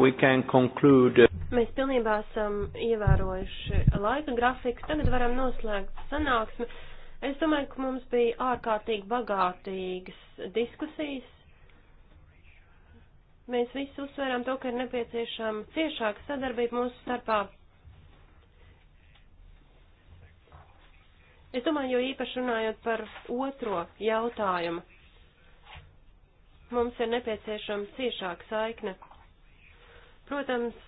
Mēs pilnībā esam ievērojuši laika grafiku, tagad varam noslēgt sanāksmi. Es domāju, ka mums bija ārkārtīgi bagātīgas diskusijas. Mēs visi uzsvērām to, ka ir nepieciešama ciešāka sadarbība mūsu starpā. Es domāju, jo īpaši runājot par otro jautājumu, mums ir nepieciešama ciešāka saikne. Protams,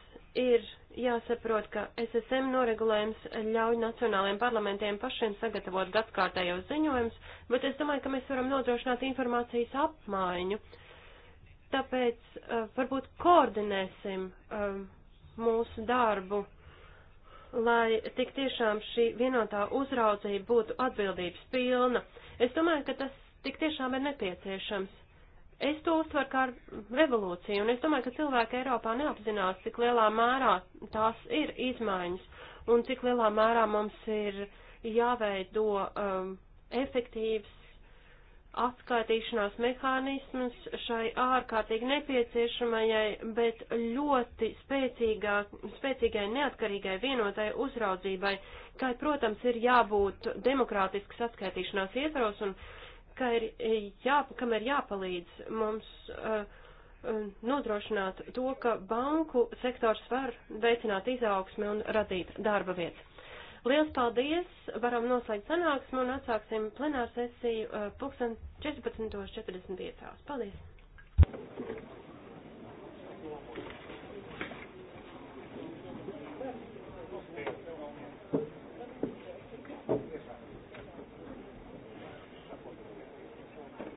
ir Jāsaprot, ka SSM noregulējums ļauj nacionālajiem parlamentiem pašiem sagatavot gadskārtējos ziņojumus, bet es domāju, ka mēs varam nodrošināt informācijas apmaiņu. Tāpēc uh, varbūt koordinēsim uh, mūsu darbu, lai tik tiešām šī vienotā uzraudzība būtu atbildības pilna. Es domāju, ka tas tik tiešām ir nepieciešams. Es to uztveru kā revolūciju, un es domāju, ka cilvēki Eiropā neapzinās, cik lielā mērā tās ir izmaiņas, un cik lielā mērā mums ir jāveido um, efektīvs atskaitīšanās mehānismus šai ārkārtīgi nepieciešamajai, bet ļoti spēcīgā, spēcīgai neatkarīgai vienotai uzraudzībai, kā, protams, ir jābūt demokrātiskas atskaitīšanās ietvaros un uh, ka ir, eh, jā, kam ir jāpalīdz mums uh, nodrošināt to, ka banku sektors var veicināt izaugsmi un radīt darba vietas. Liels paldies! Varam noslēgt sanāksmu un atsāksim plenāru sesiju uh, 14.45. Paldies!